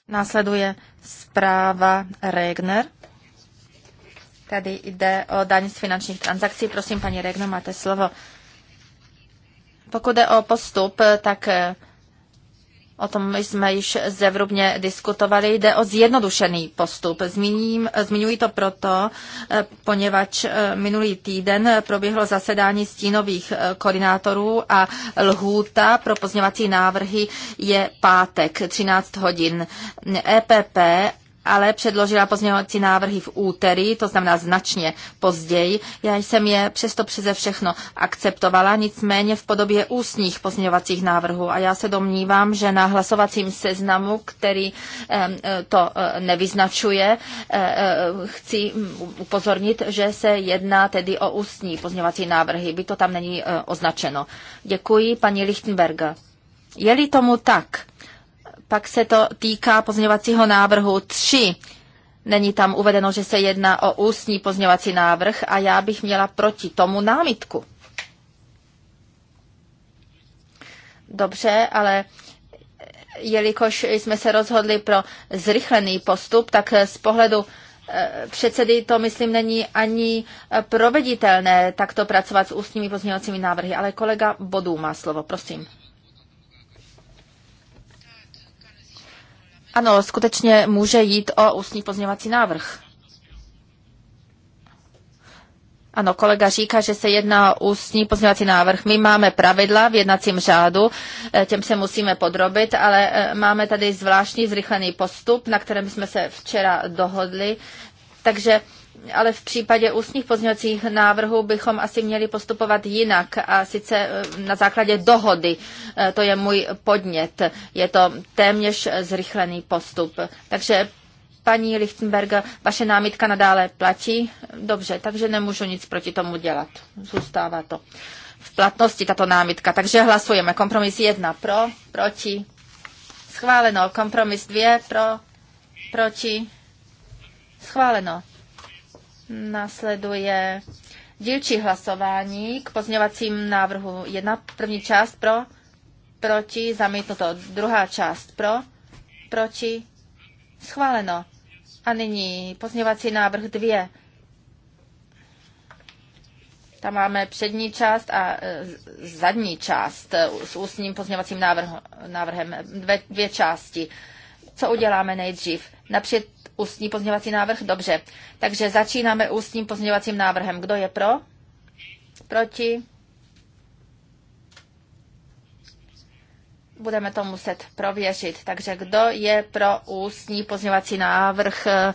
Následuje zpráva Regner. Tady jde o daň z finančních transakcí. Prosím, paní Regner, máte slovo. Pokud jde o postup, tak eh, O tom jsme již zevrubně diskutovali. Jde o zjednodušený postup. Zmíním, zmiňuji to proto, eh, poněvadž eh, minulý týden proběhlo zasedání stínových eh, koordinátorů a lhůta pro pozněvací návrhy je pátek 13 hodin. EPP ale předložila pozměňovací návrhy v úterý, to znamená značně později. Já jsem je přesto přeze všechno akceptovala, nicméně v podobě ústních pozměňovacích návrhů. A já se domnívám, že na hlasovacím seznamu, který e, to e, nevyznačuje, e, chci upozornit, že se jedná tedy o ústní pozměňovací návrhy, by to tam není označeno. Děkuji, paní Lichtenberger. Je-li tomu tak, pak se to týká pozměňovacího návrhu 3. Není tam uvedeno, že se jedná o ústní pozměňovací návrh a já bych měla proti tomu námitku. Dobře, ale jelikož jsme se rozhodli pro zrychlený postup, tak z pohledu eh, předsedy to, myslím, není ani eh, proveditelné takto pracovat s ústními pozměňovacími návrhy, ale kolega Bodů má slovo, prosím. Ano, skutečně může jít o ústní pozměňovací návrh. Ano, kolega říká, že se jedná o ústní pozměňovací návrh. My máme pravidla v jednacím řádu, eh, těm se musíme podrobit, ale eh, máme tady zvláštní zrychlený postup, na kterém jsme se včera dohodli. Takže ale v případě ústních pozměňovacích návrhů bychom asi měli postupovat jinak a sice e, na základě dohody. E, to je můj podnět. Je to téměř zrychlený postup. Takže paní Lichtenberg, vaše námitka nadále platí? Dobře, takže nemůžu nic proti tomu dělat. Zůstává to v platnosti tato námitka. Takže hlasujeme. Kompromis jedna pro, proti. Schváleno. Kompromis dvě pro, proti. Schváleno. Následuje dílčí hlasování k pozměňovacím návrhu. Jedna první část pro, proti, zamítnuto. Druhá část pro, proti, schváleno. A nyní pozměňovací návrh dvě. Tam máme přední část a e, zadní část e, s ústním pozměňovacím návrhem. Dvě, dvě části. Co uděláme nejdřív? Napřed ústní pozměňovací návrh? Dobře. Takže začínáme ústním pozměňovacím návrhem. Kdo je pro? Proti? Budeme to muset prověřit. Takže kdo je pro ústní pozměňovací návrh eh,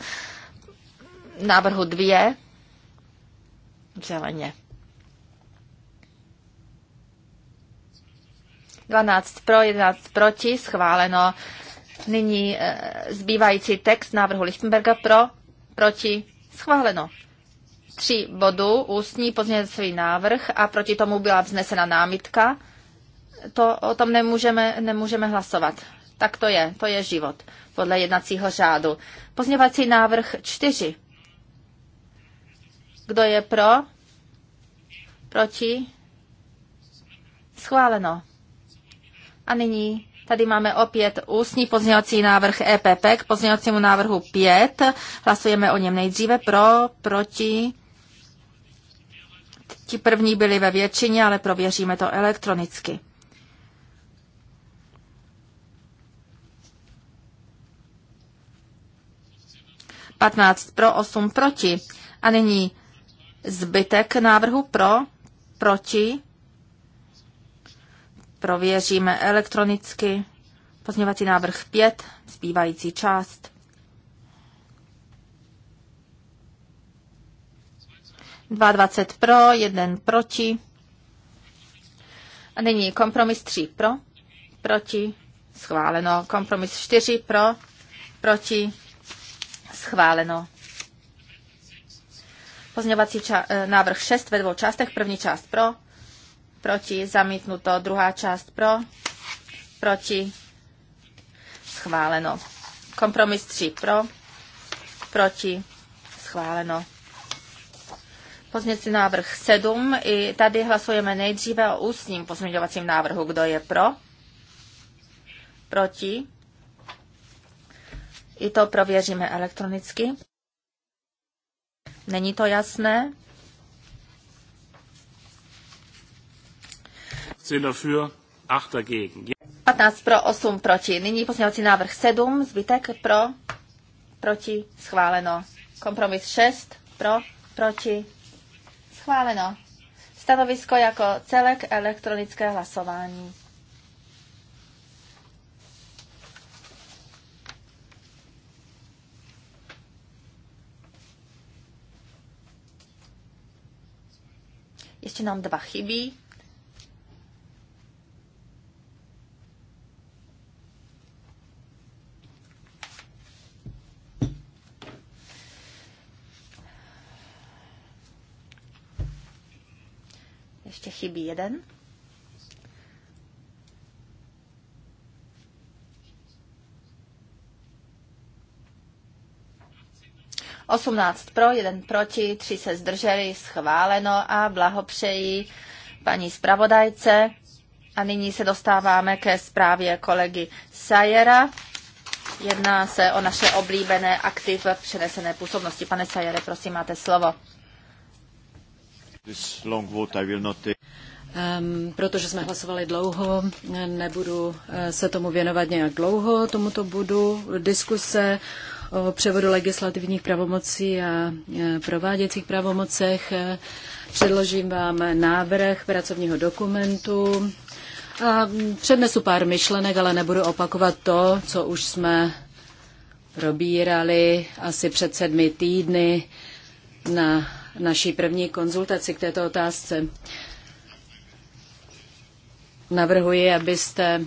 návrhu dvě? Zeleně. 12 pro, 11 proti, schváleno. Nyní eh, zbývající text návrhu Lichtenberga pro, proti, schváleno. Tři bodů, ústní pozměňovací návrh a proti tomu byla vznesena námitka. To o tom nemůžeme, nemůžeme hlasovat. Tak to je, to je život podle jednacího řádu. Pozměňovací návrh čtyři. Kdo je pro? Proti? Schváleno. A nyní Tady máme opět ústní pozměňovací návrh EPP k pozměňovacímu návrhu 5. Hlasujeme o něm nejdříve pro, proti. Ti první byli ve většině, ale prověříme to elektronicky. Patnáct pro, osm proti. A nyní zbytek návrhu pro, proti Prověříme elektronicky pozměňovací návrh 5, zbývající část. Dva dvacet pro, jeden proti. A nyní kompromis 3 pro, proti, schváleno. Kompromis 4 pro, proti, schváleno. Pozměňovací ča- eh, návrh 6 ve dvou částech. První část pro, proti, zamítnuto. Druhá část pro, proti, schváleno. Kompromis 3 pro, proti, schváleno. Pozměňovací návrh 7. I tady hlasujeme nejdříve o ústním pozměňovacím návrhu. Kdo je pro? Proti? I to prověříme elektronicky. Není to jasné? 15 pro, 8 proti. Nyní pozměňovací návrh 7, zbytek pro, proti, schváleno. Kompromis 6, pro, proti, schváleno. Stanovisko jako celek elektronické hlasování. Ještě nám dva chybí. chybí jeden. Osmnáct pro, jeden proti, tři se zdrželi, schváleno a blahopřeji paní zpravodajce. A nyní se dostáváme ke zprávě kolegy Sajera. Jedná se o naše oblíbené aktiv v přenesené působnosti. Pane Sajere, prosím, máte slovo. Um, protože jsme hlasovali dlouho, nebudu eh, se tomu věnovat nějak dlouho, tomuto budu diskuse o převodu legislativních pravomocí a eh, prováděcích pravomocech. Eh, předložím vám návrh pracovního dokumentu a mm, přednesu pár myšlenek, ale nebudu opakovat to, co už jsme probírali asi před sedmi týdny na naší první konzultaci k této otázce. Navrhuji, abyste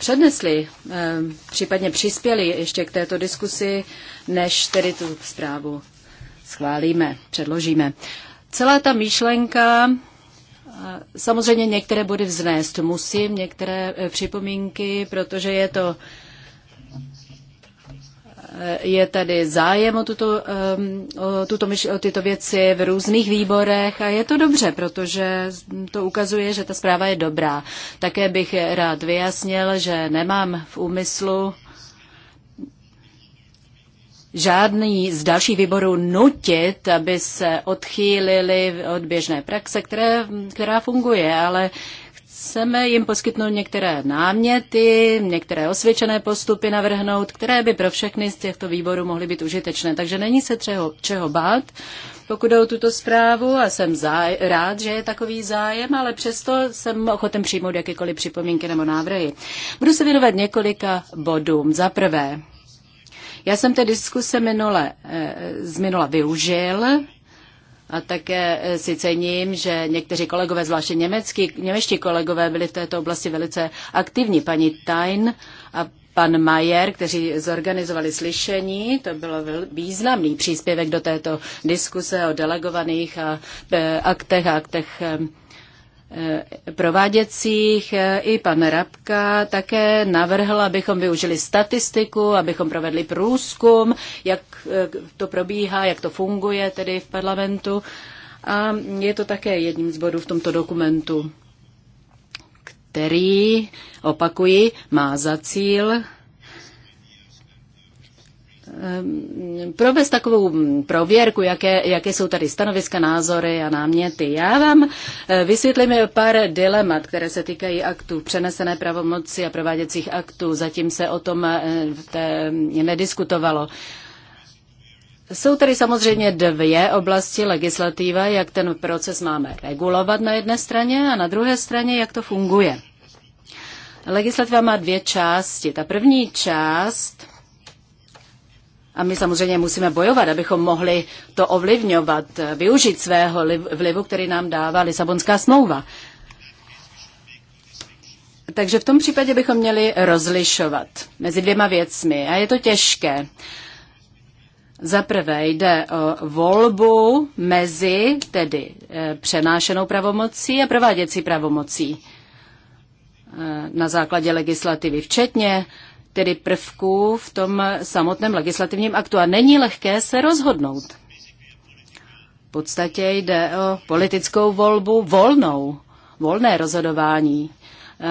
přednesli, eh, případně přispěli ještě k této diskusi, než tedy tu zprávu schválíme, předložíme. Celá ta myšlenka, eh, samozřejmě některé body vznést musím, některé eh, připomínky, protože je to je tady zájem o, tuto, o, tuto myš, o tyto věci v různých výborech a je to dobře, protože to ukazuje, že ta zpráva je dobrá. Také bych rád vyjasnil, že nemám v úmyslu žádný z dalších výborů nutit, aby se odchýlili od běžné praxe, které, která funguje, ale chceme jim poskytnout některé náměty, některé osvědčené postupy navrhnout, které by pro všechny z těchto výborů mohly být užitečné. Takže není se třeho, čeho bát, pokud jde o tuto zprávu a jsem záj, rád, že je takový zájem, ale přesto jsem ochoten přijmout jakékoliv připomínky nebo návrhy. Budu se věnovat několika bodům. Za prvé, já jsem té diskuse minule, eh, z minula využil, a také eh, si cením, že někteří kolegové, zvláště německý, němečtí kolegové, byli v této oblasti velice aktivní. Paní Tain a pan Majer, kteří zorganizovali slyšení. To byl významný příspěvek do této diskuse o delegovaných a, eh, aktech a aktech eh, Eh, prováděcích eh, i pan Rabka také navrhl, abychom využili statistiku, abychom provedli průzkum, jak eh, to probíhá, jak to funguje tedy v parlamentu. A je to také jedním z bodů v tomto dokumentu, který, opakuji, má za cíl Ehm, provést takovou prověrku, jaké, jaké jsou tady stanoviska, názory a náměty. Já vám eh, vysvětlím pár dilemat, které se týkají aktů přenesené pravomoci a prováděcích aktů. Zatím se o tom eh, eh, nediskutovalo. Jsou tady samozřejmě dvě oblasti legislativa, jak ten proces máme regulovat na jedné straně a na druhé straně, jak to funguje. Legislativa má dvě části. Ta první část a my samozřejmě musíme bojovat, abychom mohli to ovlivňovat, využít svého vlivu, který nám dává Lisabonská smlouva. Takže v tom případě bychom měli rozlišovat mezi dvěma věcmi a je to těžké. Za prvé jde o volbu mezi tedy eh, přenášenou pravomocí a prováděcí pravomocí eh, na základě legislativy, včetně tedy prvků v tom samotném legislativním aktu a není lehké se rozhodnout. V podstatě jde o politickou volbu volnou, volné rozhodování.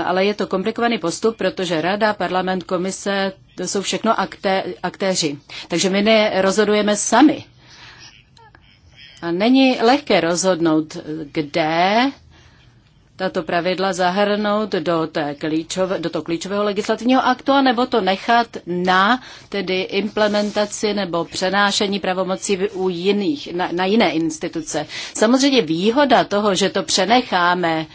Ale je to komplikovaný postup, protože Rada, Parlament, Komise, to jsou všechno akté, aktéři. Takže my nerozhodujeme sami. A není lehké rozhodnout, kde tato pravidla zahrnout do, té klíčové, do toho klíčového legislativního aktu, nebo to nechat na tedy implementaci nebo přenášení pravomocí u jiných, na, na jiné instituce. Samozřejmě výhoda toho, že to přenecháme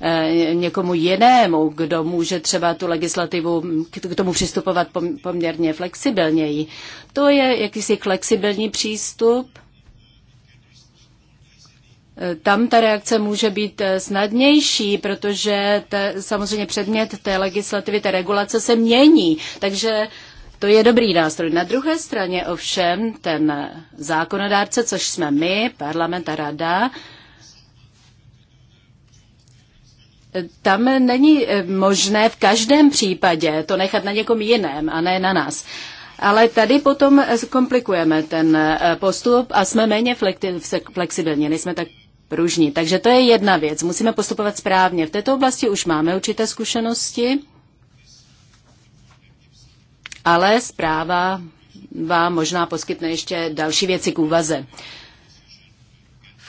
eh, někomu jinému, kdo může třeba tu legislativu k tomu přistupovat poměrně flexibilněji. To je jakýsi flexibilní přístup, tam ta reakce může být eh, snadnější, protože te, samozřejmě předmět té legislativy, té regulace se mění. Takže to je dobrý nástroj. Na druhé straně ovšem ten zákonodárce, což jsme my, parlament a rada, tam není eh, možné v každém případě to nechat na někom jiném a ne na nás. Ale tady potom eh, komplikujeme ten postup a jsme méně flexibilní, nejsme tak pružní. Takže to je jedna věc. Musíme postupovat správně. V této oblasti už máme určité zkušenosti, ale zpráva vám možná poskytne ještě další věci k úvaze.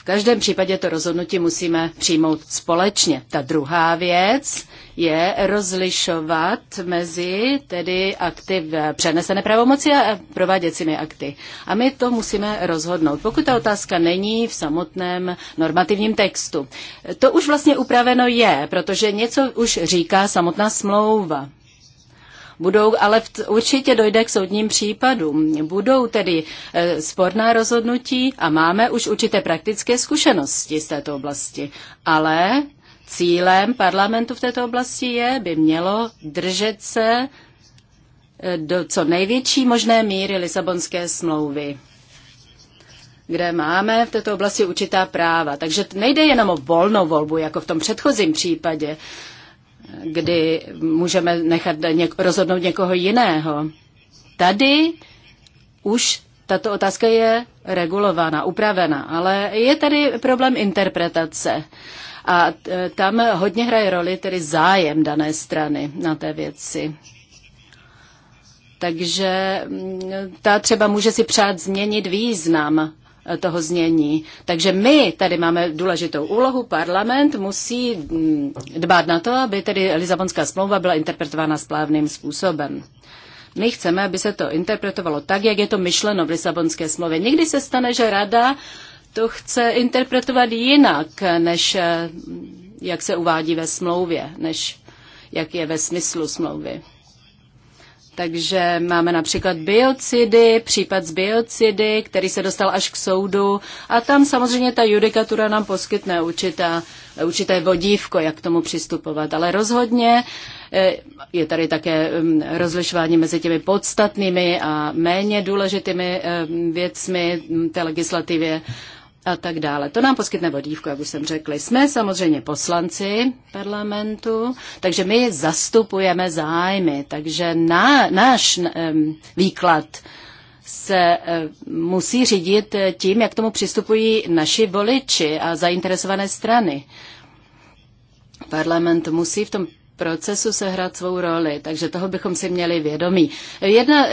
V každém případě to rozhodnutí musíme přijmout společně. Ta druhá věc je rozlišovat mezi tedy akty v přenesené pravomoci a prováděcími akty. A my to musíme rozhodnout, pokud ta otázka není v samotném normativním textu. To už vlastně upraveno je, protože něco už říká samotná smlouva budou, ale v, určitě dojde k soudním případům. Budou tedy e, sporná rozhodnutí a máme už určité praktické zkušenosti z této oblasti. Ale cílem parlamentu v této oblasti je, by mělo držet se eh, do co největší možné míry Lisabonské smlouvy kde máme v této oblasti určitá práva. Takže nejde jenom o volnou volbu, jako v tom předchozím případě kdy můžeme nechat něk- rozhodnout někoho jiného. Tady už tato otázka je regulována, upravena, ale je tady problém interpretace. A tam hodně hraje roli tedy zájem dané strany na té věci. Takže mm, ta třeba může si přát změnit význam toho znění. Takže my tady máme důležitou úlohu, parlament musí mm, dbát na to, aby tedy Lisabonská smlouva byla interpretována správným způsobem. My chceme, aby se to interpretovalo tak, jak je to myšleno v Lisabonské smlouvě. Někdy se stane, že rada to chce interpretovat jinak, než eh, jak se uvádí ve smlouvě, než jak je ve smyslu smlouvy. Takže máme například biocidy, případ z biocidy, který se dostal až k soudu a tam samozřejmě ta judikatura nám poskytne určitá, určité vodívko, jak k tomu přistupovat. Ale rozhodně eh, je tady také mm, rozlišování mezi těmi podstatnými a méně důležitými eh, věcmi mm, té legislativě a tak dále. To nám poskytne vodívku, jak už jsem řekli. Jsme samozřejmě poslanci parlamentu, takže my zastupujeme zájmy, takže na, náš um, výklad se e, musí řídit tím, jak tomu přistupují naši voliči a zainteresované strany. Parlament musí v tom procesu sehrát svou roli, takže toho bychom si měli vědomí. Jedna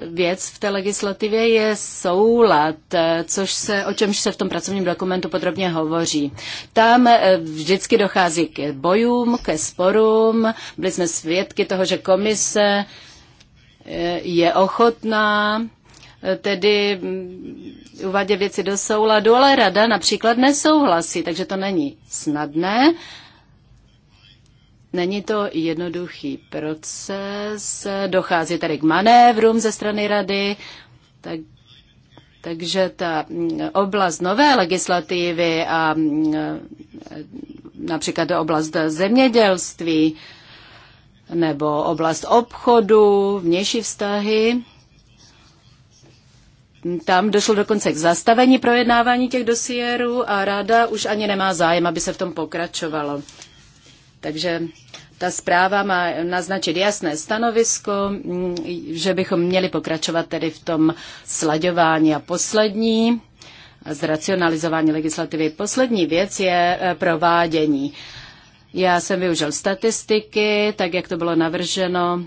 věc v té legislativě je soulad, což se, o čemž se v tom pracovním dokumentu podrobně hovoří. Tam eh, vždycky dochází k bojům, ke sporům, byli jsme svědky toho, že komise eh, je ochotná eh, tedy mm, uvadět věci do souladu, ale rada například nesouhlasí, takže to není snadné. Není to jednoduchý proces, dochází tady k manévrům ze strany rady, tak, takže ta mm, oblast nové legislativy a mm, například oblast zemědělství nebo oblast obchodu, vnější vztahy, tam došlo dokonce k zastavení projednávání těch dosierů a ráda už ani nemá zájem, aby se v tom pokračovalo. Takže ta zpráva má naznačit jasné stanovisko, že bychom měli pokračovat tedy v tom slaďování a poslední zracionalizování legislativy. Poslední věc je eh, provádění. Já jsem využil statistiky, tak jak to bylo navrženo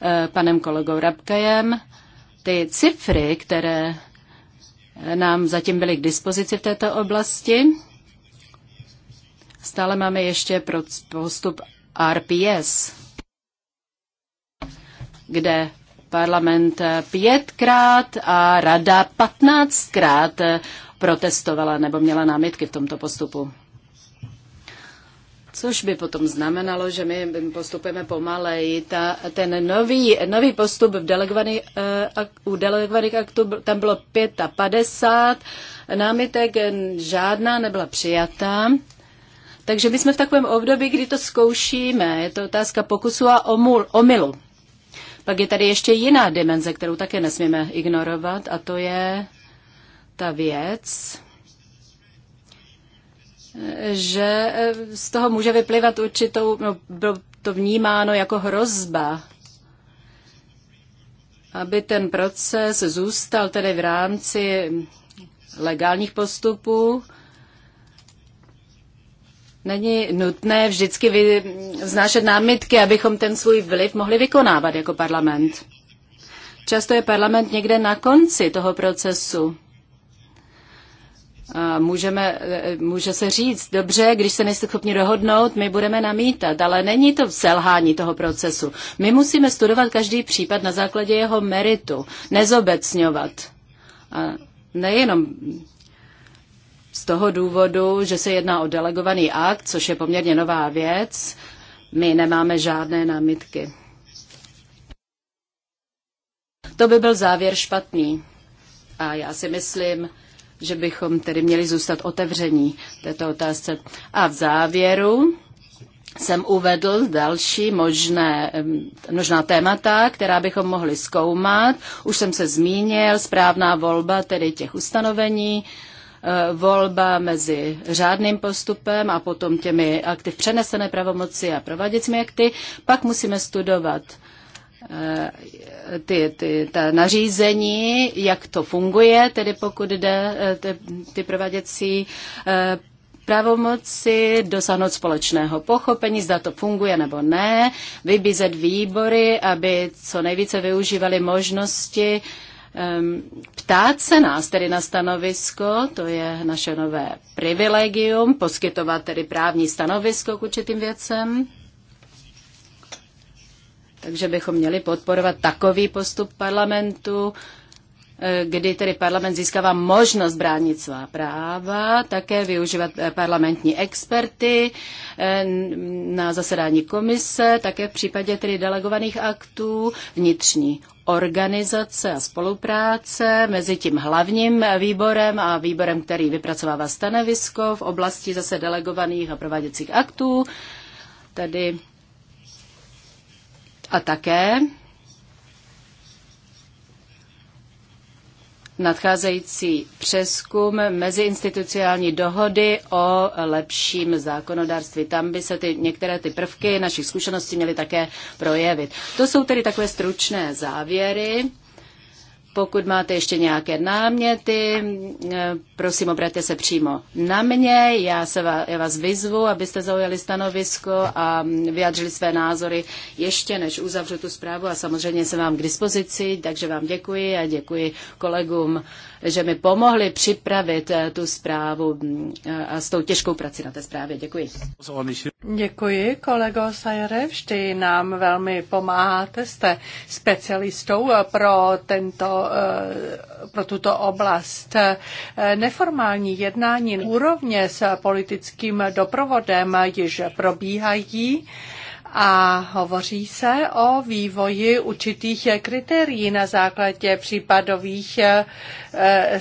eh, panem kolegou Rabkajem. Ty cifry, které eh, nám zatím byly k dispozici v této oblasti, Stále máme ještě postup RPS, kde parlament pětkrát a rada patnáctkrát protestovala nebo měla námitky v tomto postupu. Což by potom znamenalo, že my postupujeme pomaleji. Ta, ten nový, nový postup v delegovaný, uh, u delegovaných aktů, tam bylo 55 námitek, žádná nebyla přijata. Takže my jsme v takovém období, kdy to zkoušíme. Je to otázka pokusu a omul, omylu. Pak je tady ještě jiná dimenze, kterou také nesmíme ignorovat, a to je ta věc, že eh, z toho může vyplývat určitou, no, bylo to vnímáno jako hrozba, aby ten proces zůstal tedy v rámci legálních postupů, není nutné vždycky vznášet námitky, abychom ten svůj vliv mohli vykonávat jako parlament. Často je parlament někde na konci toho procesu. A můžeme, e, může se říct, dobře, když se nejste schopni dohodnout, my budeme namítat, ale není to selhání toho procesu. My musíme studovat každý případ na základě jeho meritu, nezobecňovat. A nejenom z toho důvodu, že se jedná o delegovaný akt, což je poměrně nová věc, my nemáme žádné námitky. To by byl závěr špatný. A já si myslím, že bychom tedy měli zůstat otevření této otázce. A v závěru jsem uvedl další možné, možná témata, která bychom mohli zkoumat. Už jsem se zmínil, správná volba tedy těch ustanovení. Eh, volba mezi řádným postupem a potom těmi aktiv přenesené pravomoci a prováděcími akty. Pak musíme studovat eh, ty, ty, ta nařízení, jak to funguje, tedy pokud jde eh, ty, ty prováděcí pravomoci dosáhnout společného pochopení, zda to funguje nebo ne, vybízet výbory, aby co nejvíce využívali možnosti Ehm, ptát se nás tedy na stanovisko, to je naše nové privilegium, poskytovat tedy právní stanovisko k určitým věcem. Takže bychom měli podporovat takový postup parlamentu, Eh, kdy tedy parlament získává možnost bránit svá práva, také využívat eh, parlamentní experty eh, na zasedání komise, také v případě tedy delegovaných aktů vnitřní organizace a spolupráce mezi tím hlavním výborem a výborem, který vypracovává stanovisko v oblasti zase delegovaných a prováděcích aktů, tedy a také nadcházející přeskum meziinstitucionální dohody o lepším zákonodárství. Tam by se ty, některé ty prvky našich zkušeností měly také projevit. To jsou tedy takové stručné závěry. Pokud máte ještě nějaké náměty, eh, prosím, obraťte se přímo na mě. Já, se vás, já vás vyzvu, abyste zaujali stanovisko a vyjadřili své názory ještě, než uzavřu tu zprávu. A samozřejmě jsem vám k dispozici, takže vám děkuji a děkuji kolegům že mi pomohli připravit eh, tu zprávu mm, eh, a s tou těžkou prací na té zprávě. Děkuji. Děkuji, kolego Sajere, vždy nám velmi pomáháte, jste specialistou eh, pro, tento, pro tuto oblast. Neformální jednání úrovně s politickým doprovodem již probíhají a hovoří se o vývoji určitých kritérií na základě případových Eh,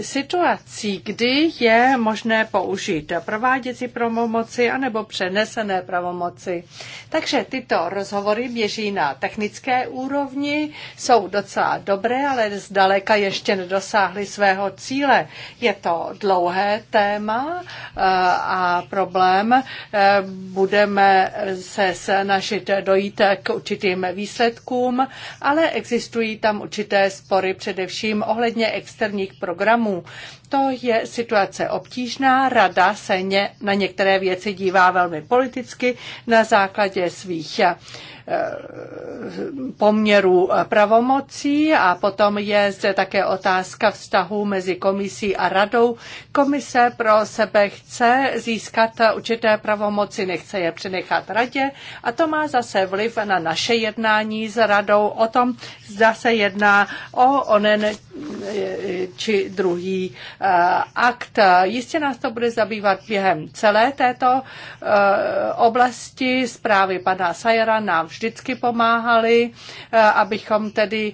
situací, kdy je možné použít prováděcí pravomoci anebo přenesené pravomoci. Takže tyto rozhovory běží na technické úrovni, jsou docela dobré, ale zdaleka ještě nedosáhly svého cíle. Je to dlouhé téma eh, a problém. Eh, budeme se snažit dojít k určitým výsledkům, ale existují tam určité spory především ohledně ex externích programů. To je situace obtížná, rada se ně, na některé věci dívá velmi politicky na základě svých eh, poměrů pravomocí a potom je zde také otázka vztahu mezi komisí a radou. Komise pro sebe chce získat určité pravomoci, nechce je přenechat radě a to má zase vliv na naše jednání s radou o tom, zda se jedná o onen eh, či druhý Eh, akt. Jistě nás to bude zabývat během celé této eh, oblasti. Zprávy pana Sajera nám vždycky pomáhaly, eh, abychom tedy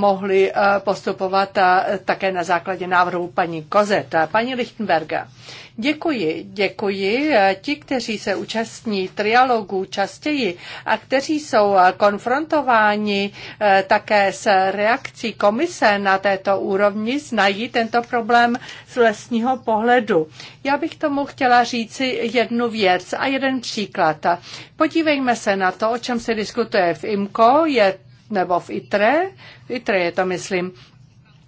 mohli postupovat také na základě návrhu paní Kozet. Paní Lichtenberger, Děkuji, děkuji. Eh, ti, kteří se účastní trialogů častěji a kteří jsou eh, konfrontováni eh, také s reakcí komise na této úrovni, znají tento problém z lesního pohledu. Já bych tomu chtěla říci jednu věc a jeden příklad. Podívejme se na to, o čem se diskutuje v IMCO, je nebo v ITRE, v ITRE je to, myslím,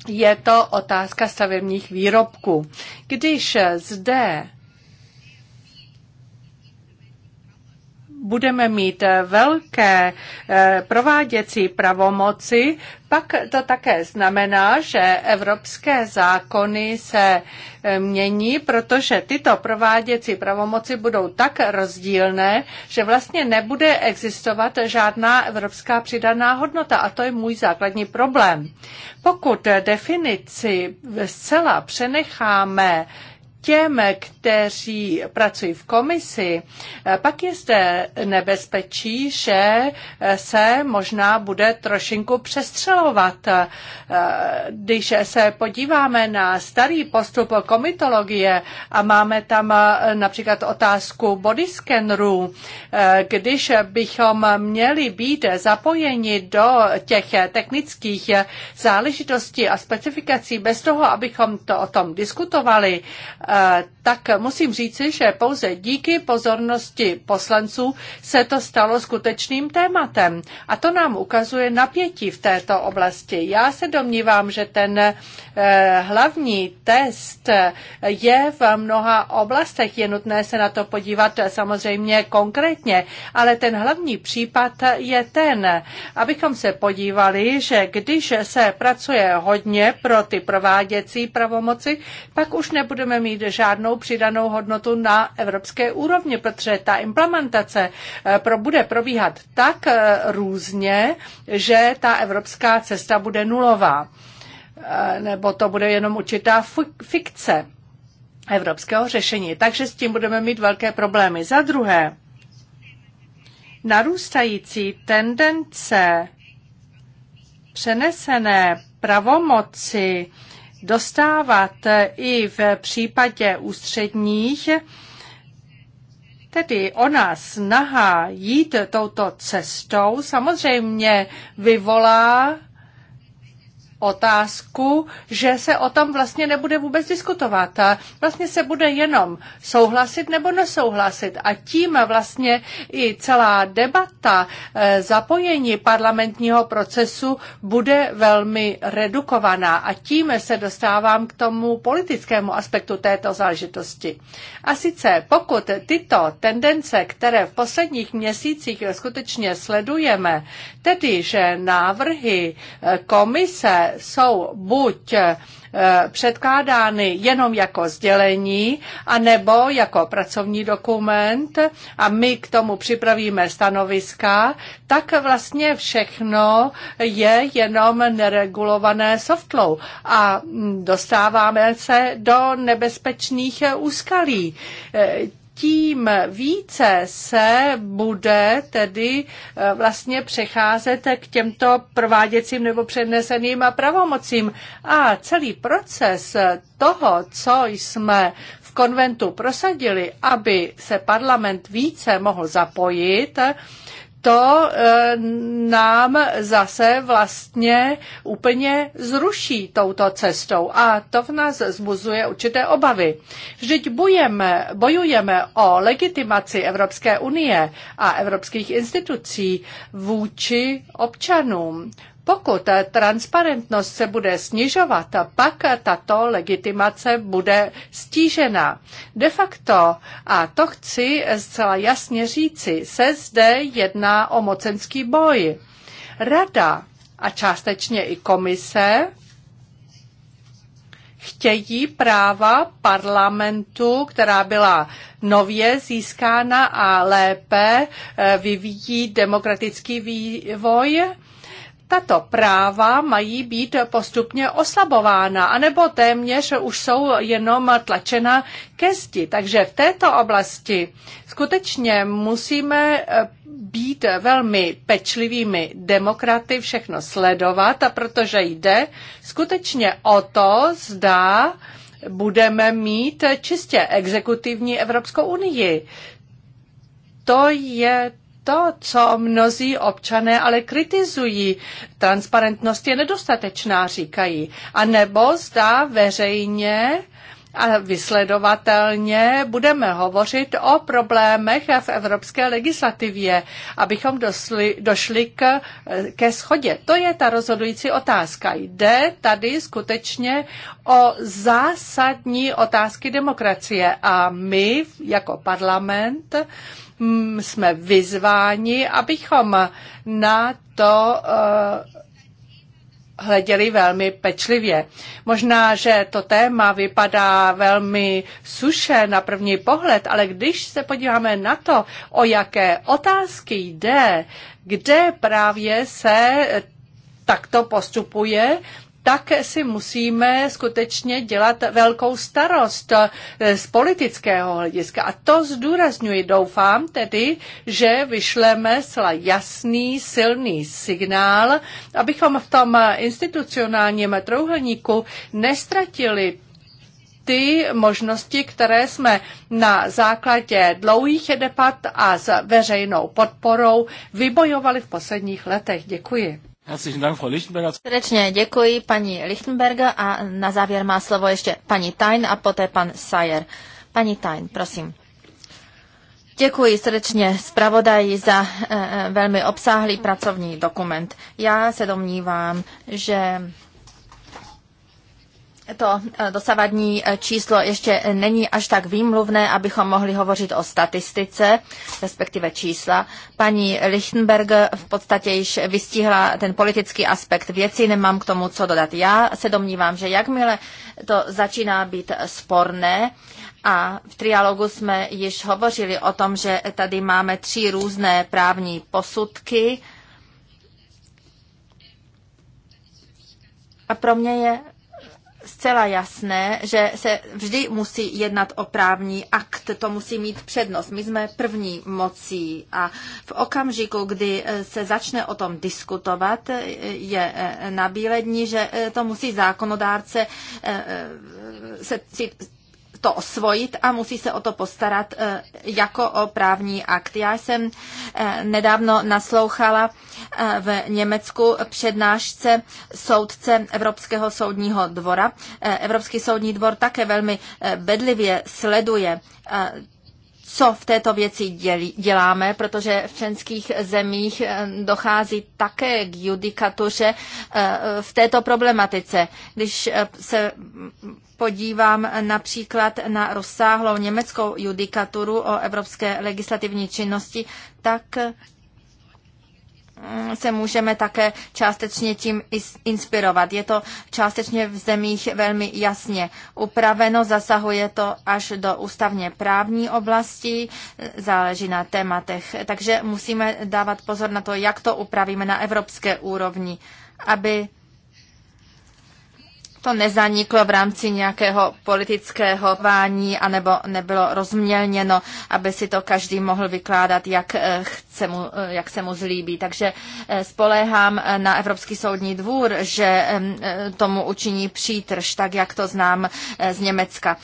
je to otázka stavebních výrobků. Když zde budeme mít eh, velké eh, prováděcí pravomoci, pak to také znamená, že evropské zákony se eh, mění, protože tyto prováděcí pravomoci budou tak rozdílné, že vlastně nebude existovat žádná evropská přidaná hodnota a to je můj základní problém. Pokud definici zcela přenecháme těm, kteří pracují v komisi, eh, pak je zde nebezpečí, že eh, se možná bude trošinku přestřelovat. Eh, když se podíváme na starý postup komitologie a máme tam například otázku body scannerů, když bychom měli být zapojeni do těch technických záležitostí a specifikací bez toho, abychom to o tom diskutovali, uh, tak musím říci, že pouze díky pozornosti poslanců se to stalo skutečným tématem. A to nám ukazuje napětí v této oblasti. Já se domnívám, že ten eh, hlavní test eh, je v mnoha oblastech. Je nutné se na to podívat eh, samozřejmě konkrétně, ale ten hlavní případ je ten, abychom se podívali, že když se pracuje hodně pro ty prováděcí pravomoci, pak už nebudeme mít žádnou skutečnou přidanou hodnotu na evropské úrovni, protože ta implementace eh, pro, bude probíhat tak eh, různě, že ta evropská cesta bude nulová, eh, nebo to bude jenom určitá fikce evropského řešení. Takže s tím budeme mít velké problémy. Za druhé, narůstající tendence přenesené pravomoci dostávat i v případě ústředních Tedy ona snaha jít touto cestou samozřejmě vyvolá otázku, že se o tom vlastně nebude vůbec diskutovat. A vlastně se bude jenom souhlasit nebo nesouhlasit. A tím vlastně i celá debata eh, zapojení parlamentního procesu bude velmi redukovaná. A tím se dostávám k tomu politickému aspektu této záležitosti. A sice pokud tyto tendence, které v posledních měsících skutečně sledujeme, tedy že návrhy eh, komise jsou buď eh, předkládány jenom jako sdělení, anebo jako pracovní dokument a my k tomu připravíme stanoviska, tak vlastně všechno je jenom neregulované softlou a dostáváme se do nebezpečných úskalí. Eh, tím více se bude tedy eh, vlastně přecházet k těmto prováděcím nebo předneseným pravomocím. A celý proces toho, co jsme v konventu prosadili, aby se parlament více mohl zapojit, to e, nám zase vlastně úplně zruší touto cestou a to v nás zbuzuje určité obavy. Vždyť bojujeme, bojujeme o legitimaci Evropské unie a evropských institucí vůči občanům. Pokud transparentnost se bude snižovat, pak tato legitimace bude stížena. De facto, a to chci zcela jasně říci, se zde jedná o mocenský boj. Rada a částečně i komise chtějí práva parlamentu, která byla nově získána a lépe eh, vyvíjí demokratický vývoj, tato práva mají být postupně oslabována, anebo téměř už jsou jenom tlačena ke zdi. Takže v této oblasti skutečně musíme eh, být velmi pečlivými demokraty, všechno sledovat, a protože jde skutečně o to, zda budeme mít čistě exekutivní Evropskou unii. To je to, co mnozí občané ale kritizují. Transparentnost je nedostatečná, říkají. A nebo zdá veřejně a vysledovatelně budeme hovořit o problémech v evropské legislativě, abychom dosli, došli k, ke schodě. To je ta rozhodující otázka. Jde tady skutečně o zásadní otázky demokracie a my jako parlament jsme vyzváni, abychom na to eh, hleděli velmi pečlivě. Možná, že to téma vypadá velmi suše na první pohled, ale když se podíváme na to, o jaké otázky jde, kde právě se takto postupuje, tak si musíme skutečně dělat velkou starost eh, z politického hlediska. A to zdůrazňuji. Doufám tedy, že vyšleme zcela jasný, silný signál, abychom v tom institucionálním trouhelníku nestratili ty možnosti, které jsme na základě dlouhých debat a s veřejnou podporou vybojovali v posledních letech. Děkuji. Srdečně děkuji paní Lichtenberger a na závěr má slovo ještě paní Tajn a poté pan Sayer. Paní Tajn, prosím. Děkuji srdečně zpravodaji za eh, eh, velmi obsáhlý pracovní dokument. Já se domnívám, že to eh, dosavadní eh, číslo ještě eh, není až tak výmluvné, abychom mohli hovořit o statistice, respektive čísla. Paní Lichtenberg v podstatě již vystihla ten politický aspekt věci, nemám k tomu co dodat. Já se domnívám, že jakmile to začíná být sporné, a v trialogu jsme již hovořili o tom, že tady máme tři různé právní posudky, a pro mě je zcela jasné, že se vždy musí jednat o právní akt, to musí mít přednost. My jsme první mocí a v okamžiku, kdy eh, se začne o tom diskutovat, eh, je eh, na bíle dní, že to musí zákonodárce se to osvojit a musí se o to postarat e, jako o právní akt. Já jsem e, nedávno naslouchala e, v Německu přednášce soudce Evropského soudního dvora. Evropský soudní dvor také velmi bedlivě sleduje co v této věci dělí, děláme, protože v členských zemích eh, dochází také k judikatuře eh, v této problematice. Když eh, se podívám například na rozsáhlou německou judikaturu o evropské legislativní činnosti, tak se můžeme také částečně tím inspirovat. Je to částečně v zemích velmi jasně upraveno, zasahuje to až do ústavně právní oblasti, záleží na tématech. Takže musíme dávat pozor na to, jak to upravíme na evropské úrovni, aby to nezaniklo v rámci nějakého politického vání anebo nebylo rozmělněno, aby si to každý mohl vykládat, jak, eh, chce mu, eh, jak se mu zlíbí. Takže eh, spoléhám na Evropský soudní dvůr, že tomu učiní přítrž, tak jak to znám z Německa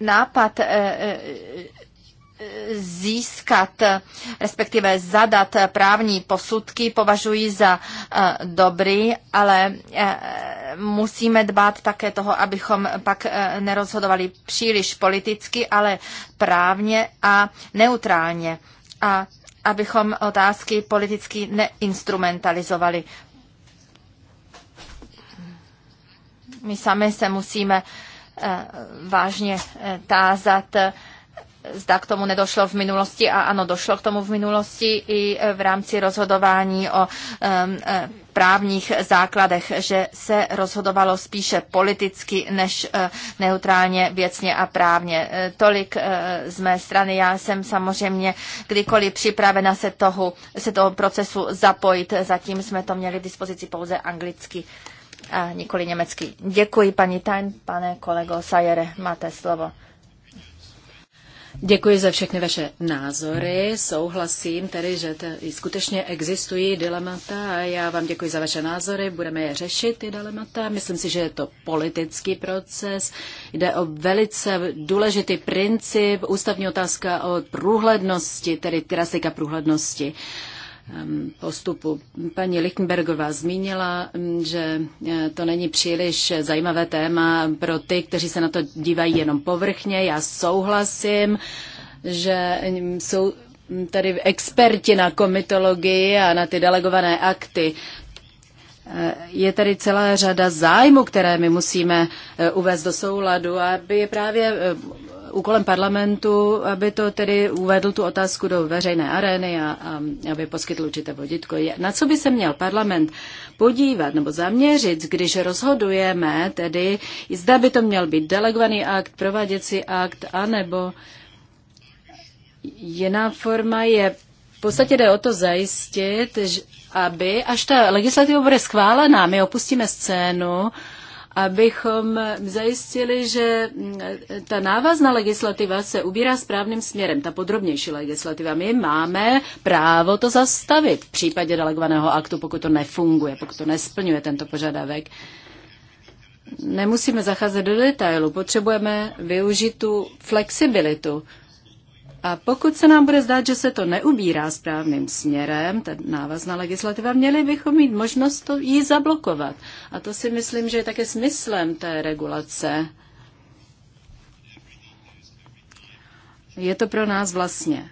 nápad, získat, respektive zadat právní posudky, považuji za eh, dobrý, ale eh, musíme dbát také toho, abychom pak eh, nerozhodovali příliš politicky, ale právně a neutrálně. A abychom otázky politicky neinstrumentalizovali. My sami se musíme vážně tázat, zda k tomu nedošlo v minulosti a ano, došlo k tomu v minulosti i e, v rámci rozhodování o e, e, právních základech, že se rozhodovalo spíše politicky než neutrálně, věcně a právně. Tolik z mé strany. Já jsem samozřejmě kdykoliv připravena se toho, se toho procesu zapojit. Zatím jsme to měli k dispozici pouze anglicky a nikoli německy. Děkuji paní Tain, pane kolego Sajere, máte slovo. Děkuji za všechny vaše názory. Souhlasím tedy, že skutečně existují dilemata. a Já vám děkuji za vaše názory. Budeme je řešit, ty dilemata. Myslím si, že je to politický proces. Jde o velice důležitý princip. Ústavní otázka o průhlednosti, tedy která průhlednosti. Uh, postupu. Paní Lichtenbergová zmínila, že e, to není příliš zajímavé téma pro ty, kteří se na to dívají jenom povrchně. Já souhlasím, že jsou tady experti na komitologii a na ty delegované akty. E, je tady celá řada zájmu, které my musíme e, uvést do souladu, aby je právě úkolem parlamentu, aby to tedy uvedl tu otázku do veřejné arény a, a aby poskytl určité vodítko. Na co by se měl parlament podívat nebo zaměřit, když rozhodujeme, tedy zda by to měl být delegovaný akt, prováděcí akt, anebo jiná forma je v podstatě jde o to zajistit, aby až ta legislativa bude schválená, my opustíme scénu, abychom zajistili, že ta návazná legislativa se ubírá správným směrem, ta podrobnější legislativa. My máme právo to zastavit v případě delegovaného aktu, pokud to nefunguje, pokud to nesplňuje tento požadavek. Nemusíme zacházet do detailu, potřebujeme využít tu flexibilitu a pokud se nám bude zdát, že se to neubírá správným směrem, ten návaz na legislativa, měli bychom mít možnost to ji zablokovat. A to si myslím, že je také smyslem té regulace. Je to pro nás vlastně.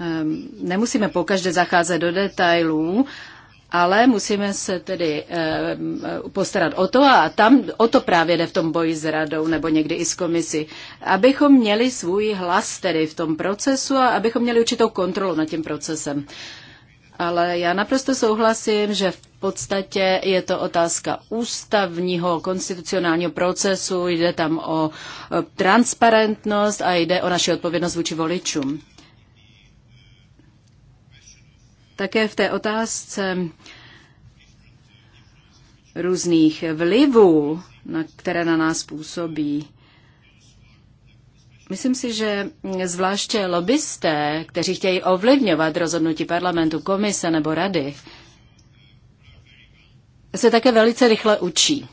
Ehm, nemusíme pokaždé zacházet do detailů, ale musíme se tedy eh, postarat o to a tam o to právě jde v tom boji s radou nebo někdy i s komisí, abychom měli svůj hlas tedy v tom procesu a abychom měli určitou kontrolu nad tím procesem. Ale já naprosto souhlasím, že v podstatě je to otázka ústavního konstitucionálního procesu, jde tam o eh, transparentnost a jde o naši odpovědnost vůči voličům. Také v té otázce různých vlivů, na které na nás působí. Myslím si, že zvláště lobbysté, kteří chtějí ovlivňovat rozhodnutí parlamentu, komise nebo rady, se také velice rychle učí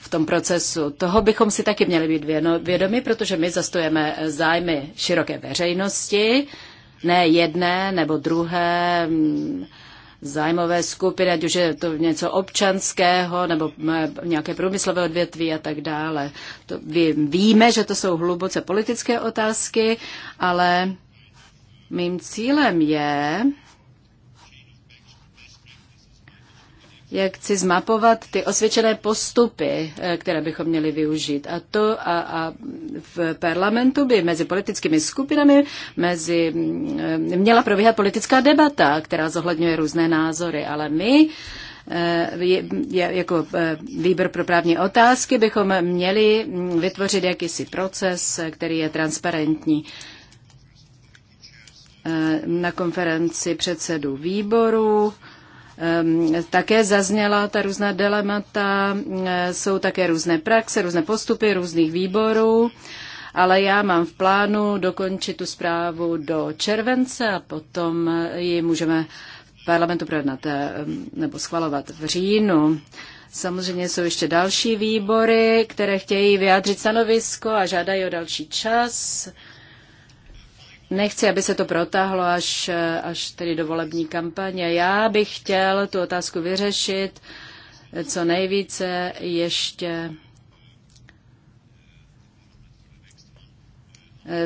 v tom procesu. Toho bychom si taky měli být vědomi, protože my zastujeme zájmy široké veřejnosti, ne jedné nebo druhé mm, zájmové skupiny, ať už je to něco občanského nebo mm, nějaké průmyslové odvětví a tak dále. To ví, víme, že to jsou hluboce politické otázky, ale mým cílem je jak chci zmapovat ty osvědčené postupy, eh, které bychom měli využít. A to a, a v parlamentu by mezi politickými skupinami mezi, mm, měla probíhat politická debata, která zohledňuje různé názory, ale my eh, jako eh, výbor pro právní otázky bychom měli mm, vytvořit jakýsi proces, který je transparentní na konferenci předsedů výboru Ehm, také zazněla ta různá dilemata, eh, jsou také různé praxe, různé postupy různých výborů, ale já mám v plánu dokončit tu zprávu do července a potom eh, ji můžeme v parlamentu projednat eh, nebo schvalovat v říjnu. Samozřejmě jsou ještě další výbory, které chtějí vyjádřit stanovisko a žádají o další čas. Nechci, aby se to protáhlo až, až tedy do volební kampaně. Já bych chtěl tu otázku vyřešit co nejvíce ještě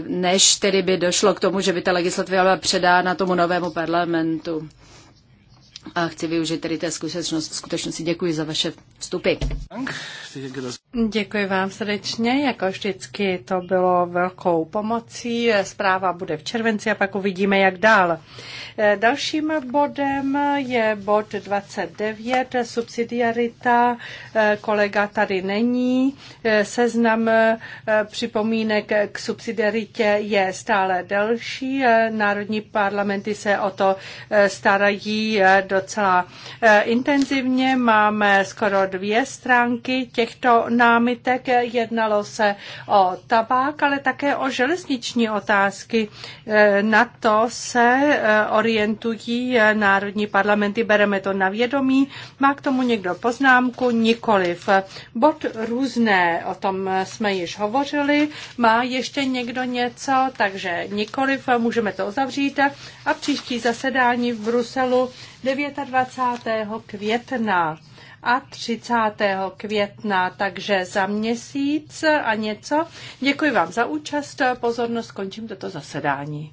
než tedy by došlo k tomu, že by ta legislativa byla předána tomu novému parlamentu. A chci využít tedy té Skutečně si Děkuji za vaše vstupy. Děkuji vám srdečně. Jako vždycky to bylo velkou pomocí. Zpráva bude v červenci a pak uvidíme, jak dál. Dalším bodem je bod 29, subsidiarita. Kolega tady není. Seznam připomínek k subsidiaritě je stále delší. Národní parlamenty se o to starají do docela eh, intenzivně. Máme skoro dvě stránky těchto námitek. Jednalo se o tabák, ale také o železniční otázky. Eh, na to se eh, orientují národní parlamenty, bereme to na vědomí. Má k tomu někdo poznámku? Nikoliv. Bod různé, o tom jsme již hovořili. Má ještě někdo něco? Takže nikoliv, můžeme to uzavřít a příští zasedání v Bruselu 29. května a 30. května, takže za měsíc a něco. Děkuji vám za účast, pozornost, končím toto zasedání.